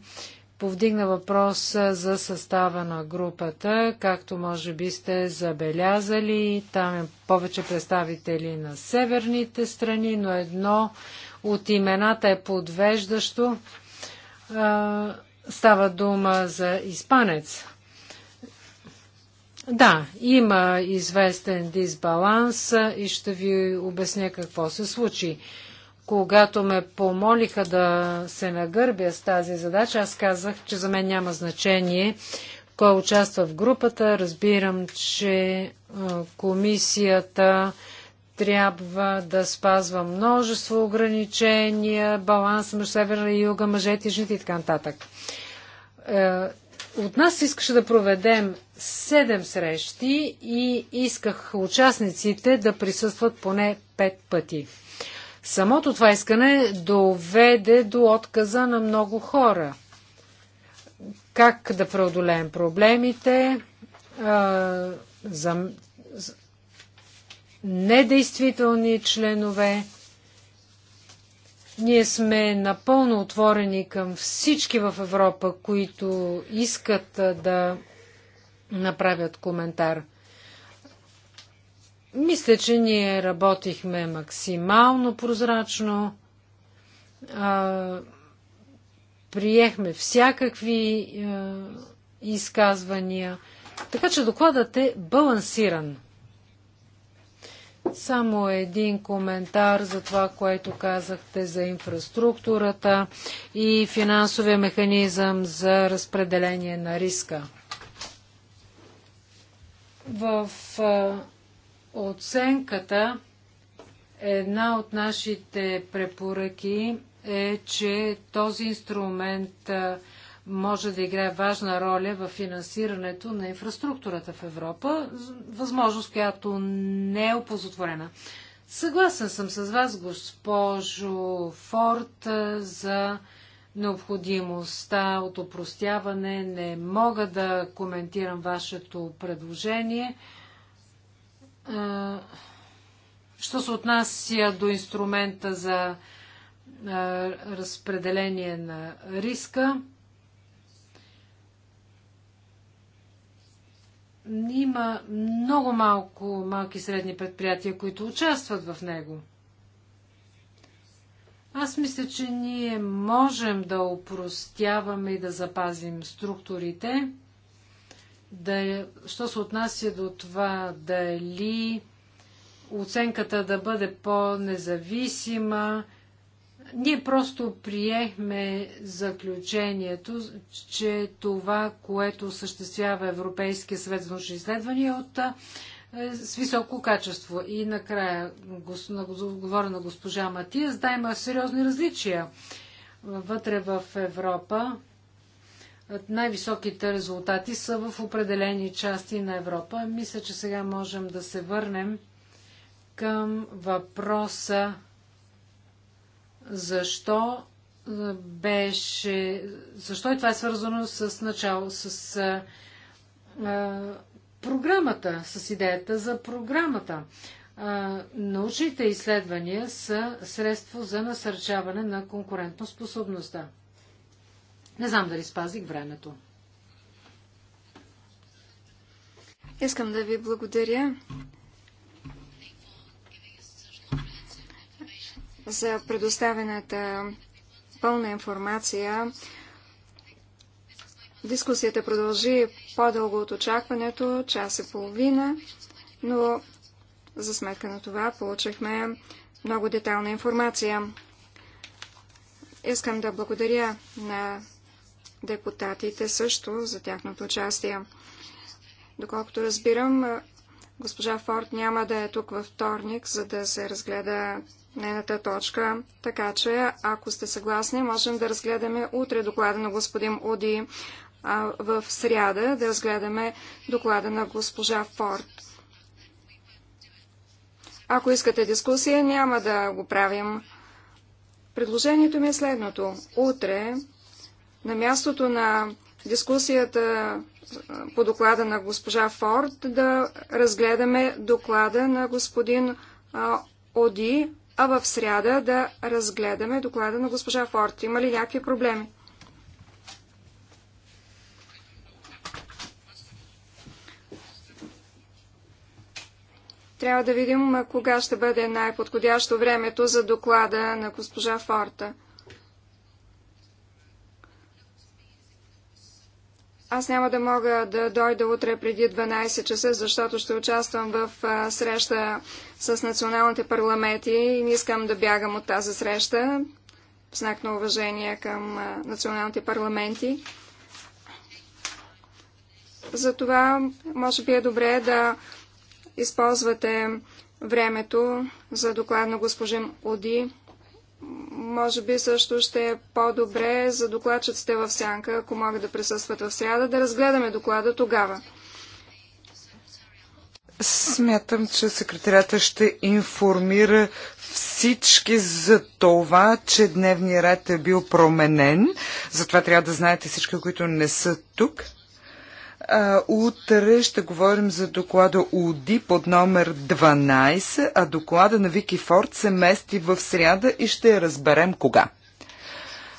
повдигна въпрос за състава на групата. Както може би сте забелязали, там е повече представители на северните страни, но едно от имената е подвеждащо. Става дума за испанец. Да, има известен дисбаланс и ще ви обясня какво се случи. Когато ме помолиха да се нагърбя с тази задача, аз казах, че за мен няма значение кой участва в групата. Разбирам, че комисията трябва да спазва множество ограничения, баланс между севера и юга, мъжете и жените и така нататък. Е, от нас искаше да проведем седем срещи и исках участниците да присъстват поне пет пъти. Самото това искане доведе до отказа на много хора. Как да преодолеем проблемите? А, за недействителни членове. Ние сме напълно отворени към всички в Европа, които искат да направят коментар – мисля, че ние работихме максимално прозрачно. А, приехме всякакви а, изказвания. Така че докладът е балансиран. Само един коментар за това, което казахте за инфраструктурата и финансовия механизъм за разпределение на риска. В а, Оценката, една от нашите препоръки е, че този инструмент може да играе важна роля в финансирането на инфраструктурата в Европа, възможност, която не е опозотворена. Съгласен съм с вас, госпожо Форд, за необходимостта от опростяване. Не мога да коментирам вашето предложение. Що се отнася до инструмента за разпределение на риска, има много малко малки и средни предприятия, които участват в него. Аз мисля, че ние можем да упростяваме и да запазим структурите да, е, що се отнася до това дали оценката да бъде по-независима, ние просто приехме заключението, че това, което осъществява Европейския съвет за научни изследвания е от с високо качество. И накрая, на, говоря на госпожа Матия, да има сериозни различия вътре в Европа най-високите резултати са в определени части на Европа. Мисля, че сега можем да се върнем към въпроса защо беше. Защо и това е свързано с начало, с а, а, програмата, с идеята за програмата. А, научните изследвания са средство за насърчаване на конкурентоспособността. способността. Не знам дали спазих времето. Искам да ви благодаря за предоставената пълна информация. Дискусията продължи по-дълго от очакването, час и половина, но за сметка на това получихме много детална информация. Искам да благодаря на депутатите също за тяхното участие. Доколкото разбирам, госпожа Форд няма да е тук във вторник, за да се разгледа нейната точка. Така че, ако сте съгласни, можем да разгледаме утре доклада на господин Уди а в сряда, да разгледаме доклада на госпожа Форд. Ако искате дискусия, няма да го правим. Предложението ми е следното. Утре на мястото на дискусията по доклада на госпожа Форд да разгледаме доклада на господин Оди, а в сряда да разгледаме доклада на госпожа Форд. Има ли някакви проблеми? Трябва да видим кога ще бъде най-подходящо времето за доклада на госпожа Форта. Аз няма да мога да дойда утре преди 12 часа, защото ще участвам в среща с националните парламенти и не искам да бягам от тази среща в знак на уважение към националните парламенти. Затова може би е добре да използвате времето за доклад на Оди може би също ще е по-добре за докладчиците в сянка, ако могат да присъстват в сряда, да разгледаме доклада тогава. Смятам, че секретарята ще информира всички за това, че дневният ред е бил променен. Затова трябва да знаете всички, които не са тук. А, утре ще говорим за доклада УДИ под номер 12, а доклада на Вики Форд се мести в сряда и ще разберем кога.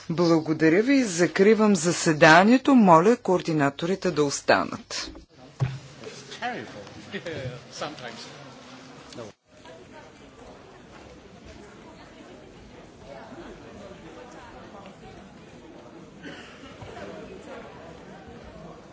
Благодаря ви. Закривам заседанието. Моля координаторите да останат. (laughs) Sometimes.